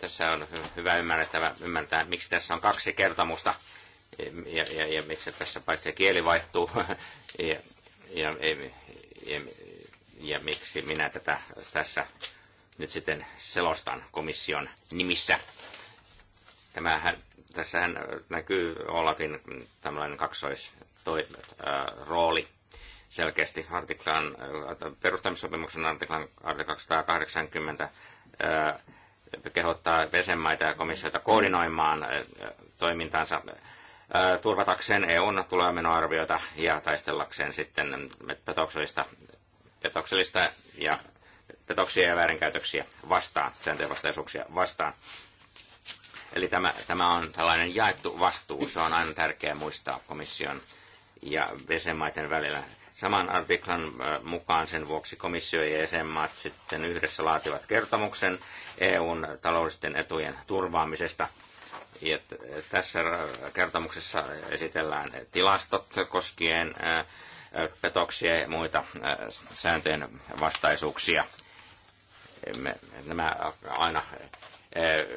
tässä on hyvä ymmärtää, ymmärtää, miksi tässä on kaksi kertomusta ja, ja, ja miksi tässä paitsi kieli vaihtuu ja, ja, ja, ja, ja miksi minä tätä tässä nyt sitten selostan komission nimissä. Tämähän, tässähän näkyy Olafin tämmöinen kaksoisrooli selkeästi artiklan, perustamissopimuksen artiklan, artiklan 280 kehottaa vesemaita ja komissiota koordinoimaan toimintansa turvatakseen EUn tulemenoarvioita ja taistellakseen sitten petoksellista, petoksellista ja petoksia ja väärinkäytöksiä vastaan, sääntöjenvastaisuuksia vastaan. Eli tämä, tämä on tällainen jaettu vastuu, se on aina tärkeää muistaa komission ja jäsenmaiden välillä Saman artiklan äh, mukaan sen vuoksi komissio ja jäsenmaat sitten yhdessä laativat kertomuksen EUn taloudellisten etujen turvaamisesta. Ja tässä kertomuksessa esitellään tilastot koskien äh, petoksia ja muita äh, sääntöjen vastaisuuksia. Nämä aina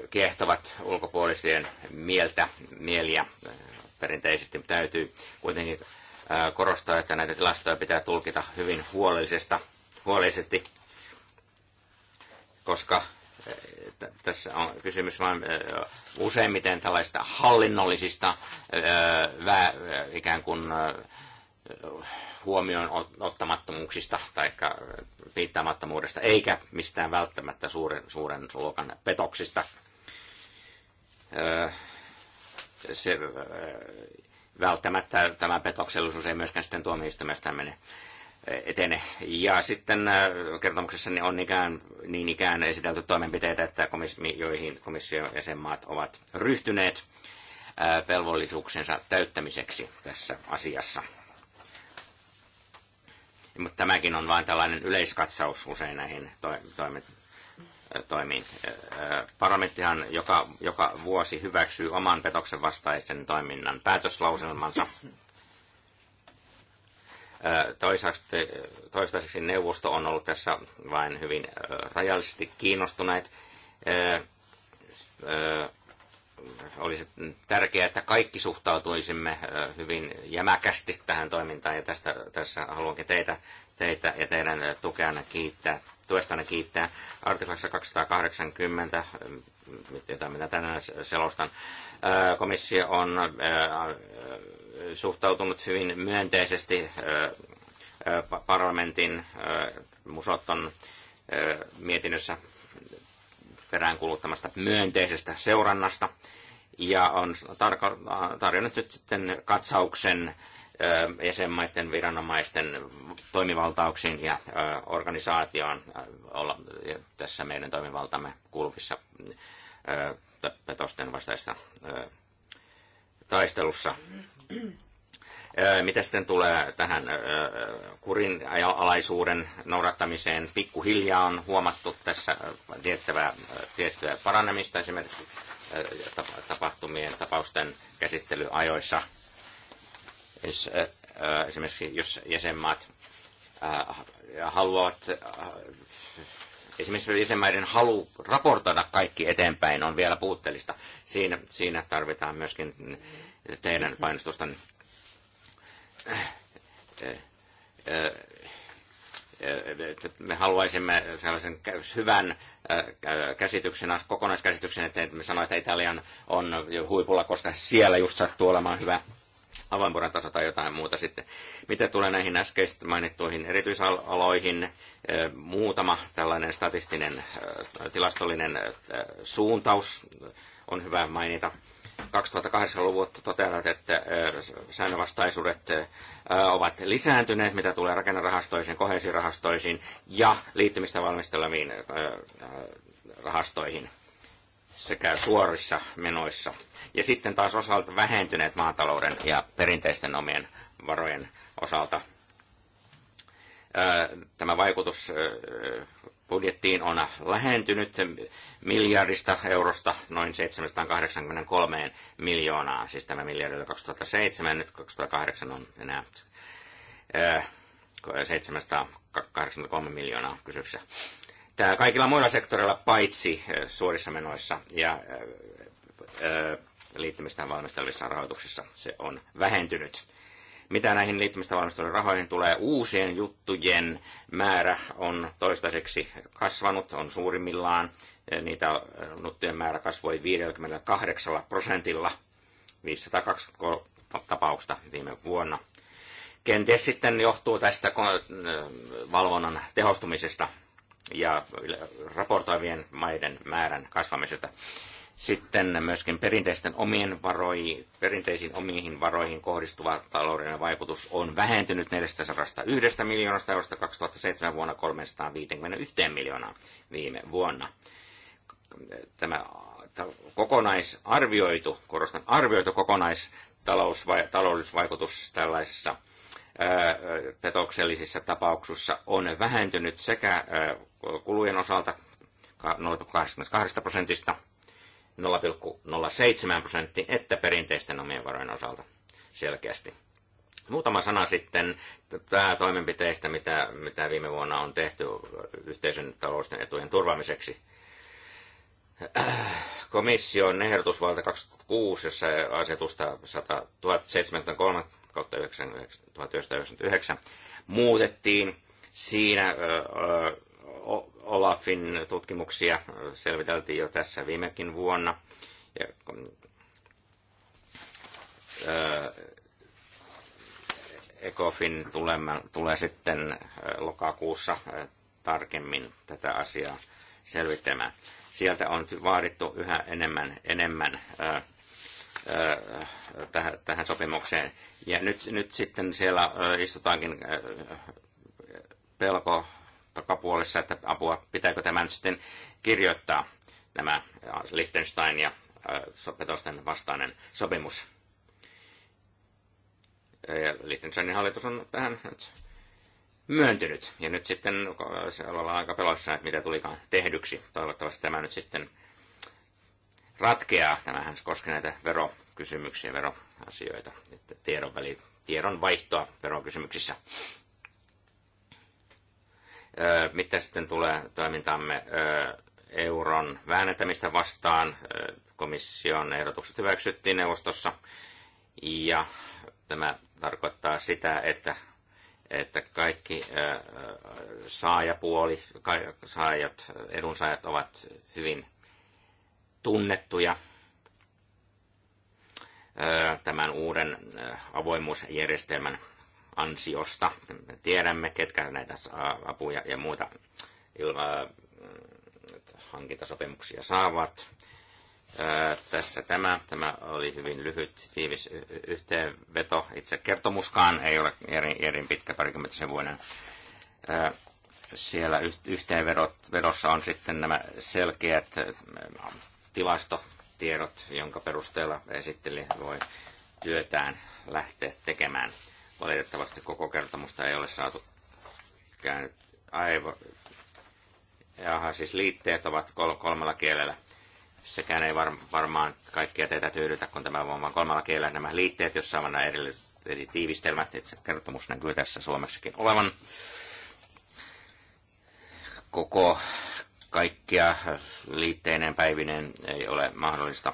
kiehtovat ulkopuolisien mieltä, mieliä perinteisesti täytyy kuitenkin korostaa, että näitä tilastoja pitää tulkita hyvin huolellisesta, huolellisesti, koska tässä on kysymys vain useimmiten tällaista hallinnollisista ikään kuin huomioon ottamattomuuksista tai piittaamattomuudesta, eikä mistään välttämättä suuren, suuren luokan petoksista. Se välttämättä tämä petoksellisuus ei myöskään sitten tuomioistuimesta mene e, etene. Ja sitten kertomuksessa niin on ikään, niin ikään esitelty toimenpiteitä, että komissi, joihin komission jäsenmaat ovat ryhtyneet velvollisuuksensa täyttämiseksi tässä asiassa. Mutta tämäkin on vain tällainen yleiskatsaus usein näihin toimiin. Parlamenttihan joka, joka vuosi hyväksyy oman petoksen vastaisen toiminnan päätöslauselmansa. Toisaaksi, toistaiseksi neuvosto on ollut tässä vain hyvin rajallisesti kiinnostuneet. Olisi tärkeää, että kaikki suhtautuisimme hyvin jämäkästi tähän toimintaan ja tästä, tässä haluankin teitä, teitä ja teidän tukeanne kiittää tuestanne kiittää. Artiklassa 280, mm, jota mitä tänään selostan, komissio on suhtautunut hyvin myönteisesti parlamentin Musotton mietinnössä peräänkuluttamasta myönteisestä seurannasta ja on tarjonnut nyt sitten katsauksen jäsenmaiden viranomaisten toimivaltauksiin ja organisaatioon olla tässä meidän toimivaltamme kulvissa petosten vastaista taistelussa. Mitä sitten tulee tähän kurin- alaisuuden noudattamiseen? Pikkuhiljaa on huomattu tässä tiettävää, tiettyä paranemista esimerkiksi tapahtumien tapausten käsittelyajoissa – Äh, äh, esimerkiksi jos jäsenmaat äh, haluavat, esimerkiksi jäsenmaiden halu raportoida kaikki eteenpäin on vielä puutteellista. Siinä, siinä tarvitaan myöskin teidän painostustanne me haluaisimme sellaisen hyvän käsityksen, kokonaiskäsityksen, että me sanoin, että Italian on huipulla, koska siellä just sattuu olemaan hyvä avainvuoron taso tai jotain muuta sitten. Mitä tulee näihin äskeisesti mainittuihin erityisaloihin, eh, muutama tällainen statistinen eh, tilastollinen eh, suuntaus on hyvä mainita. 2008-luvut toteavat, että säännövastaisuudet ovat lisääntyneet, mitä tulee rakennerahastoisiin, kohesirahastoisiin ja liittymistä valmisteleviin rahastoihin sekä suorissa menoissa. Ja sitten taas osalta vähentyneet maatalouden ja perinteisten omien varojen osalta. Tämä vaikutus budjettiin on lähentynyt miljardista eurosta noin 783 miljoonaa, siis tämä miljardi 2007, nyt 2008 on enää 783 miljoonaa kysyksessä. Tämä kaikilla muilla sektoreilla paitsi eh, suorissa menoissa ja eh, eh, liittymistä valmistelevissa rahoituksissa se on vähentynyt. Mitä näihin liittymistä valmistelujen rahoihin tulee, uusien juttujen määrä on toistaiseksi kasvanut, on suurimmillaan. Niitä nuttujen määrä kasvoi 58 prosentilla, 520 tapausta viime vuonna. Kenties sitten johtuu tästä valvonnan tehostumisesta ja raportoivien maiden määrän kasvamisesta. Sitten myöskin perinteisten omien varoi, perinteisiin omiin varoihin kohdistuva taloudellinen vaikutus on vähentynyt 401 miljoonasta eurosta 2007 vuonna 351 miljoonaa viime vuonna. Tämä kokonaisarvioitu, korostan arvioitu kokonaistalousvaikutus tällaisissa petoksellisissa tapauksissa on vähentynyt sekä kulujen osalta 0,82 prosentista 0,07 prosentti, että perinteisten omien varojen osalta selkeästi. Muutama sana sitten päätoimenpiteistä, mitä, mitä viime vuonna on tehty yhteisön taloudellisten etujen turvaamiseksi. Komission ehdotusvalta 26 jossa asetusta 100, 1073 1999 muutettiin. Siinä Olafin tutkimuksia selviteltiin jo tässä viimekin vuonna. Ja, ECOFIN tulee sitten lokakuussa tarkemmin tätä asiaa selvittämään. Sieltä on vaadittu yhä enemmän, enemmän ää, ää, tähän, tähän sopimukseen. Ja nyt, nyt sitten siellä istutaankin pelko takapuolessa, että apua, pitääkö tämän sitten kirjoittaa, tämä Liechtenstein ja petosten vastainen sopimus. Ja Liechtensteinin hallitus on tähän nyt myöntynyt. Ja nyt sitten ollaan aika pelossa, että mitä tulikaan tehdyksi. Toivottavasti tämä nyt sitten ratkeaa. Tämähän koskee näitä verokysymyksiä, veroasioita, tiedon, väli, tiedon vaihtoa verokysymyksissä. Mitä sitten tulee toimintamme euron väännetämistä vastaan? Komission ehdotukset hyväksyttiin neuvostossa ja tämä tarkoittaa sitä, että että kaikki saajapuoli, saajat, edunsaajat ovat hyvin tunnettuja tämän uuden avoimuusjärjestelmän ansiosta. Tiedämme, ketkä näitä äh, apuja ja muita ilma- äh, hankintasopimuksia saavat. Äh, tässä tämä. Tämä oli hyvin lyhyt, tiivis yhteenveto. Itse kertomuskaan ei ole eri pitkä, parikymmentisen vuoden siellä yhteenvedossa on sitten nämä selkeät tilastotiedot, jonka perusteella esitteli voi työtään lähteä tekemään. Valitettavasti koko kertomusta ei ole saatu käännyt. aivan. Jaha, siis liitteet ovat kol- kolmella kielellä. Sekään ei var- varmaan kaikkia teitä tyydytä, kun tämä on vain kolmella kielellä nämä liitteet, jossa on nämä eri, eri tiivistelmät. Itse kertomus näkyy tässä suomessakin olevan. Koko kaikkia liitteinen päivinen ei ole mahdollista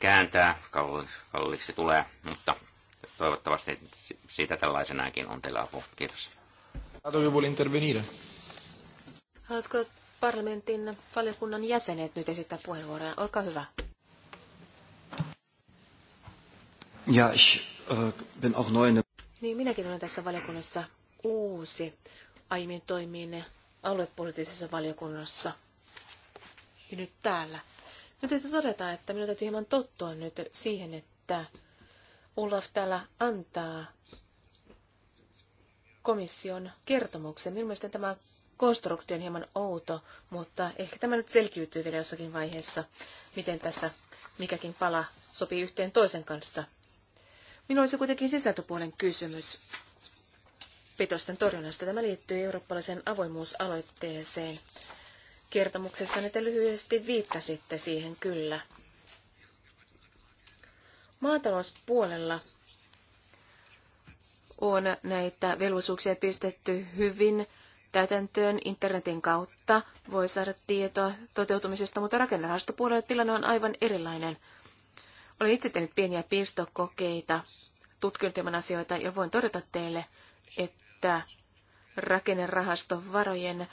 kääntää, kalliiksi tulee, mutta toivottavasti siitä tällaisenaankin on teillä apu. Kiitos. Haluatko parlamentin valiokunnan jäsenet nyt esittää puheenvuoroja? Olkaa hyvä. Ja, ich äh, bin auch Niin, minäkin olen tässä valiokunnassa uusi. Aiemmin toimin aluepoliittisessa valiokunnassa. Ja nyt täällä. Nyt täytyy todeta, että minun täytyy hieman tottua nyt siihen, että Olaf täällä antaa komission kertomuksen. Minun mielestäni tämä konstruktio on hieman outo, mutta ehkä tämä nyt selkiytyy vielä jossakin vaiheessa, miten tässä mikäkin pala sopii yhteen toisen kanssa. Minulla olisi kuitenkin sisältöpuolen kysymys petosten torjunnasta. Tämä liittyy eurooppalaiseen avoimuusaloitteeseen. Kertomuksessa te lyhyesti viittasitte siihen kyllä. Maatalouspuolella on näitä velvollisuuksia pistetty hyvin täytäntöön internetin kautta. Voi saada tietoa toteutumisesta, mutta rakennerahastopuolella tilanne on aivan erilainen. Olen itse tehnyt pieniä pistokokeita, tutkinut asioita ja voin todeta teille, että rakennerahastovarojen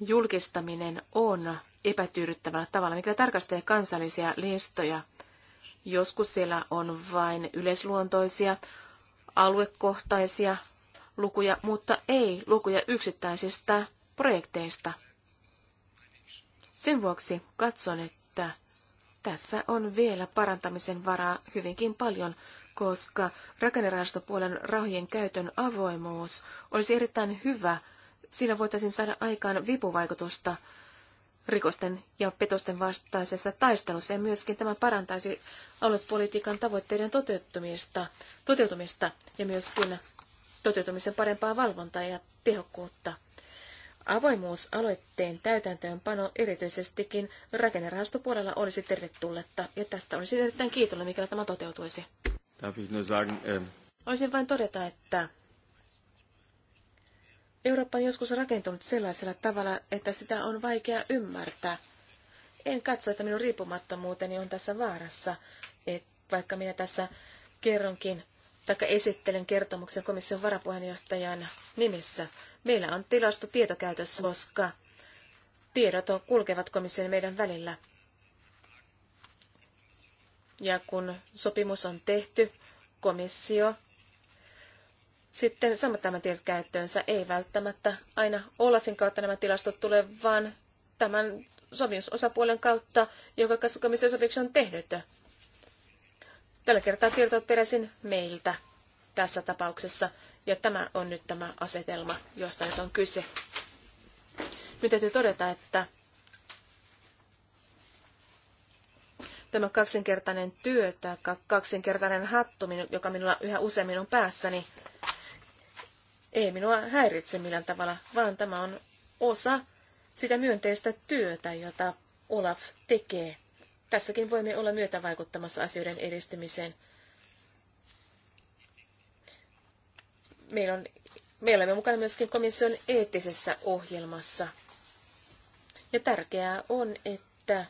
julkistaminen on epätyydyttävällä tavalla, mikä tarkastelee kansallisia listoja Joskus siellä on vain yleisluontoisia, aluekohtaisia lukuja, mutta ei lukuja yksittäisistä projekteista. Sen vuoksi katson, että tässä on vielä parantamisen varaa hyvinkin paljon, koska rakennerahastopuolen rahojen käytön avoimuus olisi erittäin hyvä. Sillä voitaisiin saada aikaan vipuvaikutusta rikosten ja petosten vastaisessa taistelussa ja myöskin tämä parantaisi aluepolitiikan tavoitteiden toteutumista, toteutumista ja myöskin toteutumisen parempaa valvontaa ja tehokkuutta. Avoimuusaloitteen täytäntöönpano erityisestikin rakennerahastopuolella olisi tervetulletta ja tästä olisi erittäin kiitollinen, mikä tämä toteutuisi. Ähm, olisin vain todeta, että Eurooppa on joskus rakentunut sellaisella tavalla, että sitä on vaikea ymmärtää. En katso, että minun riippumattomuuteni on tässä vaarassa, et vaikka minä tässä kerronkin tai esittelen kertomuksen komission varapuheenjohtajan nimissä. Meillä on tilasto tietokäytössä, koska tiedot kulkevat komission meidän välillä. Ja kun sopimus on tehty, komissio sitten samat tämän tiedot käyttöönsä. Ei välttämättä aina Olafin kautta nämä tilastot tule, vaan tämän sovinnusosapuolen kautta, joka sopimuksen on tehnyt. Tällä kertaa tiedot peräisin meiltä tässä tapauksessa, ja tämä on nyt tämä asetelma, josta nyt on kyse. Nyt täytyy todeta, että tämä kaksinkertainen työ tai kaksinkertainen hattu, joka minulla yhä useammin on päässäni, niin ei minua häiritse millään tavalla, vaan tämä on osa sitä myönteistä työtä, jota Olaf tekee. Tässäkin voimme olla myötävaikuttamassa asioiden edistymiseen. Meillä on, me olemme mukana myöskin komission eettisessä ohjelmassa. Ja tärkeää on, että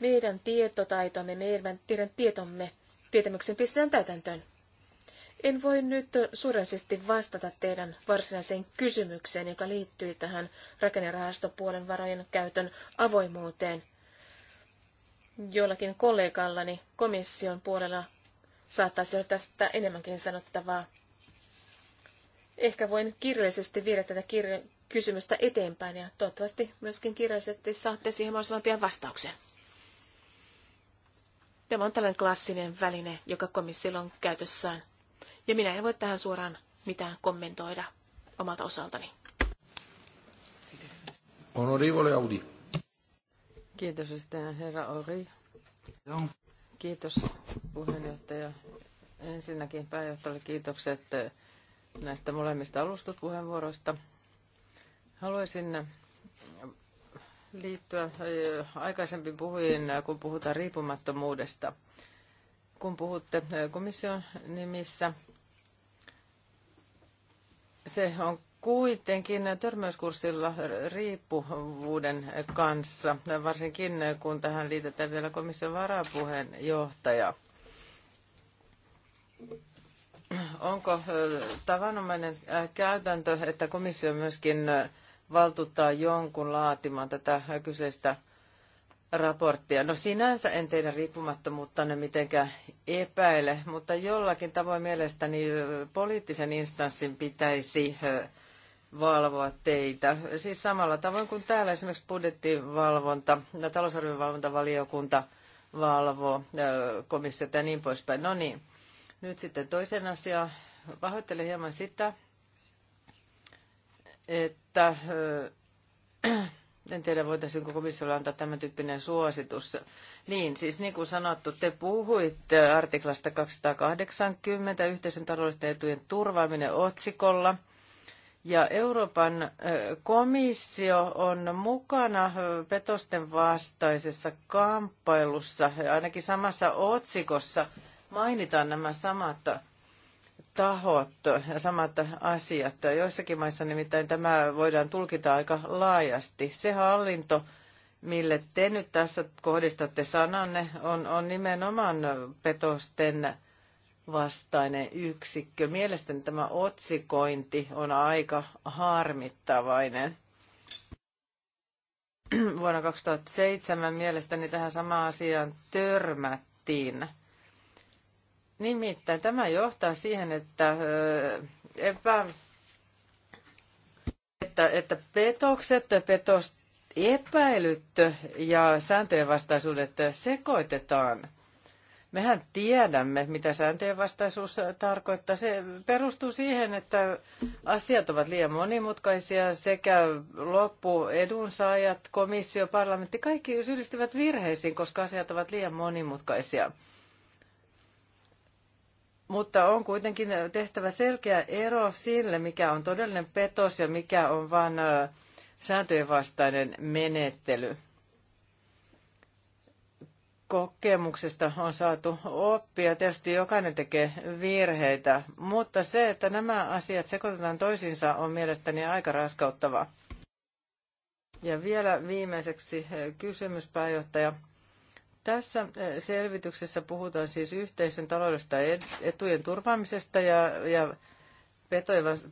meidän tietotaitomme, meidän tiedon tietomme, tietämyksen pistetään täytäntöön. En voi nyt surellisesti vastata teidän varsinaiseen kysymykseen, joka liittyy tähän rakennerahastopuolen varojen käytön avoimuuteen. Jollakin kollegallani komission puolella saattaisi olla tästä enemmänkin sanottavaa. Ehkä voin kirjallisesti viedä tätä kysymystä eteenpäin ja toivottavasti myöskin kirjallisesti saatte siihen mahdollisimman pian vastauksen. Tämä on tällainen klassinen väline, joka komissiolla on käytössään – ja minä en voi tähän suoraan mitään kommentoida omalta osaltani. Honorevole Audi. Kiitos herra Ori. Kiitos puheenjohtaja. Ensinnäkin pääjohtajalle kiitokset näistä molemmista alustuspuheenvuoroista. Haluaisin liittyä aikaisempiin puhujiin, kun puhutaan riippumattomuudesta. Kun puhutte komission nimissä, se on kuitenkin törmäyskurssilla riippuvuuden kanssa, varsinkin kun tähän liitetään vielä komission varapuheenjohtaja. Onko äh, tavanomainen äh, käytäntö, että komissio myöskin äh, valtuuttaa jonkun laatimaan tätä kyseistä raporttia. No sinänsä en teidän riippumattomuuttanne mitenkään epäile, mutta jollakin tavoin mielestäni poliittisen instanssin pitäisi valvoa teitä. Siis samalla tavoin kuin täällä esimerkiksi budjettivalvonta ja talousarviovalvontavaliokunta valvoo komissiota ja niin poispäin. No niin, nyt sitten toisen asia Pahoittelen hieman sitä, että en tiedä, voitaisiinko komissiolle antaa tämän tyyppinen suositus. Niin, siis niin kuin sanottu, te puhuitte artiklasta 280 yhteisön taloudellisten etujen turvaaminen otsikolla. Ja Euroopan komissio on mukana petosten vastaisessa kamppailussa, ainakin samassa otsikossa mainitaan nämä samat tahot ja samat asiat. Joissakin maissa nimittäin tämä voidaan tulkita aika laajasti. Se hallinto, mille te nyt tässä kohdistatte sananne, on, on nimenomaan petosten vastainen yksikkö. Mielestäni tämä otsikointi on aika harmittavainen. Vuonna 2007 mielestäni tähän samaan asiaan törmättiin. Nimittäin tämä johtaa siihen, että, epä, että, että petokset, petos, epäilyt ja sääntöjen vastaisuudet sekoitetaan. Mehän tiedämme, mitä sääntöjen vastaisuus tarkoittaa. Se perustuu siihen, että asiat ovat liian monimutkaisia sekä loppu edunsaajat, komissio, parlamentti, kaikki syyllistyvät virheisiin, koska asiat ovat liian monimutkaisia. Mutta on kuitenkin tehtävä selkeä ero sille, mikä on todellinen petos ja mikä on vain sääntöjen vastainen menettely. Kokemuksesta on saatu oppia. Tietysti jokainen tekee virheitä, mutta se, että nämä asiat sekoitetaan toisiinsa, on mielestäni aika raskauttavaa. Ja vielä viimeiseksi kysymys, pääjohtaja. Tässä selvityksessä puhutaan siis yhteisön taloudesta etujen turvaamisesta ja, ja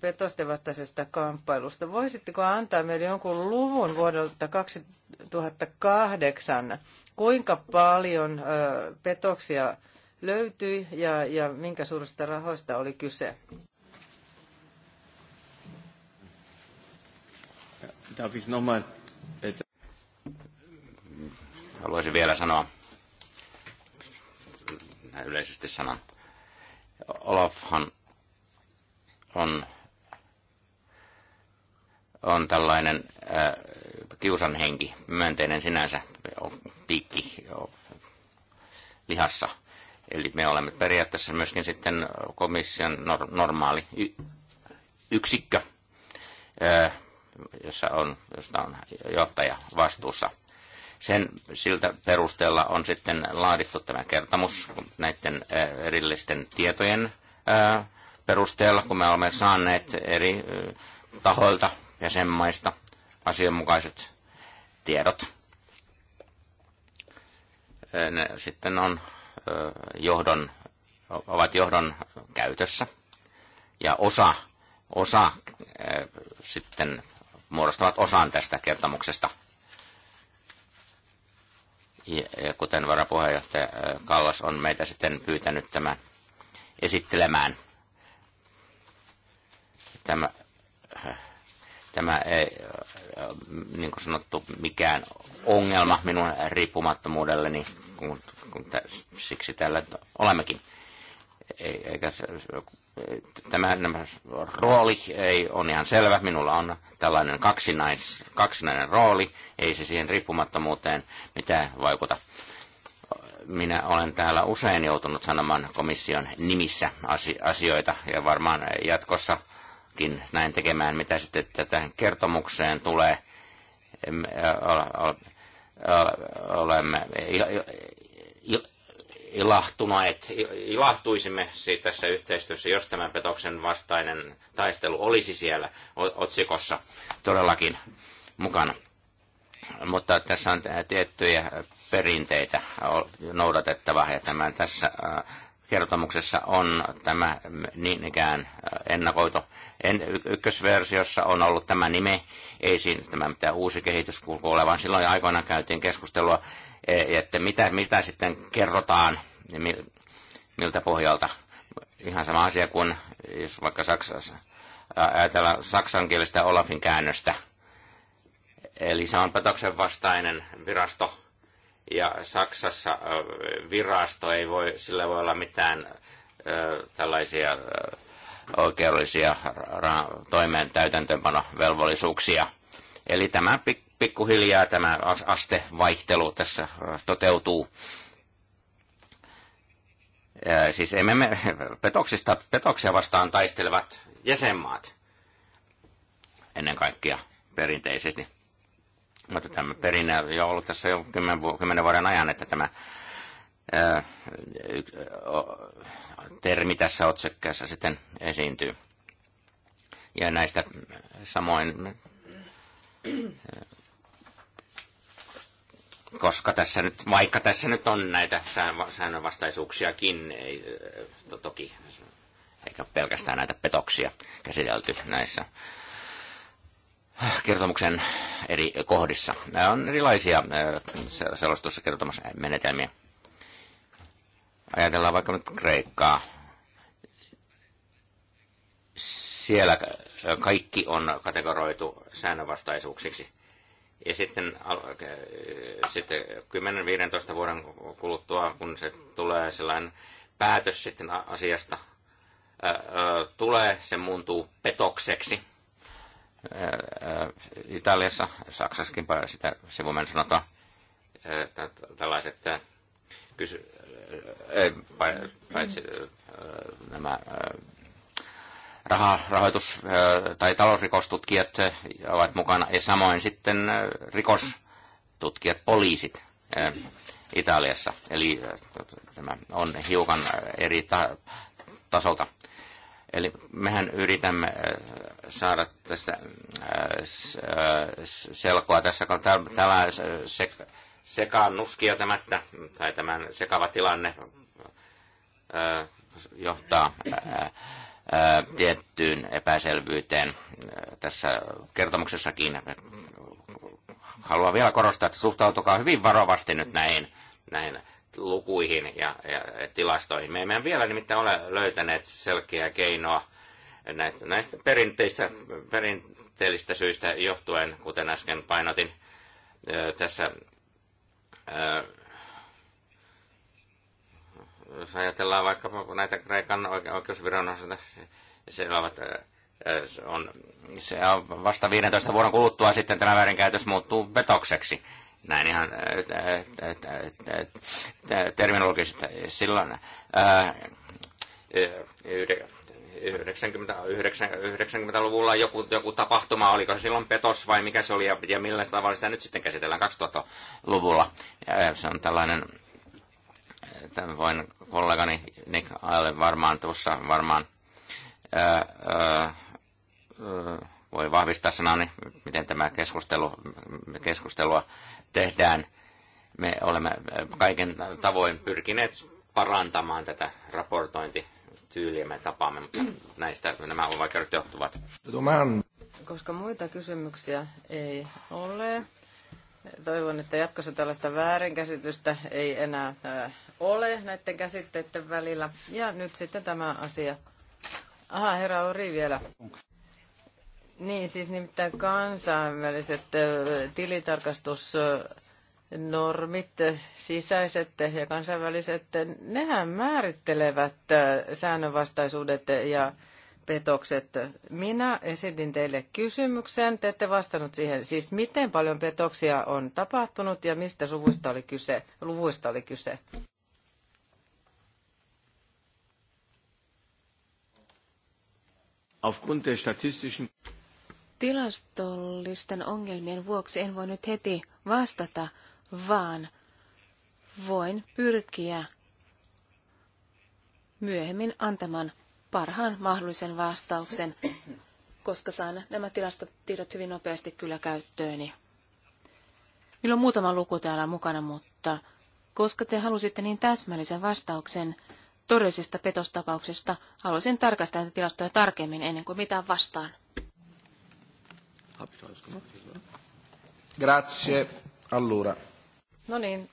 petosten vastaisesta kamppailusta. Voisitteko antaa meille jonkun luvun vuodelta 2008, kuinka paljon petoksia löytyi ja, ja minkä suurista rahoista oli kyse? Haluaisin vielä sanoa yleisesti sanan. Olafhan on, on tällainen ää, äh, kiusanhenki, myönteinen sinänsä, piikki lihassa. Eli me olemme periaatteessa myöskin sitten komission normaali yksikkö, äh, jossa on, josta on johtaja vastuussa – sen siltä perusteella on sitten laadittu tämä kertomus näiden erillisten tietojen perusteella, kun me olemme saaneet eri tahoilta ja maista asianmukaiset tiedot. Ne sitten on johdon, ovat johdon käytössä ja osa, osa sitten muodostavat osan tästä kertomuksesta – ja kuten varapuheenjohtaja äh, Kallas on meitä sitten pyytänyt tämän esittelemään. Tämä, äh, tämä ei, äh, niin kuin sanottu, mikään ongelma minun riippumattomuudelleni, kun, kun tä, siksi täällä olemmekin eikä se, tämä nämä, rooli ei, on ihan selvä. Minulla on tällainen kaksinais, kaksinainen rooli, ei se siihen riippumattomuuteen mitään vaikuta. Minä olen täällä usein joutunut sanomaan komission nimissä asioita ja varmaan jatkossakin näin tekemään, mitä sitten tähän kertomukseen tulee. Olemme ilahtuneet, ilahtuisimme siitä tässä yhteistyössä, jos tämä petoksen vastainen taistelu olisi siellä otsikossa todellakin mukana. Mutta tässä on tiettyjä perinteitä noudatettava ja tämän tässä kertomuksessa on tämä niin ikään ennakoito. En, ykkösversiossa on ollut tämä nime, ei siinä tämä mitään uusi kehityskulku ole, vaan silloin aikoinaan käytiin keskustelua E, että mitä, mitä sitten kerrotaan, miltä pohjalta. Ihan sama asia kuin jos vaikka Saksassa, ajatellaan saksankielistä Olafin käännöstä. Eli se on petoksen vastainen virasto, ja Saksassa virasto ei voi, sillä voi olla mitään tällaisia oikeudellisia ra- toimeen täytäntöönpanovelvollisuuksia. Eli tämä pikkuhiljaa tämä astevaihtelu tässä äh, toteutuu. Äh, siis emme me petoksista, petoksia vastaan taistelevat jäsenmaat ennen kaikkea perinteisesti. Mutta tämä perinne on ollut tässä jo kymmenen vuoden ajan, että tämä ää, äh, termi tässä otsikkeessa sitten esiintyy. Ja näistä samoin koska tässä nyt, vaikka tässä nyt on näitä säännönvastaisuuksiakin, ei, eh, to, toki eikä pelkästään näitä petoksia käsitelty näissä kertomuksen eri kohdissa. Nämä on erilaisia kertomassa eh, kertomusmenetelmiä. Ajatellaan vaikka nyt Kreikkaa. Siellä kaikki on kategoroitu säännönvastaisuuksiksi – ja sitten, äh, sitten 10-15 vuoden kuluttua, kun se tulee sellainen päätös sitten asiasta, tulee, se muuntuu petokseksi. Italiassa, Saksassakin sitä sivumen sanotaan, tällaiset kysy, paitsi nämä raha, rahoitus- tai talousrikostutkijat ovat mukana, ja samoin sitten rikostutkijat, poliisit Italiassa. Eli tämä on hiukan eri ta- tasolta. Eli mehän yritämme saada tästä selkoa tässä, kun tämä se- sekaannus tai tämän sekava tilanne johtaa tiettyyn epäselvyyteen tässä kertomuksessakin. Haluan vielä korostaa, että suhtautukaa hyvin varovasti nyt näihin, näihin lukuihin ja, ja tilastoihin. Me emme vielä nimittäin ole löytäneet selkeää keinoa näistä, näistä perinteistä, perinteellistä syistä johtuen, kuten äsken painotin tässä jos ajatellaan vaikka näitä Kreikan oikeusviranomaisia, niin siellä ovat on, se on vasta 15 vuoden kuluttua sitten tämä väärinkäytös muuttuu petokseksi. Näin ihan terminologisesti. Silloin 90, 90-luvulla joku, joku tapahtuma, oliko se silloin petos vai mikä se oli ja, ja millä tavalla sitä nyt sitten käsitellään 2000-luvulla. Ja se on tällainen tämän voin kollegani Nick Aile varmaan tuossa varmaan ää, ää, voi vahvistaa sanani, miten tämä keskustelu, keskustelua tehdään. Me olemme kaiken tavoin pyrkineet parantamaan tätä raportointityyliä me tapaamme, mutta näistä nämä vaikeudet johtuvat. Koska muita kysymyksiä ei ole, toivon, että jatkossa tällaista väärinkäsitystä ei enää ole näiden käsitteiden välillä. Ja nyt sitten tämä asia. Aha, herra Ori vielä. Niin, siis nimittäin kansainväliset tilitarkastusnormit, sisäiset ja kansainväliset, nehän määrittelevät säännönvastaisuudet ja petokset. Minä esitin teille kysymyksen, te ette vastannut siihen. Siis miten paljon petoksia on tapahtunut ja mistä suvuista oli kyse, luvuista oli kyse? Aufgrund der statistischen Tilastollisten ongelmien vuoksi en voi nyt heti vastata, vaan voin pyrkiä myöhemmin antamaan parhaan mahdollisen vastauksen, koska saan nämä tilastotiedot hyvin nopeasti kyllä käyttööni. Minulla on muutama luku täällä mukana, mutta koska te halusitte niin täsmällisen vastauksen, todellisista petostapauksista. Haluaisin tarkastaa näitä tilastoja tarkemmin ennen kuin mitään vastaan. Grazie. Allora. No niin,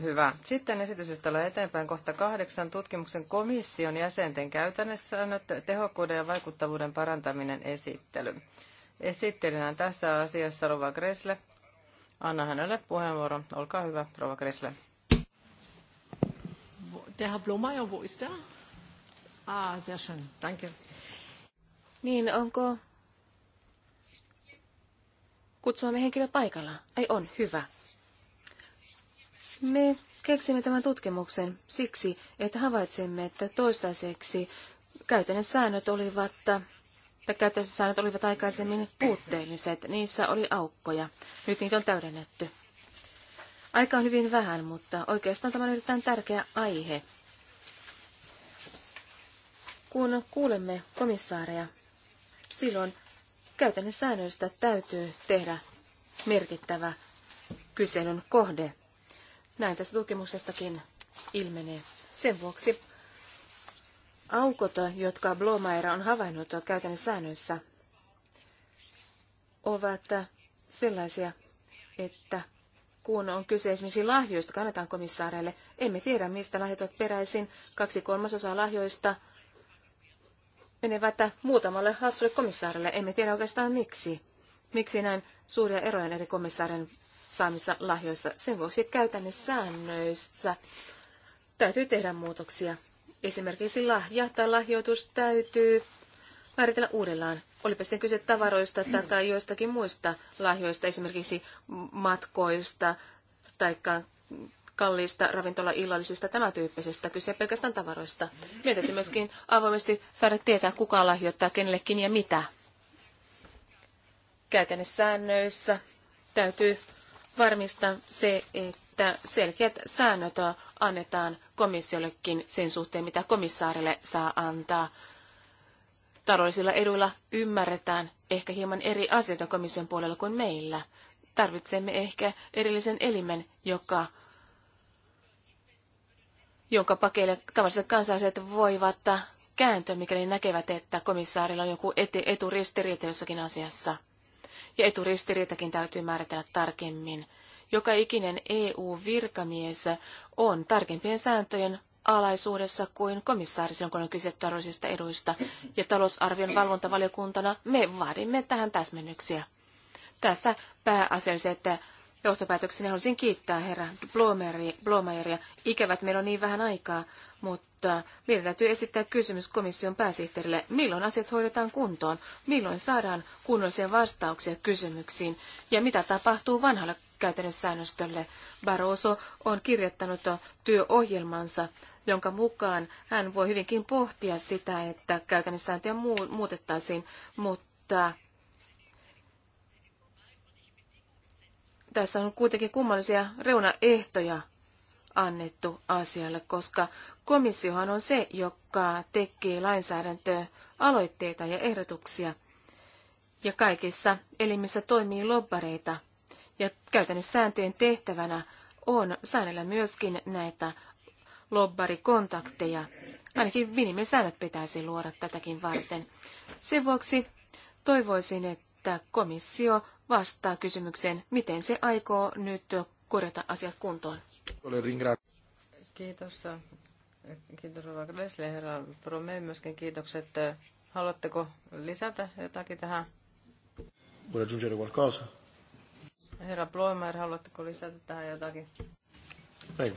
hyvä. Sitten esitysystävällä eteenpäin kohta kahdeksan tutkimuksen komission jäsenten annot tehokkuuden ja vaikuttavuuden parantaminen esittely. Esittelinään tässä asiassa Rova Gresle. Anna hänelle puheenvuoron. Olkaa hyvä, Rova Gresle der Herr Blomeyer, wo ist er? Ah, sehr schön, danke. Niin, onko kutsuamme henkilö paikalla? ei on, hyvä. Me keksimme tämän tutkimuksen siksi, että havaitsemme, että toistaiseksi käytännön säännöt olivat, että käytännön säännöt olivat aikaisemmin puutteelliset. Niissä oli aukkoja. Nyt niitä on täydennetty. Aika on hyvin vähän, mutta oikeastaan tämä on erittäin tärkeä aihe. Kun kuulemme komissaareja, silloin käytännön säännöistä täytyy tehdä merkittävä kyselyn kohde. Näin tästä tutkimuksestakin ilmenee. Sen vuoksi aukot, jotka Blomaira on havainnut käytännön säännöissä, ovat sellaisia, että kun on kyse esimerkiksi lahjoista, kannetaan komissaareille. Emme tiedä, mistä lahjat ovat peräisin. Kaksi kolmasosaa lahjoista menevät muutamalle hassulle komissaarille. Emme tiedä oikeastaan miksi. Miksi näin suuria eroja eri komissaarien saamissa lahjoissa? Sen vuoksi käytännön säännöissä täytyy tehdä muutoksia. Esimerkiksi lahja tai lahjoitus täytyy määritellä uudellaan. Olipa sitten kyse tavaroista tai joistakin muista lahjoista, esimerkiksi matkoista tai kalliista ravintolaillallisista, tämä tyyppisestä, kyse pelkästään tavaroista. Mietittiin myöskin avoimesti saada tietää, kuka lahjoittaa kenellekin ja mitä. Käytännössäännöissä täytyy varmistaa se, että selkeät säännöt annetaan komissiollekin sen suhteen, mitä komissaarille saa antaa taloudellisilla eduilla ymmärretään ehkä hieman eri asioita komission puolella kuin meillä. Tarvitsemme ehkä erillisen elimen, joka, jonka pakeille tavalliset kansalaiset voivat kääntyä, mikäli näkevät, että komissaarilla on joku et, eturistiriita jossakin asiassa. Ja eturistiriitakin täytyy määritellä tarkemmin. Joka ikinen EU-virkamies on tarkempien sääntöjen alaisuudessa kuin komissaari silloin, kun on kyse taloudellisista eduista. Ja talousarvion valvontavaliokuntana me vaadimme tähän täsmennyksiä. Tässä pääasialliset johtopäätökseni haluaisin kiittää herra Blomeria. Ikävät meillä on niin vähän aikaa, mutta meidän täytyy esittää kysymys komission pääsihteerille, milloin asiat hoidetaan kuntoon, milloin saadaan kunnollisia vastauksia kysymyksiin ja mitä tapahtuu vanhalle käytännön säännöstölle. Barroso on kirjoittanut työohjelmansa jonka mukaan hän voi hyvinkin pohtia sitä, että käytännön sääntöjä muutettaisiin, mutta tässä on kuitenkin kummallisia reunaehtoja annettu asialle, koska komissiohan on se, joka tekee lainsäädäntöä aloitteita ja ehdotuksia. Ja kaikissa elimissä toimii lobbareita. Ja käytännössä sääntöjen tehtävänä on säännellä myöskin näitä lobbarikontakteja. Ainakin minimisäännöt pitäisi luoda tätäkin varten. Sen vuoksi toivoisin, että komissio vastaa kysymykseen, miten se aikoo nyt korjata asiat kuntoon. Kiitos. Kiitos Rova Gressle, herra Promei, myöskin kiitokset. Haluatteko lisätä jotakin tähän? Vuoi aggiungere qualcosa? Herra Bloimer, haluatteko lisätä tähän jotakin? Prego.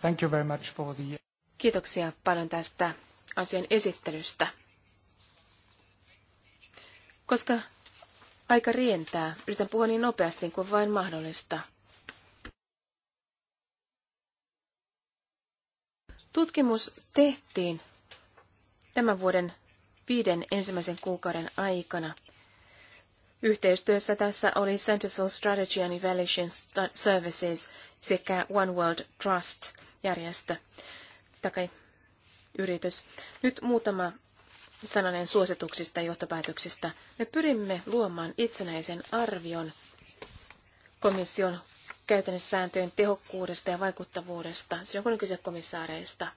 Thank you very much for the... Kiitoksia paljon tästä asian esittelystä. Koska aika rientää, yritän puhua niin nopeasti kuin vain mahdollista. Tutkimus tehtiin tämän vuoden viiden ensimmäisen kuukauden aikana – Yhteistyössä tässä oli Center for Strategy and Evaluation Services sekä One World Trust-järjestö tai yritys. Nyt muutama sananen suosituksista ja johtopäätöksistä. Me pyrimme luomaan itsenäisen arvion komission käytännössä sääntöjen tehokkuudesta ja vaikuttavuudesta, silloin kun kuitenkin kyse komissaareista.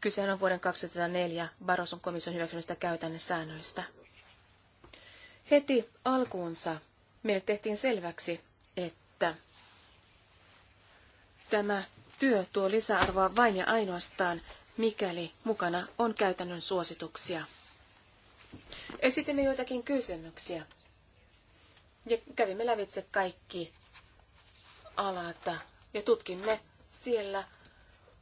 Kyse on vuoden 2004 Baroson komission hyväksymistä käytännössä säännöistä. Heti alkuunsa meille tehtiin selväksi, että tämä työ tuo lisäarvoa vain ja ainoastaan, mikäli mukana on käytännön suosituksia. Esitimme joitakin kysymyksiä ja kävimme lävitse kaikki alata ja tutkimme siellä,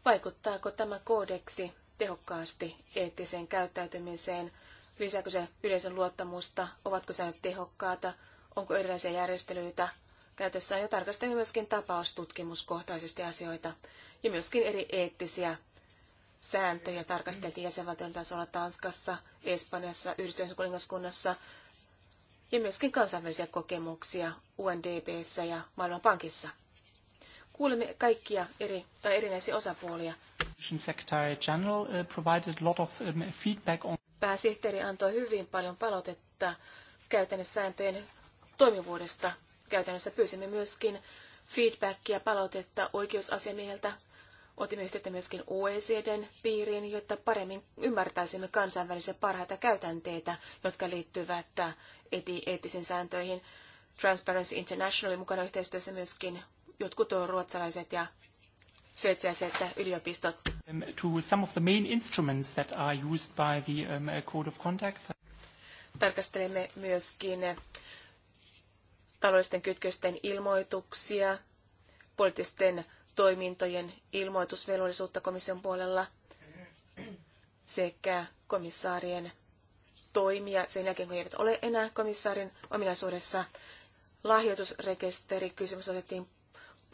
vaikuttaako tämä koodeksi tehokkaasti eettiseen käyttäytymiseen – Lisääkö se yleisön luottamusta? Ovatko säännöt tehokkaata? Onko erilaisia järjestelyitä käytössä? Ja tarkastella myöskin tapaustutkimuskohtaisesti asioita ja myöskin eri eettisiä sääntöjä tarkasteltiin jäsenvaltion tasolla Tanskassa, Espanjassa, Yhdistyneessä kuningaskunnassa ja myöskin kansainvälisiä kokemuksia UNDPssä ja Maailmanpankissa. Kuulemme kaikkia eri tai erinäisiä osapuolia. General uh, provided lot of um, feedback on Pääsihteeri antoi hyvin paljon palautetta käytännössä sääntöjen toimivuudesta. Käytännössä pyysimme myöskin feedbackia palautetta oikeusasiamieheltä. Otimme yhteyttä myöskin OECDn piiriin, jotta paremmin ymmärtäisimme kansainvälisiä parhaita käytänteitä, jotka liittyvät eti- eettisiin sääntöihin. Transparency Internationalin mukana yhteistyössä myöskin jotkut ruotsalaiset ja sveitsiläiset yliopistot. Um, to some of the main instruments that are used by the um, uh, Code of Contact. Tarkastelemme myöskin uh, taloudellisten kytkösten ilmoituksia, poliittisten toimintojen ilmoitusvelvollisuutta komission puolella sekä komissaarien toimia sen jälkeen, kun he eivät ole enää komissaarin ominaisuudessa. Lahjoitusrekisterikysymys otettiin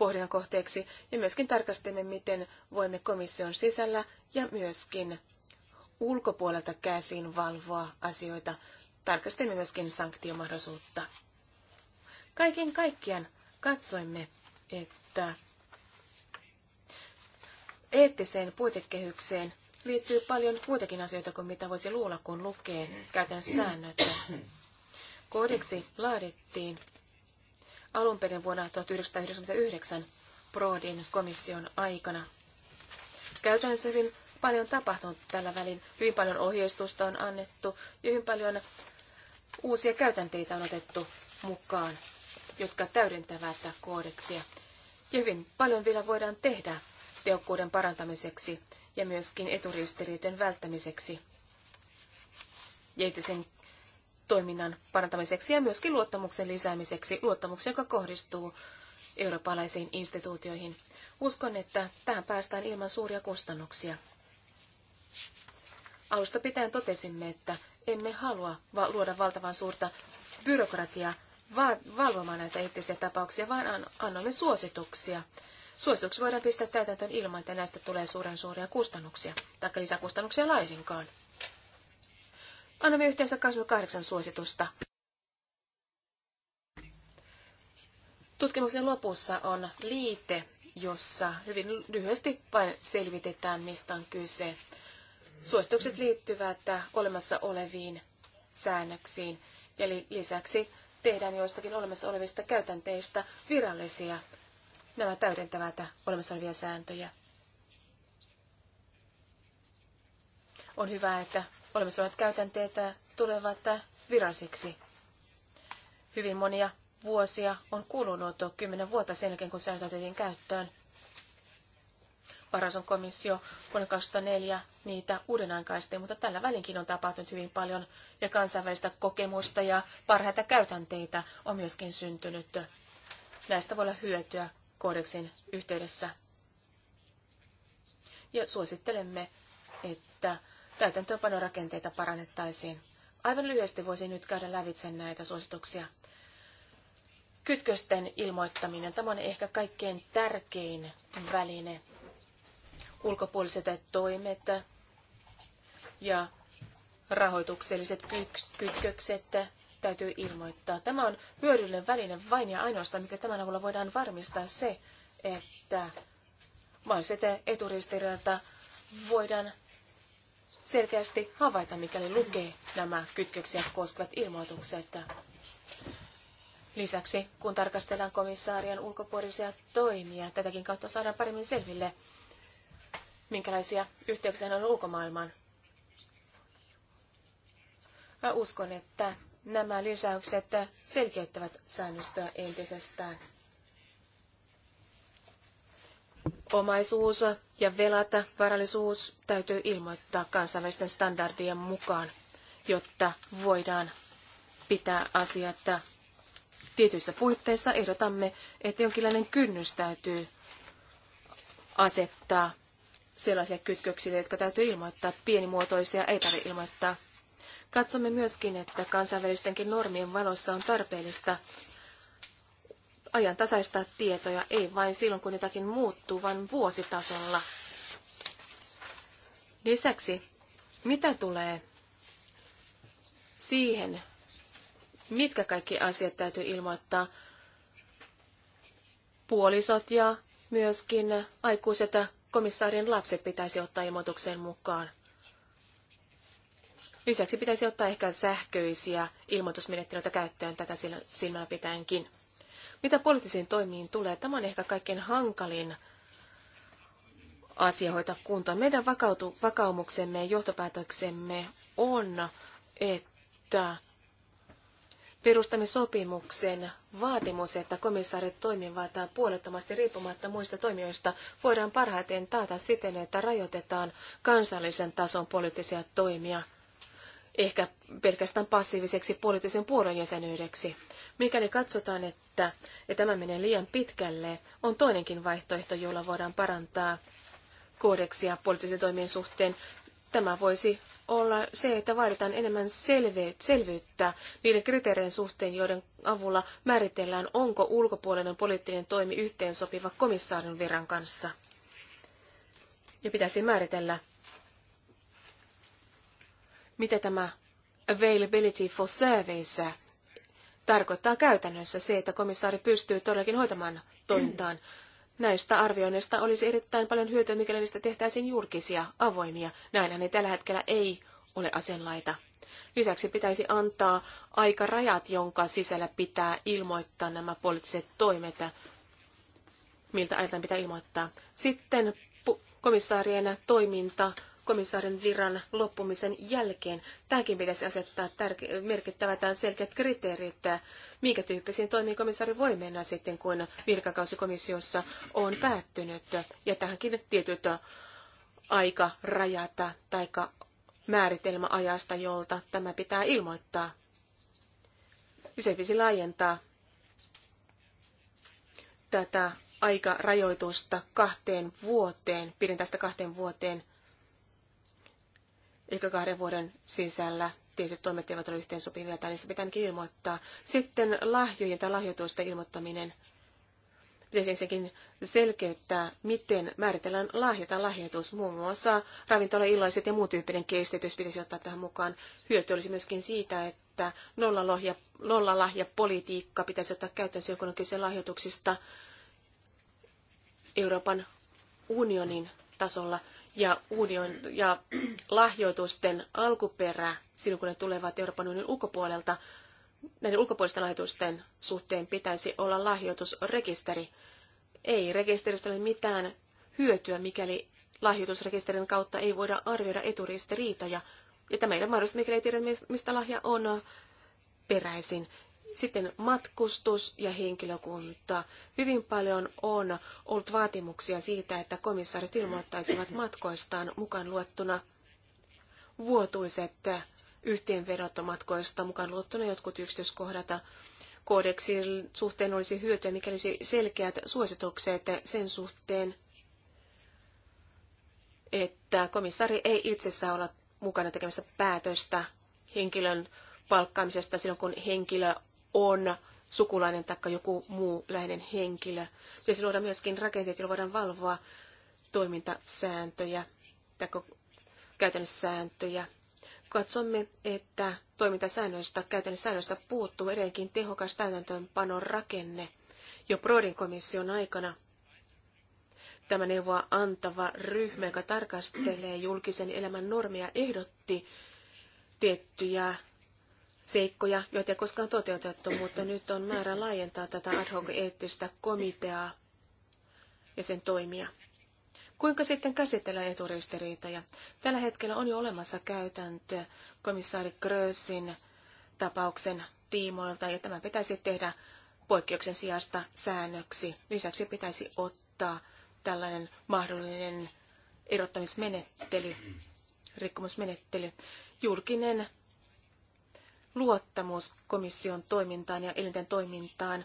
pohdinnan kohteeksi ja myöskin tarkastelimme, miten voimme komission sisällä ja myöskin ulkopuolelta käsin valvoa asioita. Tarkastelimme myöskin sanktiomahdollisuutta. Kaiken kaikkiaan katsoimme, että eettiseen puitekehykseen liittyy paljon muitakin asioita kuin mitä voisi luulla, kun lukee käytännön säännöt. Kodeksi laadittiin alun perin vuonna 1999 Prodin komission aikana. Käytännössä hyvin paljon tapahtunut tällä välin. Hyvin paljon ohjeistusta on annettu ja hyvin paljon uusia käytänteitä on otettu mukaan, jotka täydentävät koodeksia. Ja hyvin paljon vielä voidaan tehdä tehokkuuden parantamiseksi ja myöskin eturistiriiden välttämiseksi. Ja itse sen toiminnan parantamiseksi ja myöskin luottamuksen lisäämiseksi, luottamuksen, joka kohdistuu eurooppalaisiin instituutioihin. Uskon, että tähän päästään ilman suuria kustannuksia. Alusta pitäen totesimme, että emme halua luoda valtavan suurta byrokratiaa valvomaan näitä eettisiä tapauksia, vaan annamme suosituksia. Suosituksia voidaan pistää täytäntöön ilman, että näistä tulee suuren suuria kustannuksia, tai lisäkustannuksia laisinkaan. Annamme yhteensä 28 suositusta. Tutkimuksen lopussa on liite, jossa hyvin lyhyesti vain selvitetään, mistä on kyse. Suositukset liittyvät olemassa oleviin säännöksiin ja lisäksi tehdään joistakin olemassa olevista käytänteistä virallisia. Nämä täydentävät olemassa olevia sääntöjä. On hyvä, että Olemassa olevat käytänteet tulevat virallisiksi. Hyvin monia vuosia on kulunut kymmenen vuotta sen jälkeen, kun säännöt otettiin käyttöön. on komissio vuonna 2004 niitä uudenaikaisti, mutta tällä välinkin on tapahtunut hyvin paljon ja kansainvälistä kokemusta ja parhaita käytänteitä on myöskin syntynyt. Näistä voi olla hyötyä kodeksin yhteydessä. Ja suosittelemme, että täytäntöönpanorakenteita parannettaisiin. Aivan lyhyesti voisin nyt käydä lävitse näitä suosituksia. Kytkösten ilmoittaminen. Tämä on ehkä kaikkein tärkein väline. Ulkopuoliset toimet ja rahoitukselliset kytkökset täytyy ilmoittaa. Tämä on hyödyllinen väline vain ja ainoastaan, mikä tämän avulla voidaan varmistaa se, että mahdolliset eturistiriidat voidaan selkeästi havaita, mikäli lukee nämä kytköksiä koskevat ilmoitukset. Lisäksi, kun tarkastellaan komissaarien ulkopuolisia toimia, tätäkin kautta saadaan paremmin selville, minkälaisia yhteyksiä on ulkomaailmaan. Mä uskon, että nämä lisäykset selkeyttävät säännöstöä entisestään. Omaisuus ja velata varallisuus täytyy ilmoittaa kansainvälisten standardien mukaan, jotta voidaan pitää asiat tietyissä puitteissa. Ehdotamme, että jonkinlainen kynnys täytyy asettaa sellaisia kytköksille, jotka täytyy ilmoittaa, pienimuotoisia ei tarvitse ilmoittaa. Katsomme myöskin, että kansainvälistenkin normien valossa on tarpeellista, ajan tasaistaa tietoja, ei vain silloin, kun jotakin muuttuu, vaan vuositasolla. Lisäksi, mitä tulee siihen, mitkä kaikki asiat täytyy ilmoittaa, puolisot ja myöskin aikuiset komissaarin lapset pitäisi ottaa ilmoitukseen mukaan. Lisäksi pitäisi ottaa ehkä sähköisiä ilmoitusmenettelyitä käyttöön tätä silmällä pitäenkin. Mitä poliittisiin toimiin tulee, tämä on ehkä kaikkein hankalin asia hoitaa kuntoon. Meidän vakautu, vakaumuksemme ja johtopäätöksemme on, että sopimuksen vaatimus, että komissaarit toimivat puolettomasti riippumatta muista toimijoista, voidaan parhaiten taata siten, että rajoitetaan kansallisen tason poliittisia toimia – ehkä pelkästään passiiviseksi poliittisen puolueen jäsenyydeksi. Mikäli katsotaan, että, että tämä menee liian pitkälle, on toinenkin vaihtoehto, jolla voidaan parantaa koodeksia poliittisen toimien suhteen. Tämä voisi olla se, että vaaditaan enemmän selvyyttä niiden kriteerien suhteen, joiden avulla määritellään, onko ulkopuolinen poliittinen toimi yhteensopiva komissaarin viran kanssa. Ja pitäisi määritellä, mitä tämä availability for service tarkoittaa käytännössä se, että komissaari pystyy todellakin hoitamaan tointaan. Näistä arvioinnista olisi erittäin paljon hyötyä, mikäli niistä tehtäisiin julkisia, avoimia. Näinhän ne tällä hetkellä ei ole asenlaita. Lisäksi pitäisi antaa aikarajat, jonka sisällä pitää ilmoittaa nämä poliittiset toimet, miltä ajalta pitää ilmoittaa. Sitten komissaarien toiminta komissaarin viran loppumisen jälkeen. Tähänkin pitäisi asettaa tärke- merkittävät selkeät kriteerit, että minkä tyyppisiin toimiin komissaari voi mennä sitten, kun virkakausikomissiossa on päättynyt. Ja tähänkin tietyt aikarajata tai määritelmä ajasta, jolta tämä pitää ilmoittaa. Se pitäisi laajentaa tätä aikarajoitusta kahteen vuoteen, pidin tästä kahteen vuoteen, ehkä kahden vuoden sisällä tietyt toimet eivät ole yhteensopivia tai niistä pitää ilmoittaa. Sitten lahjojen tai lahjoitusten ilmoittaminen. Pitäisi ensinnäkin selkeyttää, miten määritellään lahja tai lahjoitus. Muun muassa illalliset ja muut tyyppinen kestitys pitäisi ottaa tähän mukaan. Hyöty olisi myöskin siitä, että nollalohja, nollalahjapolitiikka pitäisi ottaa käyttöön silloin, kun on kyse lahjoituksista Euroopan unionin tasolla ja, union, ja lahjoitusten alkuperä silloin, kun ne tulevat Euroopan unionin ulkopuolelta, näiden ulkopuolisten lahjoitusten suhteen pitäisi olla lahjoitusrekisteri. Ei rekisteristä ole mitään hyötyä, mikäli lahjoitusrekisterin kautta ei voida arvioida eturistiriitoja. Ja tämä ei ole mahdollista, mikäli ei tiedä, mistä lahja on peräisin. Sitten matkustus ja henkilökunta. Hyvin paljon on ollut vaatimuksia siitä, että komissaarit ilmoittaisivat matkoistaan mukaan luettuna vuotuiset yhteenvedot matkoista mukaan luettuna jotkut yksityiskohdat. Koodeksin suhteen olisi hyötyä, mikäli olisi selkeät suositukset sen suhteen, että komissaari ei itse saa olla mukana tekemässä päätöstä henkilön palkkaamisesta silloin, kun henkilö on sukulainen tai joku muu läheinen henkilö. Pitäisi luoda myöskin rakenteet, joilla voidaan valvoa toimintasääntöjä tai sääntöjä. Katsomme, että toimintasäännöistä, säännöistä puuttuu edelleenkin tehokas täytäntöönpanon rakenne. Jo Prodin komission aikana tämä neuvoa antava ryhmä, joka tarkastelee julkisen elämän normeja, ehdotti tiettyjä seikkoja, joita ei koskaan toteutettu, mutta nyt on määrä laajentaa tätä ad hoc eettistä komiteaa ja sen toimia. Kuinka sitten käsitellään eturistiriitoja? Tällä hetkellä on jo olemassa käytäntö komissaari Grössin tapauksen tiimoilta, ja tämä pitäisi tehdä poikkeuksen sijasta säännöksi. Lisäksi pitäisi ottaa tällainen mahdollinen erottamismenettely, rikkomusmenettely. Julkinen luottamus komission toimintaan ja elinten toimintaan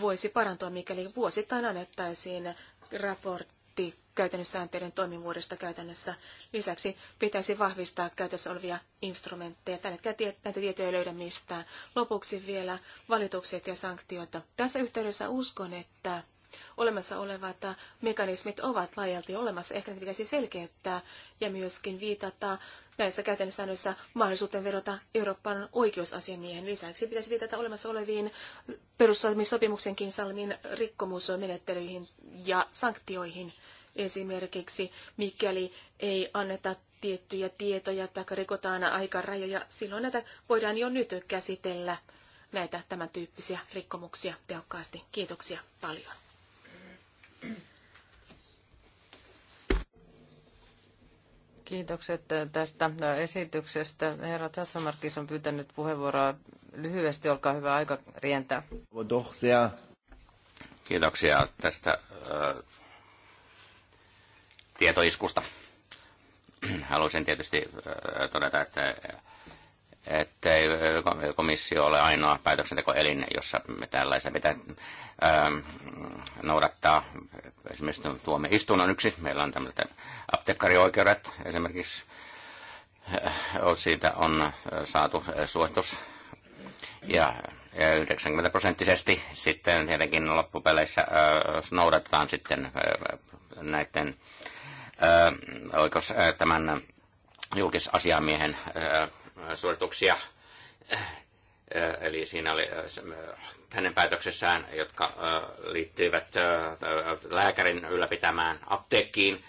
voisi parantua, mikäli vuosittain annettaisiin raportti käytännössä säänteiden toimivuudesta käytännössä. Lisäksi pitäisi vahvistaa käytössä olevia instrumentteja. Tällä hetkellä näitä tietoja ei löydä mistään. Lopuksi vielä valitukset ja sanktiot. Tässä yhteydessä uskon, että Olemassa olevat mekanismit ovat laajalti olemassa, ehkä ne pitäisi selkeyttää ja myöskin viitata näissä käytännössä säännöissä mahdollisuuteen verota Euroopan oikeusasiamiehen. Lisäksi pitäisi viitata olemassa oleviin perussopimuksenkin salmiin rikkomusmenettelyihin ja sanktioihin esimerkiksi, mikäli ei anneta tiettyjä tietoja tai rikotaan aikarajoja, silloin näitä voidaan jo nyt käsitellä näitä tämän tyyppisiä rikkomuksia tehokkaasti. Kiitoksia paljon. Kiitokset tästä esityksestä. Herra Tatsamarkis on pyytänyt puheenvuoroa lyhyesti. Olkaa hyvä, aika rientää. Kiitoksia tästä äh, tietoiskusta. Haluaisin tietysti äh, todeta, että äh, että ei komissio ole ainoa päätöksentekoelin, jossa me tällaisia pitää ää, ähm, noudattaa. Esimerkiksi tuomme istunnon yksi, meillä on tämmöiset apteekkarioikeudet esimerkiksi, siitä on saatu suositus ja 90 prosenttisesti sitten tietenkin loppupeleissä noudatetaan sitten näiden oikeus tämän julkisasiamiehen suorituksia. Äh, eli siinä oli äh, äh, hänen päätöksessään, jotka liittyivät lääkärin ylläpitämään apteekkiin.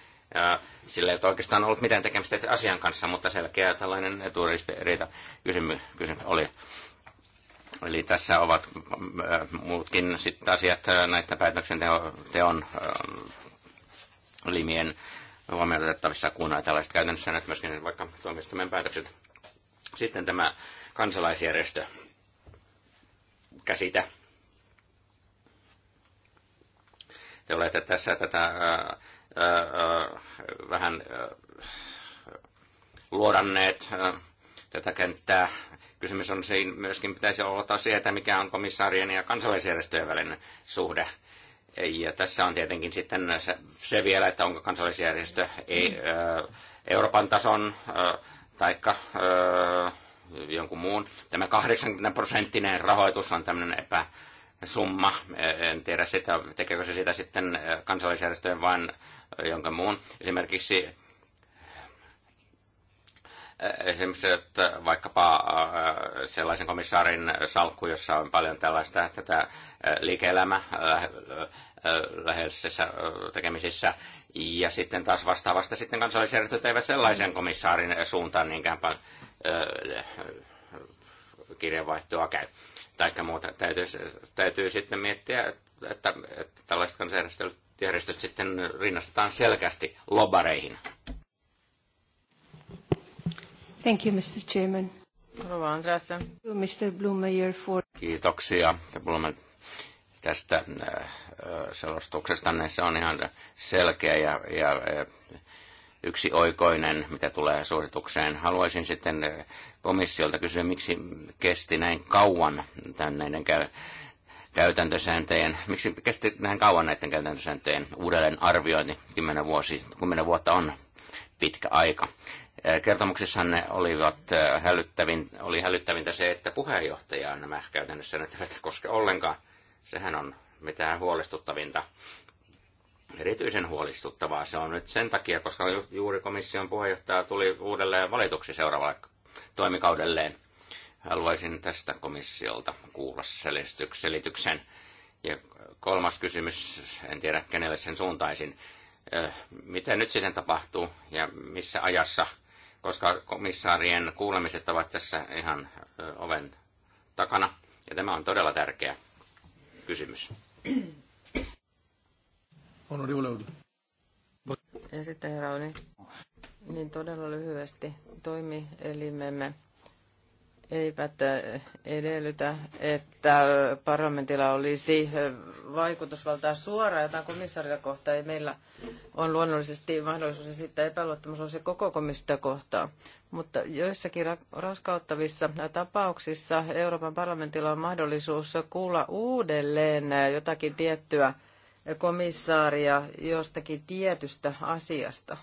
Sillä ei ole oikeastaan ollut mitään tekemistä asian kanssa, mutta selkeä tällainen eturistiriita kysymys, kysymys oli. Eli tässä ovat muutkin sit asiat näistä päätöksenteon limien huomioitettavissa, otettavissa, kun tällaiset käytännössä näet myöskin vaikka tuomioistuimen päätökset. Sitten tämä kansalaisjärjestö käsite. Te olette tässä tätä ää, äh, ää, äh, vähän ää, äh, luodanneet ää, tätä kenttää. Kysymys on siinä myöskin pitäisi olla siitä, mikä on komissaarien ja kansalaisjärjestöjen välinen suhde. Ja tässä on tietenkin sitten se, se vielä, että onko kansalaisjärjestö ei, ää, Euroopan tason ää, taikka öö, jonkun muun. Tämä 80 prosenttinen rahoitus on tämmöinen epäsumma. En tiedä sitä, tekeekö se sitä sitten kansallisjärjestöjen vaan jonka muun. Esimerkiksi esimerkiksi että vaikkapa sellaisen komissaarin salkku, jossa on paljon tällaista tätä liike-elämä läheisessä tekemisissä, ja sitten taas vastaavasta sitten kansallisjärjestöt eivät sellaisen mm. komissaarin suuntaan niinkään paljon kirjeenvaihtoa käy. Tai muuta. Täytyy, täytyy sitten miettiä, että, että, että tällaiset kansanjärjestöt sitten rinnastetaan selkeästi lobareihin. Thank you, Mr. Chairman. Mr. Blumeyer for... Kiitoksia, Blumen, tästä äh, selostuksesta, niin se on ihan selkeä ja, ja yksi oikoinen, mitä tulee suositukseen. Haluaisin sitten komissiolta kysyä, miksi kesti näin kauan tänneiden käy käytäntösääntöjen, miksi kesti näin kauan näiden käytäntösääntöjen uudelleen arviointi, 10, vuosi, 10 vuotta on pitkä aika. Eh, kertomuksissanne olivat eh, hälyttävin, oli hälyttävintä se, että puheenjohtajaa nämä käytännössä näyttävät koske ollenkaan. Sehän on mitään huolestuttavinta. Erityisen huolestuttavaa se on nyt sen takia, koska juuri komission puheenjohtaja tuli uudelleen valituksi seuraavalle toimikaudelleen. Haluaisin tästä komissiolta kuulla selityksen. Ja kolmas kysymys, en tiedä kenelle sen suuntaisin. Mitä nyt sitten tapahtuu ja missä ajassa? Koska komissaarien kuulemiset ovat tässä ihan oven takana. Ja tämä on todella tärkeä kysymys. Honorable Audi. Ja sitten herra Audi. Niin todella lyhyesti toimi elimemme eivät äh, edellytä, että parlamentilla olisi äh, vaikutusvaltaa suoraan jotain komissaria kohtaan. Ei meillä on luonnollisesti mahdollisuus esittää epäluottamus on se koko komissaria kohtaan. Mutta joissakin raskauttavissa tapauksissa Euroopan parlamentilla on mahdollisuus kuulla uudelleen jotakin tiettyä komissaaria jostakin tietystä asiasta.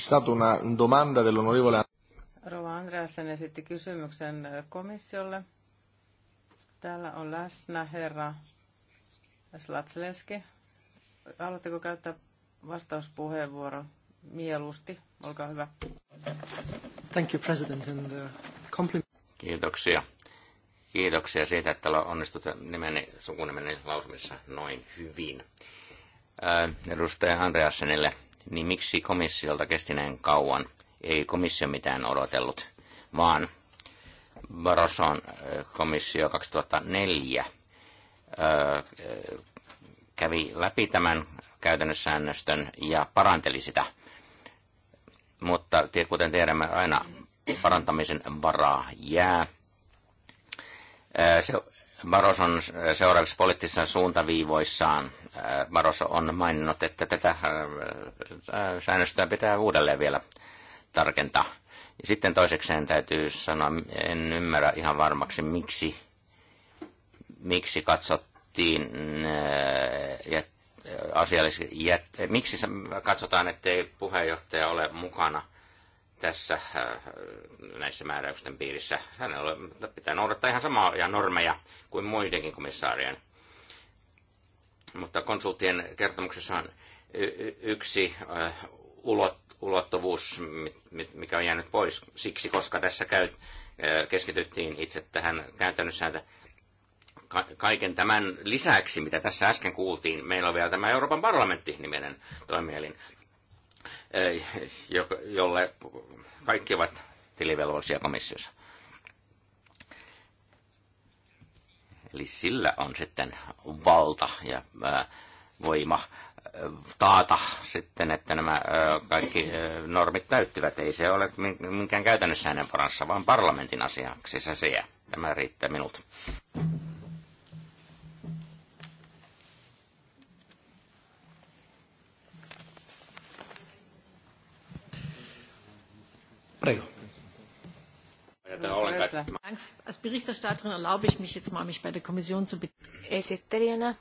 stato domanda dell'onorevole... Rova Andreasen esitti kysymyksen eh, komissiolle. Täällä on läsnä herra Slatsleski. Haluatteko käyttää vastauspuheenvuoro mieluusti? Olkaa hyvä. Thank you, President, and uh, compliment. Kiitoksia. Kiitoksia siitä, että onnistut nimeni, sukunimeni lausumissa noin hyvin. Edustaja Andreassenille niin miksi komissiolta kesti näin kauan? Ei komissio mitään odotellut, vaan Barroson äh, komissio 2004 äh, äh, kävi läpi tämän käytännössäännöstön ja paranteli sitä. Mutta kuten tiedämme, aina parantamisen varaa jää. Se, seuraavissa poliittisissa suuntaviivoissaan Äh, Barroso on maininnut, että tätä äh, äh, säännöstöä pitää uudelleen vielä tarkentaa. Ja sitten toisekseen täytyy sanoa, en ymmärrä ihan varmaksi, miksi, miksi katsottiin asiallisesti, miksi katsotaan, ettei puheenjohtaja ole mukana tässä näissä määräysten piirissä. Hänellä pitää noudattaa ihan samaa ja normeja kuin muidenkin komissaarien mutta konsulttien kertomuksessa on yksi äh, ulottuvuus, mikä on jäänyt pois siksi, koska tässä käy, äh, keskityttiin itse tähän käytännössä kaiken tämän lisäksi, mitä tässä äsken kuultiin, meillä on vielä tämä Euroopan parlamentti-niminen toimielin, äh, jolle kaikki ovat tilivelvollisia komissiossa. Eli sillä on sitten valta ja voima taata sitten, että nämä kaikki normit täyttyvät. Ei se ole minkään käytännössä hänen parassa, vaan parlamentin asiaksi se siellä. Tämä riittää minut. Prego tätä ollenkaan. Als Berichterstatterin erlaube ich mich jetzt mal, mich bei der Kommission zu Esittelijänä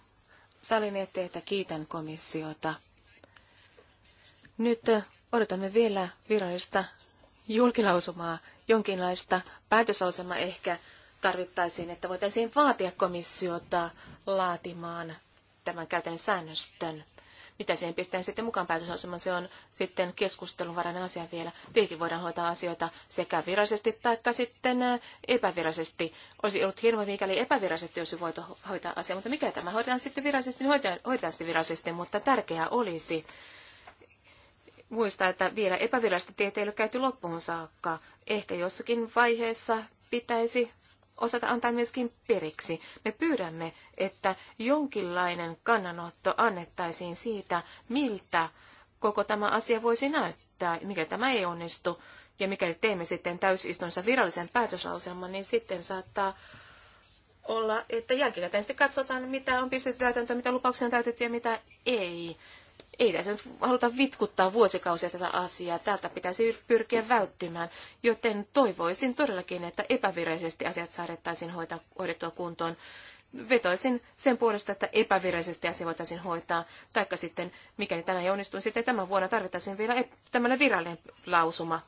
salin eteen, kiitän komissiota. Nyt äh, odotamme vielä virallista julkilausumaa, jonkinlaista päätösosama ehkä tarvittaisiin, että voitaisiin vaatia komissiota laatimaan tämän käytännön säännöstön. Mitä siihen pistetään sitten mukaan päätösaseman, se on sitten keskustelunvarainen asia vielä. Tietenkin voidaan hoitaa asioita sekä virallisesti tai sitten äh, epävirallisesti. Olisi ollut hirveä, mikäli epävirallisesti olisi voitu hoitaa asia, mutta mikä tämä hoitetaan sitten virallisesti, niin hoitetaan, sitten virallisesti, mutta tärkeää olisi muistaa, että vielä epävirallisesti tieteilyä käyty loppuun saakka. Ehkä jossakin vaiheessa pitäisi osata antaa myöskin periksi. Me pyydämme, että jonkinlainen kannanotto annettaisiin siitä, miltä koko tämä asia voisi näyttää, mikä tämä ei onnistu. Ja mikäli teemme sitten täysistunnossa virallisen päätöslauselman, niin sitten saattaa olla, että jälkikäteen sitten katsotaan, mitä on pistetty täytäntöön, mitä lupauksia on täytetty ja mitä ei. Ei tässä nyt haluta vitkuttaa vuosikausia tätä asiaa. Tältä pitäisi pyrkiä välttymään, joten toivoisin todellakin, että epävirallisesti asiat saadettaisiin hoitaa, hoidettua kuntoon. Vetoisin sen puolesta, että epävirallisesti asia voitaisiin hoitaa, taikka sitten, mikäli tämä ei onnistu, sitten tämän vuonna tarvittaisiin vielä tämmöinen virallinen lausuma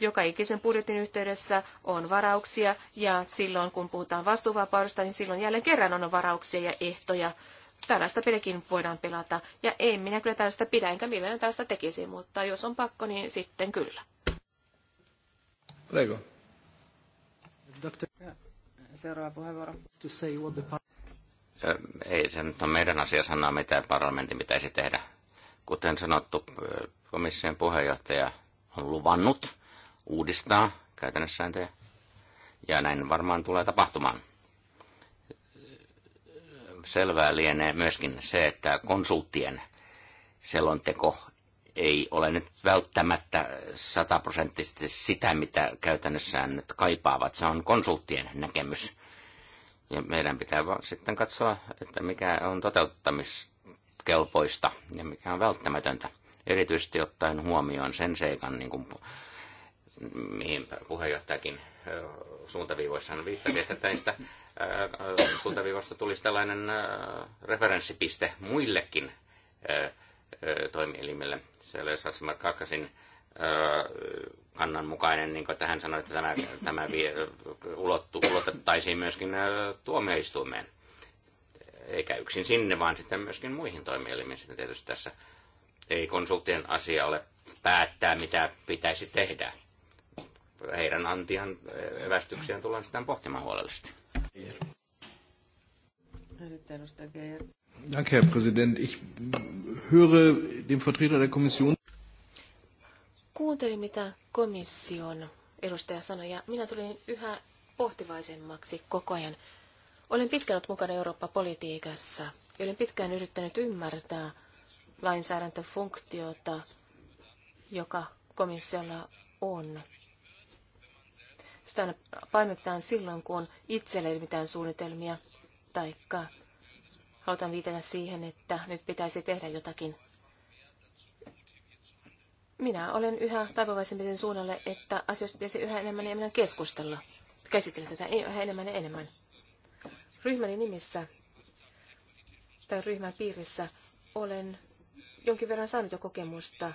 joka ikisen budjetin yhteydessä on varauksia ja silloin kun puhutaan vastuuvapaudesta, niin silloin jälleen kerran on varauksia ja ehtoja tällaista pelikin voidaan pelata. Ja ei minä kyllä tällaista pidä, enkä millään tällaista tekisi, mutta jos on pakko, niin sitten kyllä. Prego. Seuraava puheenvuoro. Ei se nyt ole meidän asia sanoa, mitä parlamentin pitäisi tehdä. Kuten sanottu, komission puheenjohtaja on luvannut uudistaa käytännössä sääntöjä. Ja näin varmaan tulee tapahtumaan selvää lienee myöskin se, että konsulttien selonteko ei ole nyt välttämättä sataprosenttisesti sitä, mitä käytännössään nyt kaipaavat. Se on konsulttien näkemys. Ja meidän pitää sitten katsoa, että mikä on toteuttamiskelpoista ja mikä on välttämätöntä. Erityisesti ottaen huomioon sen seikan, niin kuin, mihin puheenjohtajakin suuntaviivoissaan viittasi, että tästä Äh, suuntaviivasta tulisi tällainen äh, referenssipiste muillekin äh, toimielimille. Se oli ole Kakasin kannan mukainen, niin kuin tähän sanoi, että tämä, tämä ulottu, ulotettaisiin myöskin tuomioistuimeen. Eikä yksin sinne, vaan sitten myöskin muihin toimielimiin. Sitten tietysti tässä ei konsulttien asia ole päättää, mitä pitäisi tehdä. Heidän antian evästyksiään tullaan sitten pohtimaan huolellisesti. Geier. Er Danke, Herr Präsident. Ich höre dem Vertreter der Kommission. Kuuntelin, mitä komission edustaja sanoi, ja minä tulin yhä pohtivaisemmaksi koko ajan. Olen pitkään ollut mukana Eurooppa-politiikassa ja olen pitkään yrittänyt ymmärtää lainsäädäntöfunktiota, joka komissiolla on. Sitä painotetaan silloin, kun itselle ei ole mitään suunnitelmia tai halutaan viitata siihen, että nyt pitäisi tehdä jotakin. Minä olen yhä taivuvaisempi sen suunnalle, että asioista pitäisi yhä enemmän ja enemmän keskustella, käsitellä tätä yhä enemmän ja enemmän. Ryhmäni nimissä tai ryhmän piirissä olen jonkin verran saanut jo kokemusta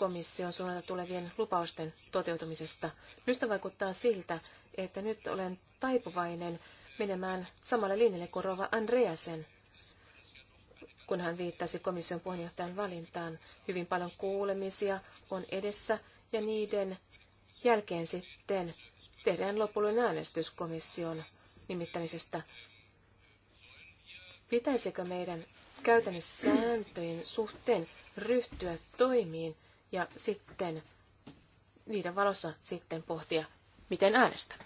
komission suunnalta tulevien lupausten toteutumisesta. Minusta vaikuttaa siltä, että nyt olen taipuvainen menemään samalle linjalle kuin Rova Andreasen, kun hän viittasi komission puheenjohtajan valintaan. Hyvin paljon kuulemisia on edessä ja niiden jälkeen sitten tehdään lopullinen äänestys komission nimittämisestä. Pitäisikö meidän käytännössä sääntöjen suhteen ryhtyä toimiin, ja sitten niiden valossa sitten pohtia, miten äänestämme.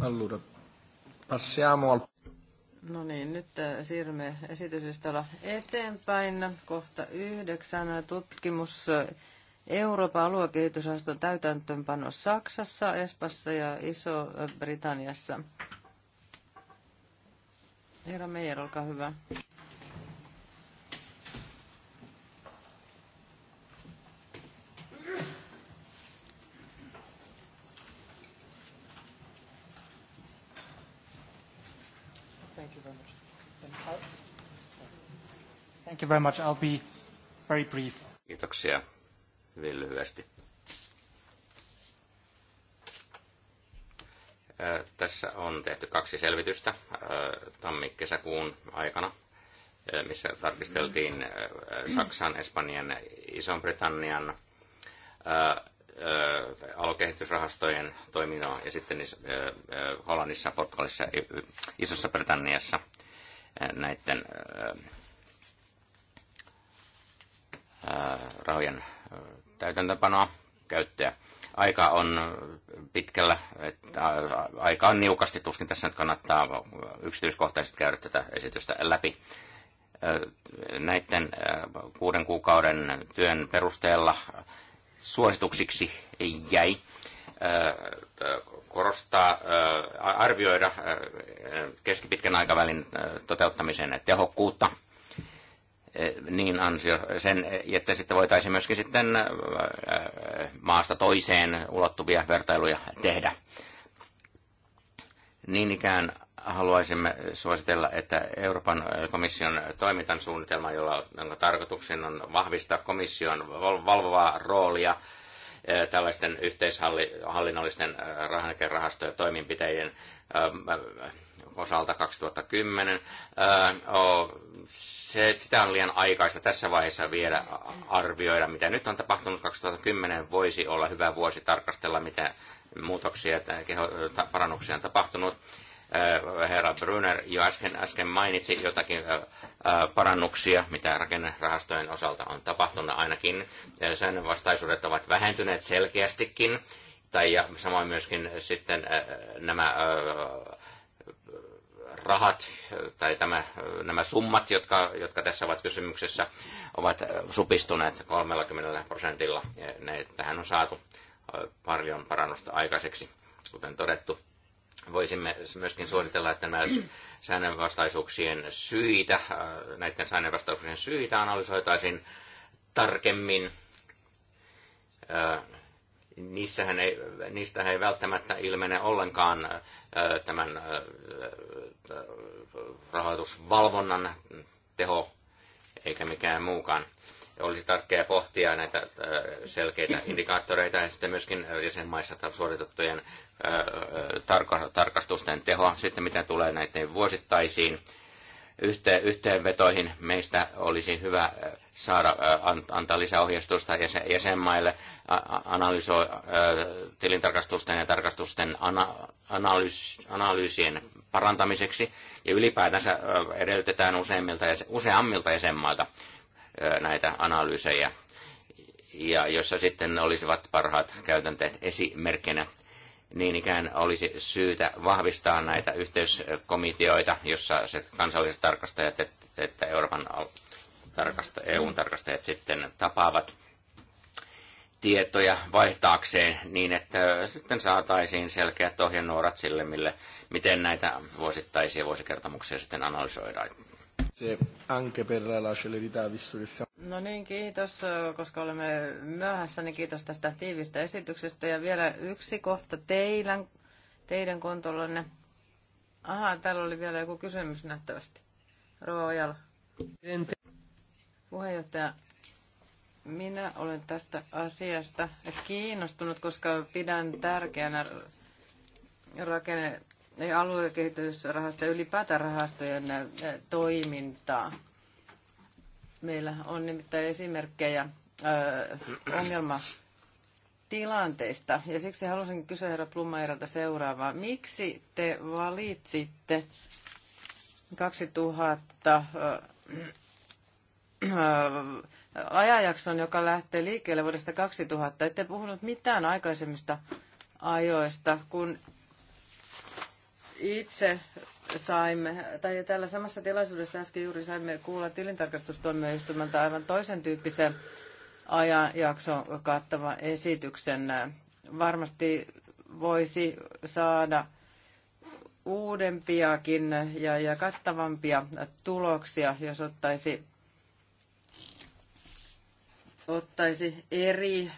Allora, passiamo al... No niin, nyt äh, siirrymme esityslistalla eteenpäin. Kohta yhdeksän äh, tutkimus äh, Euroopan aluekehitysaston täytäntöönpano Saksassa, Espassa ja Iso-Britanniassa. Herra Meijer, olkaa hyvä. very much. I'll be very brief. Kiitoksia. Hyvin lyhyesti. Tässä on tehty kaksi selvitystä tammi-kesäkuun aikana, missä tarkisteltiin Saksan, Espanjan, Ison-Britannian alokehitysrahastojen toimintaa ja sitten Hollannissa, Portugalissa, Isossa Britanniassa näiden rahojen täytäntöpanoa käyttöä. Aika on pitkällä, että aika on niukasti, tuskin tässä nyt kannattaa yksityiskohtaisesti käydä tätä esitystä läpi. Näiden kuuden kuukauden työn perusteella suosituksiksi jäi korostaa, arvioida keskipitkän aikavälin toteuttamisen tehokkuutta – Eh, niin ansio sen, että sitten voitaisiin myöskin sitten eh, eh, maasta toiseen ulottuvia vertailuja tehdä. Niin ikään haluaisimme suositella, että Euroopan komission suunnitelma, jolla, jonka tarkoituksena on vahvistaa komission valvovaa roolia tällaisten yhteishallinnollisten rahankerrahastojen toimenpiteiden osalta 2010. Se, sitä on liian aikaista tässä vaiheessa vielä arvioida, mitä nyt on tapahtunut 2010. Voisi olla hyvä vuosi tarkastella, mitä muutoksia tai keho, parannuksia on tapahtunut. Herra Brunner jo äsken, äsken mainitsi jotakin parannuksia, mitä rakennerahastojen osalta on tapahtunut ainakin. sen vastaisuudet ovat vähentyneet selkeästikin tai ja samoin myöskin sitten nämä rahat tai tämä, nämä summat, jotka, jotka tässä ovat kysymyksessä, ovat supistuneet 30 prosentilla. Ne, tähän on saatu paljon parannusta aikaiseksi, kuten todettu. Voisimme myöskin suositella, että nämä säännönvastaisuuksien syitä, näiden säännönvastaisuuksien syitä analysoitaisiin tarkemmin niissähän ei, niistähän ei välttämättä ilmene ollenkaan tämän rahoitusvalvonnan teho eikä mikään muukaan. Olisi tärkeää pohtia näitä selkeitä indikaattoreita ja sitten myöskin jäsenmaissa suoritettujen tarkastusten teho, sitten mitä tulee näiden vuosittaisiin yhteen, yhteenvetoihin meistä olisi hyvä saada antaa lisäohjeistusta jäsenmaille, analysoi tilintarkastusten ja tarkastusten analyys, analyysien parantamiseksi. Ja ylipäätänsä edellytetään useimmilta, useammilta jäsenmailta näitä analyysejä, ja jossa sitten olisivat parhaat käytänteet esimerkkinä niin ikään olisi syytä vahvistaa näitä yhteyskomiteoita, jossa se kansalliset tarkastajat että Euroopan tarkasta, EUn tarkastajat sitten tapaavat tietoja vaihtaakseen niin, että sitten saataisiin selkeät ohjenuorat sille, mille, miten näitä vuosittaisia vuosikertomuksia sitten analysoidaan. Anche per la celerità, visto che siamo... No niin, kiitos, koska olemme myöhässä, niin kiitos tästä tiivistä esityksestä. Ja vielä yksi kohta teidän, teidän kontollanne. Aha, täällä oli vielä joku kysymys nähtävästi. Rova Ojala. Puheenjohtaja, minä olen tästä asiasta kiinnostunut, koska pidän tärkeänä rakenne aluekehitysrahasto ja ylipäätään rahastojen eh, toimintaa. Meillä on nimittäin esimerkkejä eh, ongelmatilanteista, ja siksi halusin kysyä herra Plumaeralta seuraavaa. Miksi te valitsitte 2000 eh, ajanjakson, joka lähtee liikkeelle vuodesta 2000. Ette puhunut mitään aikaisemmista ajoista, kun itse saimme, tai täällä samassa tilaisuudessa äsken juuri saimme kuulla tilintarkastustuomioistuimelta aivan toisen tyyppisen ajanjakson kattavan esityksen. Varmasti voisi saada uudempiakin ja, ja kattavampia tuloksia, jos ottaisi ottaisi eri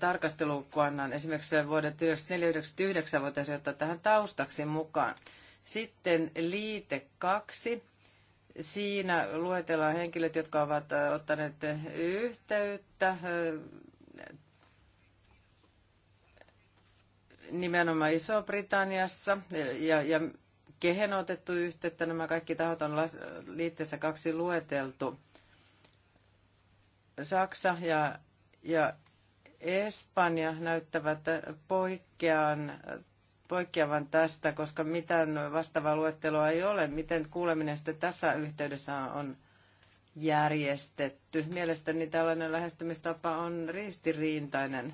tarkastelukannan. Esimerkiksi vuoden 1999 voitaisiin ottaa tähän taustaksi mukaan. Sitten liite kaksi. Siinä luetellaan henkilöt, jotka ovat ottaneet yhteyttä nimenomaan Iso-Britanniassa ja, ja kehen on otettu yhteyttä. Nämä kaikki tahot on liitteessä kaksi lueteltu. Saksa ja, ja Espanja näyttävät poikkean, poikkeavan tästä, koska mitään vastaavaa luetteloa ei ole. Miten kuuleminen sitten tässä yhteydessä on järjestetty? Mielestäni tällainen lähestymistapa on ristiriintainen,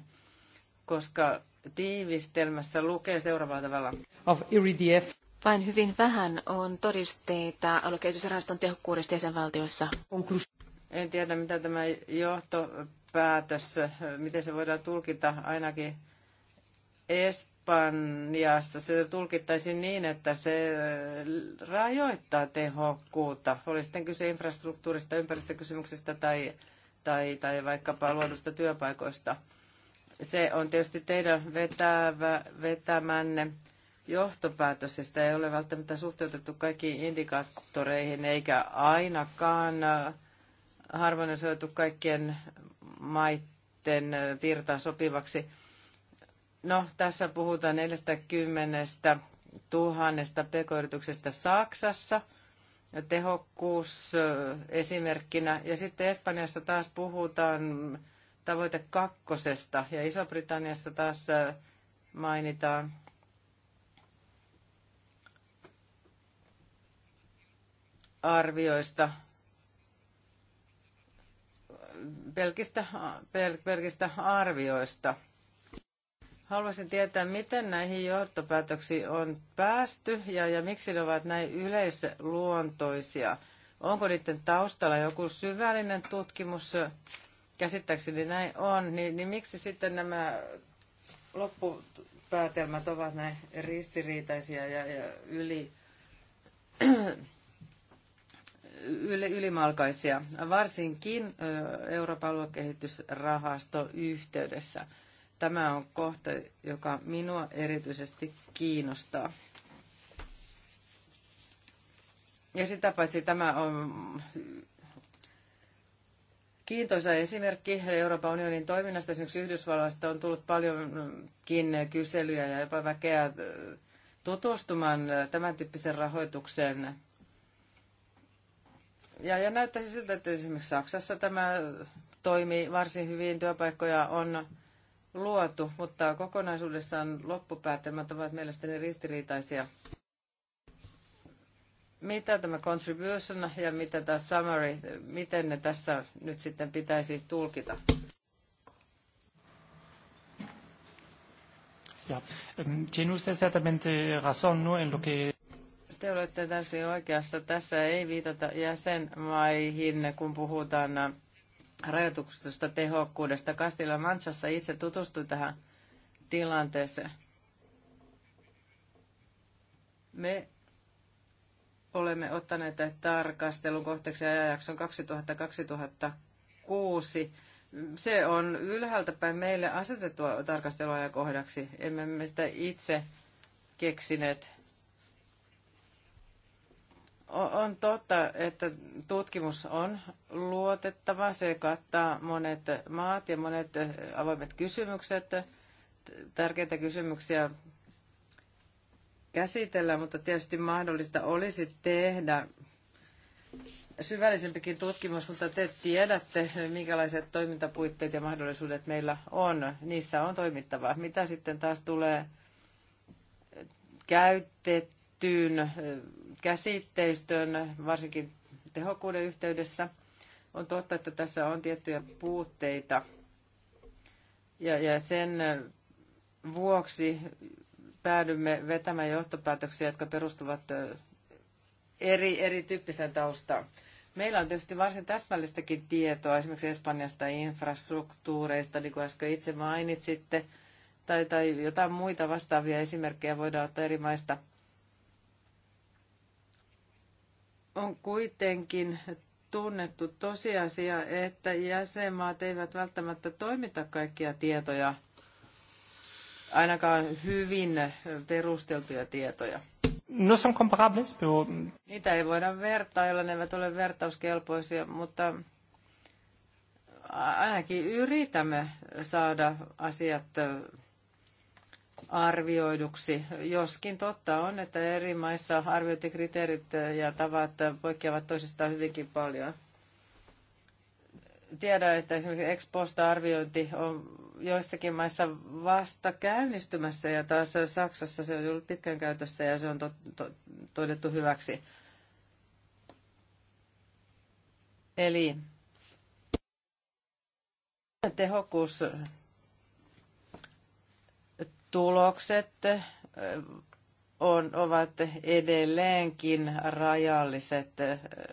koska tiivistelmässä lukee seuraavalla tavalla. Of IRIDF. E Vain hyvin vähän on todisteita aluekehitysrahaston tehokkuudesta jäsenvaltioissa. Conclusion. En tiedä, mitä tämä johtopäätös, miten se voidaan tulkita ainakin Espanjasta. Se tulkittaisiin niin, että se äh, rajoittaa tehokkuutta. Oli sitten kyse infrastruktuurista, ympäristökysymyksistä tai, tai, tai vaikkapa luodusta työpaikoista. Se on tietysti teidän vetävä, vetämänne johtopäätös, ja sitä ei ole välttämättä suhteutettu kaikkiin indikaattoreihin, eikä ainakaan äh, harmonisoitu kaikkien maiden virtaa sopivaksi. No, tässä puhutaan 40 tuhannesta pk-yrityksestä Saksassa tehokkuus esimerkkinä. Ja sitten Espanjassa taas puhutaan tavoite kakkosesta ja Iso-Britanniassa taas mainitaan arvioista pelkistä, pelkistä arvioista. Haluaisin tietää, miten näihin johtopäätöksiin on päästy ja, ja miksi ne ovat näin yleisluontoisia. Onko niiden taustalla joku syvällinen tutkimus? Käsittääkseni näin on. Niin, niin miksi sitten nämä loppupäätelmät ovat näin ristiriitaisia ja, ja yli ylimalkaisia, varsinkin Euroopan aluekehitysrahasto yhteydessä. Tämä on kohta, joka minua erityisesti kiinnostaa. Ja sitä paitsi tämä on kiintoisa esimerkki Euroopan unionin toiminnasta. Esimerkiksi Yhdysvalloista on tullut paljonkin kyselyjä ja jopa väkeä tutustumaan tämän tyyppisen rahoituksen ja, ja näyttäisi siltä, että esimerkiksi Saksassa tämä toimii varsin hyvin, työpaikkoja on luotu, mutta kokonaisuudessaan loppupäätelmät ovat mielestäni ristiriitaisia. Mitä tämä contribution ja mitä tämä summary, miten ne tässä nyt sitten pitäisi tulkita? Ja, tiene usted exactamente razón, ¿no? En lo que... Te olette täysin oikeassa. Tässä ei viitata jäsenmaihin, kun puhutaan rajoituksesta tehokkuudesta. Kastilla Manchassa itse tutustui tähän tilanteeseen. Me olemme ottaneet tarkastelun kohteeksi ajanjakson 2000-2006. Se on ylhäältä päin meille asetettua tarkasteluajakohdaksi. Emme me sitä itse keksineet. On totta, että tutkimus on luotettava. Se kattaa monet maat ja monet eh, avoimet kysymykset. Tärkeitä kysymyksiä käsitellään, mutta tietysti mahdollista olisi tehdä syvällisempikin tutkimus, mutta te tiedätte, minkälaiset toimintapuitteet ja mahdollisuudet meillä on. Niissä on toimittava. Mitä sitten taas tulee käytettyyn eh, käsitteistön, varsinkin tehokkuuden yhteydessä. On totta, että tässä on tiettyjä puutteita ja, ja sen vuoksi päädymme vetämään johtopäätöksiä, jotka perustuvat eri, erityyppiseen taustaan. Meillä on tietysti varsin täsmällistäkin tietoa esimerkiksi Espanjasta infrastruktuureista, niin kuin äsken itse mainitsitte, tai, tai jotain muita vastaavia esimerkkejä voidaan ottaa eri maista – on kuitenkin tunnettu tosiasia, että jäsenmaat eivät välttämättä toimita kaikkia tietoja, ainakaan hyvin perusteltuja tietoja. No son comparables, pero... Niitä ei voida vertailla, ne eivät ole vertauskelpoisia, mutta ainakin yritämme saada asiat arvioiduksi. Joskin totta on, että eri maissa arviointikriteerit ja tavat poikkeavat toisistaan hyvinkin paljon. Tiedän, että esimerkiksi ex arviointi on joissakin maissa vasta käynnistymässä ja taas Saksassa se on ollut pitkän käytössä ja se on to- to- todettu hyväksi. Eli tehokkuus tulokset on, ovat edelleenkin rajalliset.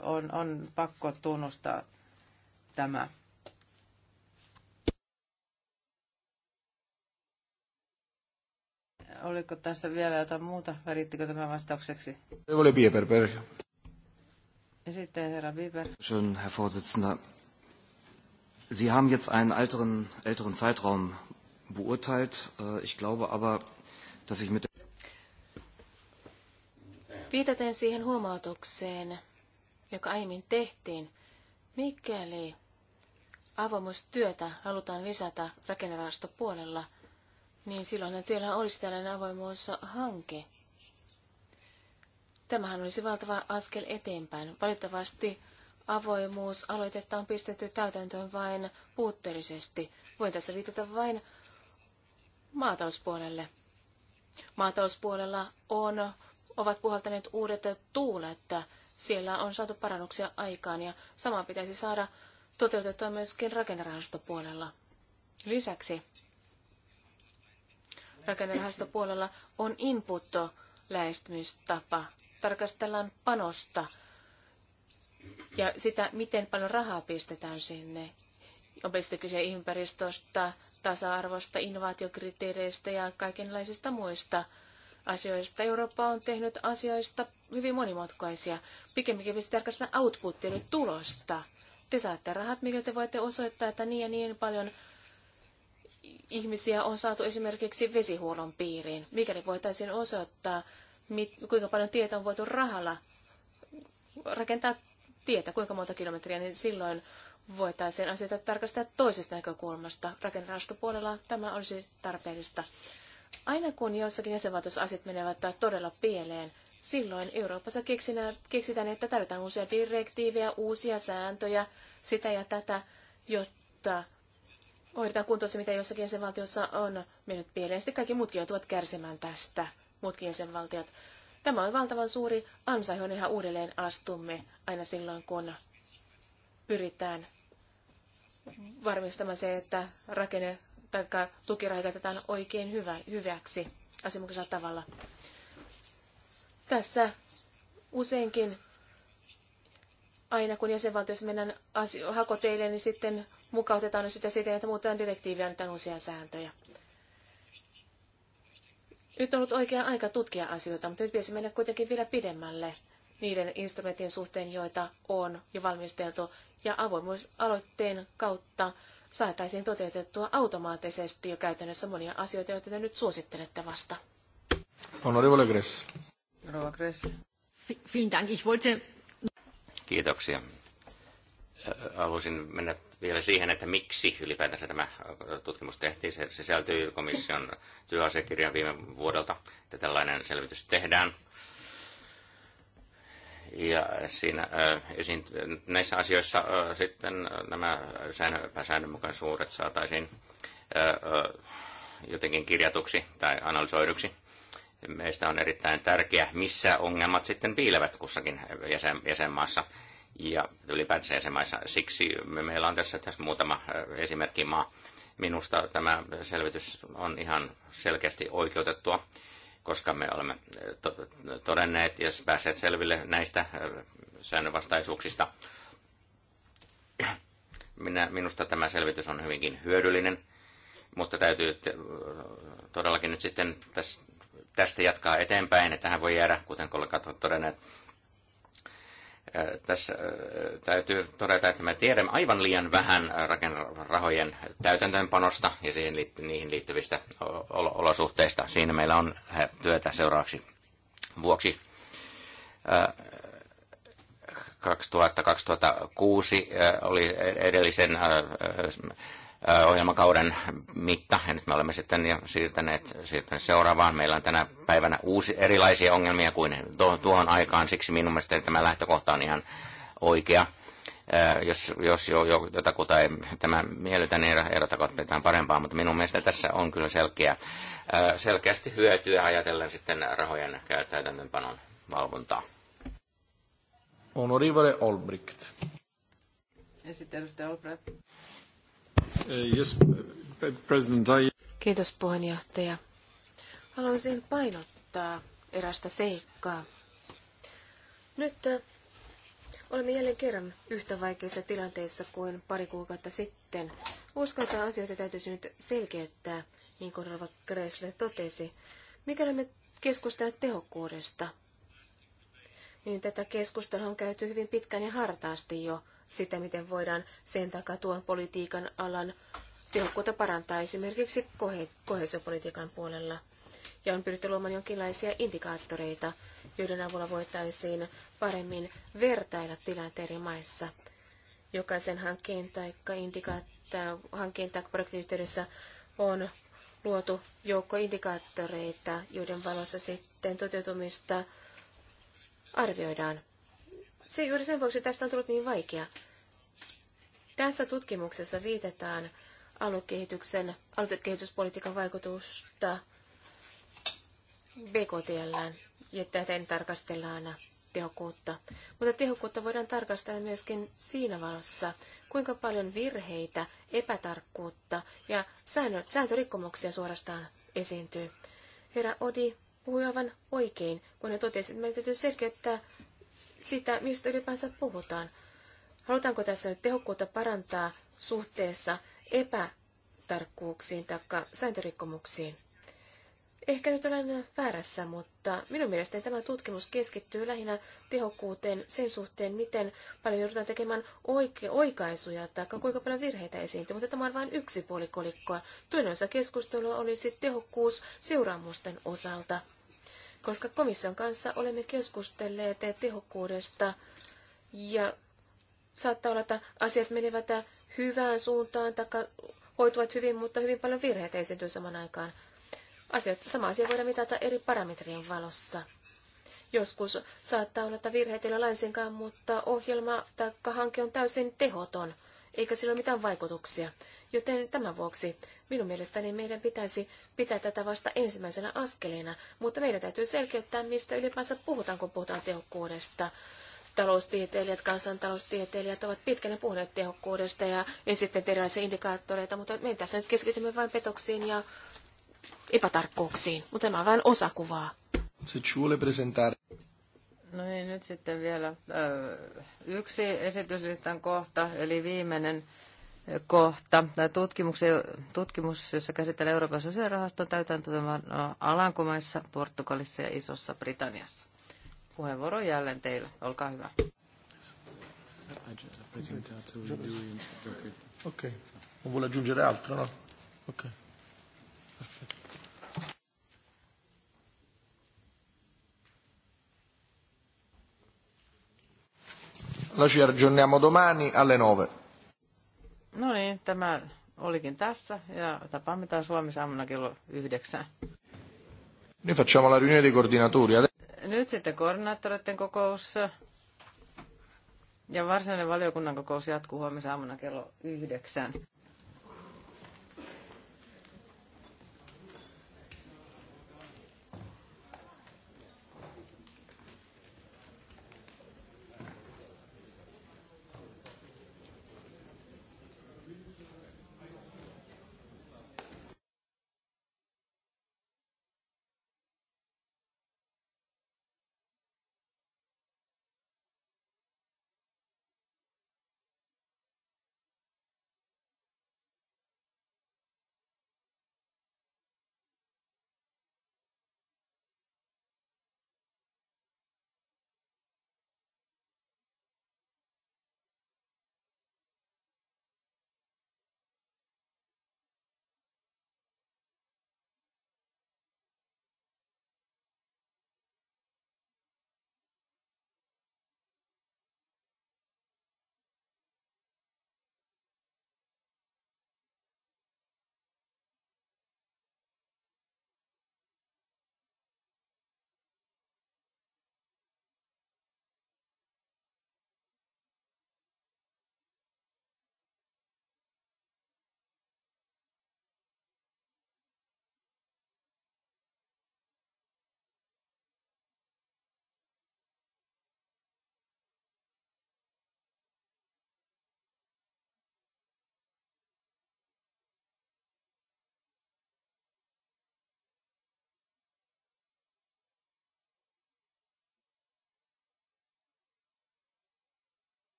On, on pakko tunnustaa tämä. Oliko tässä vielä jotain muuta? Värittikö tämä vastaukseksi? Se oli Bieberberg. Ja sitten herra Bieber. Schön, Herr Vorsitzender. Sie haben jetzt einen älteren, älteren Zeitraum beurteilt. Äh, ich glaube aber, dass ich mit Viitaten siihen huomautukseen, joka aiemmin tehtiin, mikäli avoimuustyötä halutaan lisätä rakennerahastopuolella, niin silloin siellä olisi tällainen avoimuushanke. Tämähän olisi valtava askel eteenpäin. Valitettavasti avoimuusaloitetta on pistetty täytäntöön vain puutteellisesti. Voin tässä viitata vain maatalouspuolelle. Maatalouspuolella on, ovat puhaltaneet uudet tuulet. Siellä on saatu parannuksia aikaan ja sama pitäisi saada toteutettua myöskin rakennerahastopuolella. Lisäksi rakennerahastopuolella on input-lähestymistapa. Tarkastellaan panosta ja sitä, miten paljon rahaa pistetään sinne nopeasti kyse ympäristöstä, tasa-arvosta, innovaatiokriteereistä ja kaikenlaisista muista asioista. Eurooppa on tehnyt asioista hyvin monimutkaisia. Pikemminkin pitäisi tarkastella outputtia, eli tulosta. Te saatte rahat, mikä te voitte osoittaa, että niin ja niin paljon ihmisiä on saatu esimerkiksi vesihuollon piiriin. Mikäli voitaisiin osoittaa, kuinka paljon tietä on voitu rahalla rakentaa tietä, kuinka monta kilometriä, niin silloin voitaisiin asioita tarkastaa toisesta näkökulmasta. Rakennerahastopuolella tämä olisi tarpeellista. Aina kun jossakin jäsenvaltiossa asiat menevät todella pieleen, silloin Euroopassa keksitään, että tarvitaan uusia direktiivejä, uusia sääntöjä, sitä ja tätä, jotta hoidetaan kuntoon se, mitä jossakin jäsenvaltiossa on mennyt pieleen. Sitten kaikki muutkin joutuvat kärsimään tästä, muutkin jäsenvaltiot. Tämä on valtavan suuri ansa, johon ihan uudelleen astumme aina silloin, kun pyritään varmistamaan se, että rakenne tai tukiraha oikein hyvä, hyväksi asianmukaisella tavalla. Tässä useinkin aina kun jäsenvaltiossa mennään asio- hakoteille, niin sitten mukautetaan sitä siten, että muutetaan direktiiviä annetaan uusia sääntöjä. Nyt on ollut oikea aika tutkia asioita, mutta nyt pitäisi mennä kuitenkin vielä pidemmälle niiden instrumenttien suhteen, joita on jo valmisteltu, ja avoimuusaloitteen kautta saataisiin toteutettua automaattisesti jo käytännössä monia asioita, joita te nyt suosittelette vasta. Honorable Gress. Vielen Dank. Ich wollte... Kiitoksia. Haluaisin mennä vielä siihen, että miksi ylipäätänsä tämä tutkimus tehtiin. Se sisältyy komission työasiakirjaan viime vuodelta, että tällainen selvitys tehdään ja siinä, esiin, näissä asioissa sitten nämä säännön, suuret saataisiin jotenkin kirjatuksi tai analysoiduksi. Meistä on erittäin tärkeää, missä ongelmat sitten piilevät kussakin jäsen, jäsenmaassa ja ylipäätään jäsenmaissa. Siksi meillä on tässä, tässä muutama esimerkki maa. Minusta tämä selvitys on ihan selkeästi oikeutettua koska me olemme eh, to- todenneet ja päässeet selville näistä eh, säännönvastaisuuksista. Minä, minusta tämä selvitys on hyvinkin hyödyllinen, mutta täytyy eh, todellakin nyt sitten tästä jatkaa eteenpäin. Tähän voi jäädä, kuten kollegat ovat todenneet, tässä täytyy todeta, että me tiedämme aivan liian vähän rakennerahojen täytäntöönpanosta ja siihen liitty, niihin liittyvistä olosuhteista. Siinä meillä on työtä seuraavaksi vuoksi. 2000-2006 oli e-, edellisen ohjelmakauden mitta, ja nyt me olemme sitten jo siirtäneet, siirtäneet seuraavaan. Meillä on tänä päivänä uusi, erilaisia ongelmia kuin tuohon aikaan, siksi minun mielestäni tämä lähtökohta on ihan oikea. Jos, jos jo, jo, jotakuta ei tämä miellytä, niin ehdotakot mitään parempaa, mutta minun mielestä tässä on kyllä selkeä, selkeästi hyötyä ajatellen sitten rahojen käytäntöönpanon valvontaa. Honorivare Olbricht. Ja sitten edustaja Olbricht. Eh, Kiitos puheenjohtaja. Haluaisin painottaa erästä seikkaa. Nyt eh, olemme jälleen kerran yhtä vaikeissa tilanteissa kuin pari kuukautta sitten. Uskon, että asioita täytyisi nyt selkeyttää, niin kuin Rova Gressle totesi. Mikäli me keskustelemme tehokkuudesta, niin tätä keskustelua on käyty hyvin pitkään ja hartaasti jo sitä, miten voidaan sen takaa tuon politiikan alan tehokkuutta parantaa esimerkiksi kohesiopolitiikan puolella. Ja on pyritty luomaan jonkinlaisia indikaattoreita, joiden avulla voitaisiin paremmin vertailla tilanteet eri maissa. Jokaisen hankkeen tai hankkeen tai projektin yhteydessä on luotu joukko indikaattoreita, joiden valossa sitten toteutumista arvioidaan. Se juuri sen vuoksi tästä on tullut niin vaikea. Tässä tutkimuksessa viitetään aluekehityksen, aluekehityspolitiikan vaikutusta BKTL ja täten tarkastellaan tehokkuutta. Mutta tehokkuutta voidaan tarkastella myöskin siinä valossa, kuinka paljon virheitä, epätarkkuutta ja sääntörikkomuksia suorastaan esiintyy. Herra Odi puhui aivan oikein, kun hän totesi, että meidän täytyy selkeyttää sitä, mistä ylipäänsä puhutaan. Halutaanko tässä nyt tehokkuutta parantaa suhteessa epätarkkuuksiin tai sääntörikkomuksiin? Ehkä nyt olen väärässä, mutta minun mielestäni tämä tutkimus keskittyy lähinnä tehokkuuteen sen suhteen, miten paljon joudutaan tekemään oike- oikaisuja tai kuinka paljon virheitä esiintyy, mutta tämä on vain yksi puolikolikkoa. Toinen osa keskustelua olisi tehokkuus seuraamusten osalta koska komission kanssa olemme keskustelleet tehokkuudesta ja saattaa olla, että asiat menevät hyvään suuntaan tai hoituvat hyvin, mutta hyvin paljon virheitä esiintyy saman aikaan. Asiat, sama asia voidaan mitata eri parametrien valossa. Joskus saattaa olla, että virheitä ei ole laisinkaan, mutta ohjelma tai hanke on täysin tehoton, eikä sillä ole mitään vaikutuksia. Joten tämän vuoksi Minun mielestäni meidän pitäisi pitää tätä vasta ensimmäisenä askeleena, mutta meidän täytyy selkeyttää, mistä ylipäänsä puhutaan, kun puhutaan tehokkuudesta. Taloustieteilijät, kansantaloustieteilijät ovat pitkänä puhuneet tehokkuudesta ja esittäneet erilaisia indikaattoreita, mutta me tässä nyt keskitymme vain petoksiin ja epätarkkuuksiin, mutta tämä on vain osakuvaa. No niin, nyt sitten vielä yksi esityslistan kohta, eli viimeinen kohta. Tutkimus, tutkimus jossa käsitellään Euroopan sosiaalirahaston täytäntöön Alankomaissa, Portugalissa ja Isossa Britanniassa. Puheenvuoro jälleen teillä. Olkaa hyvä. Okei. Okay. Non vuole aggiungere altro, no? Okei. Okay. La ci aggiorniamo domani alle 9 tämä olikin tässä ja tapaamme taas huomisaamuna kello yhdeksän. Nyt facciamo la riunione dei coordinatori. Nyt sitten koordinaattoreiden kokous ja varsinainen valiokunnan kokous jatkuu huomisaamuna kello yhdeksän.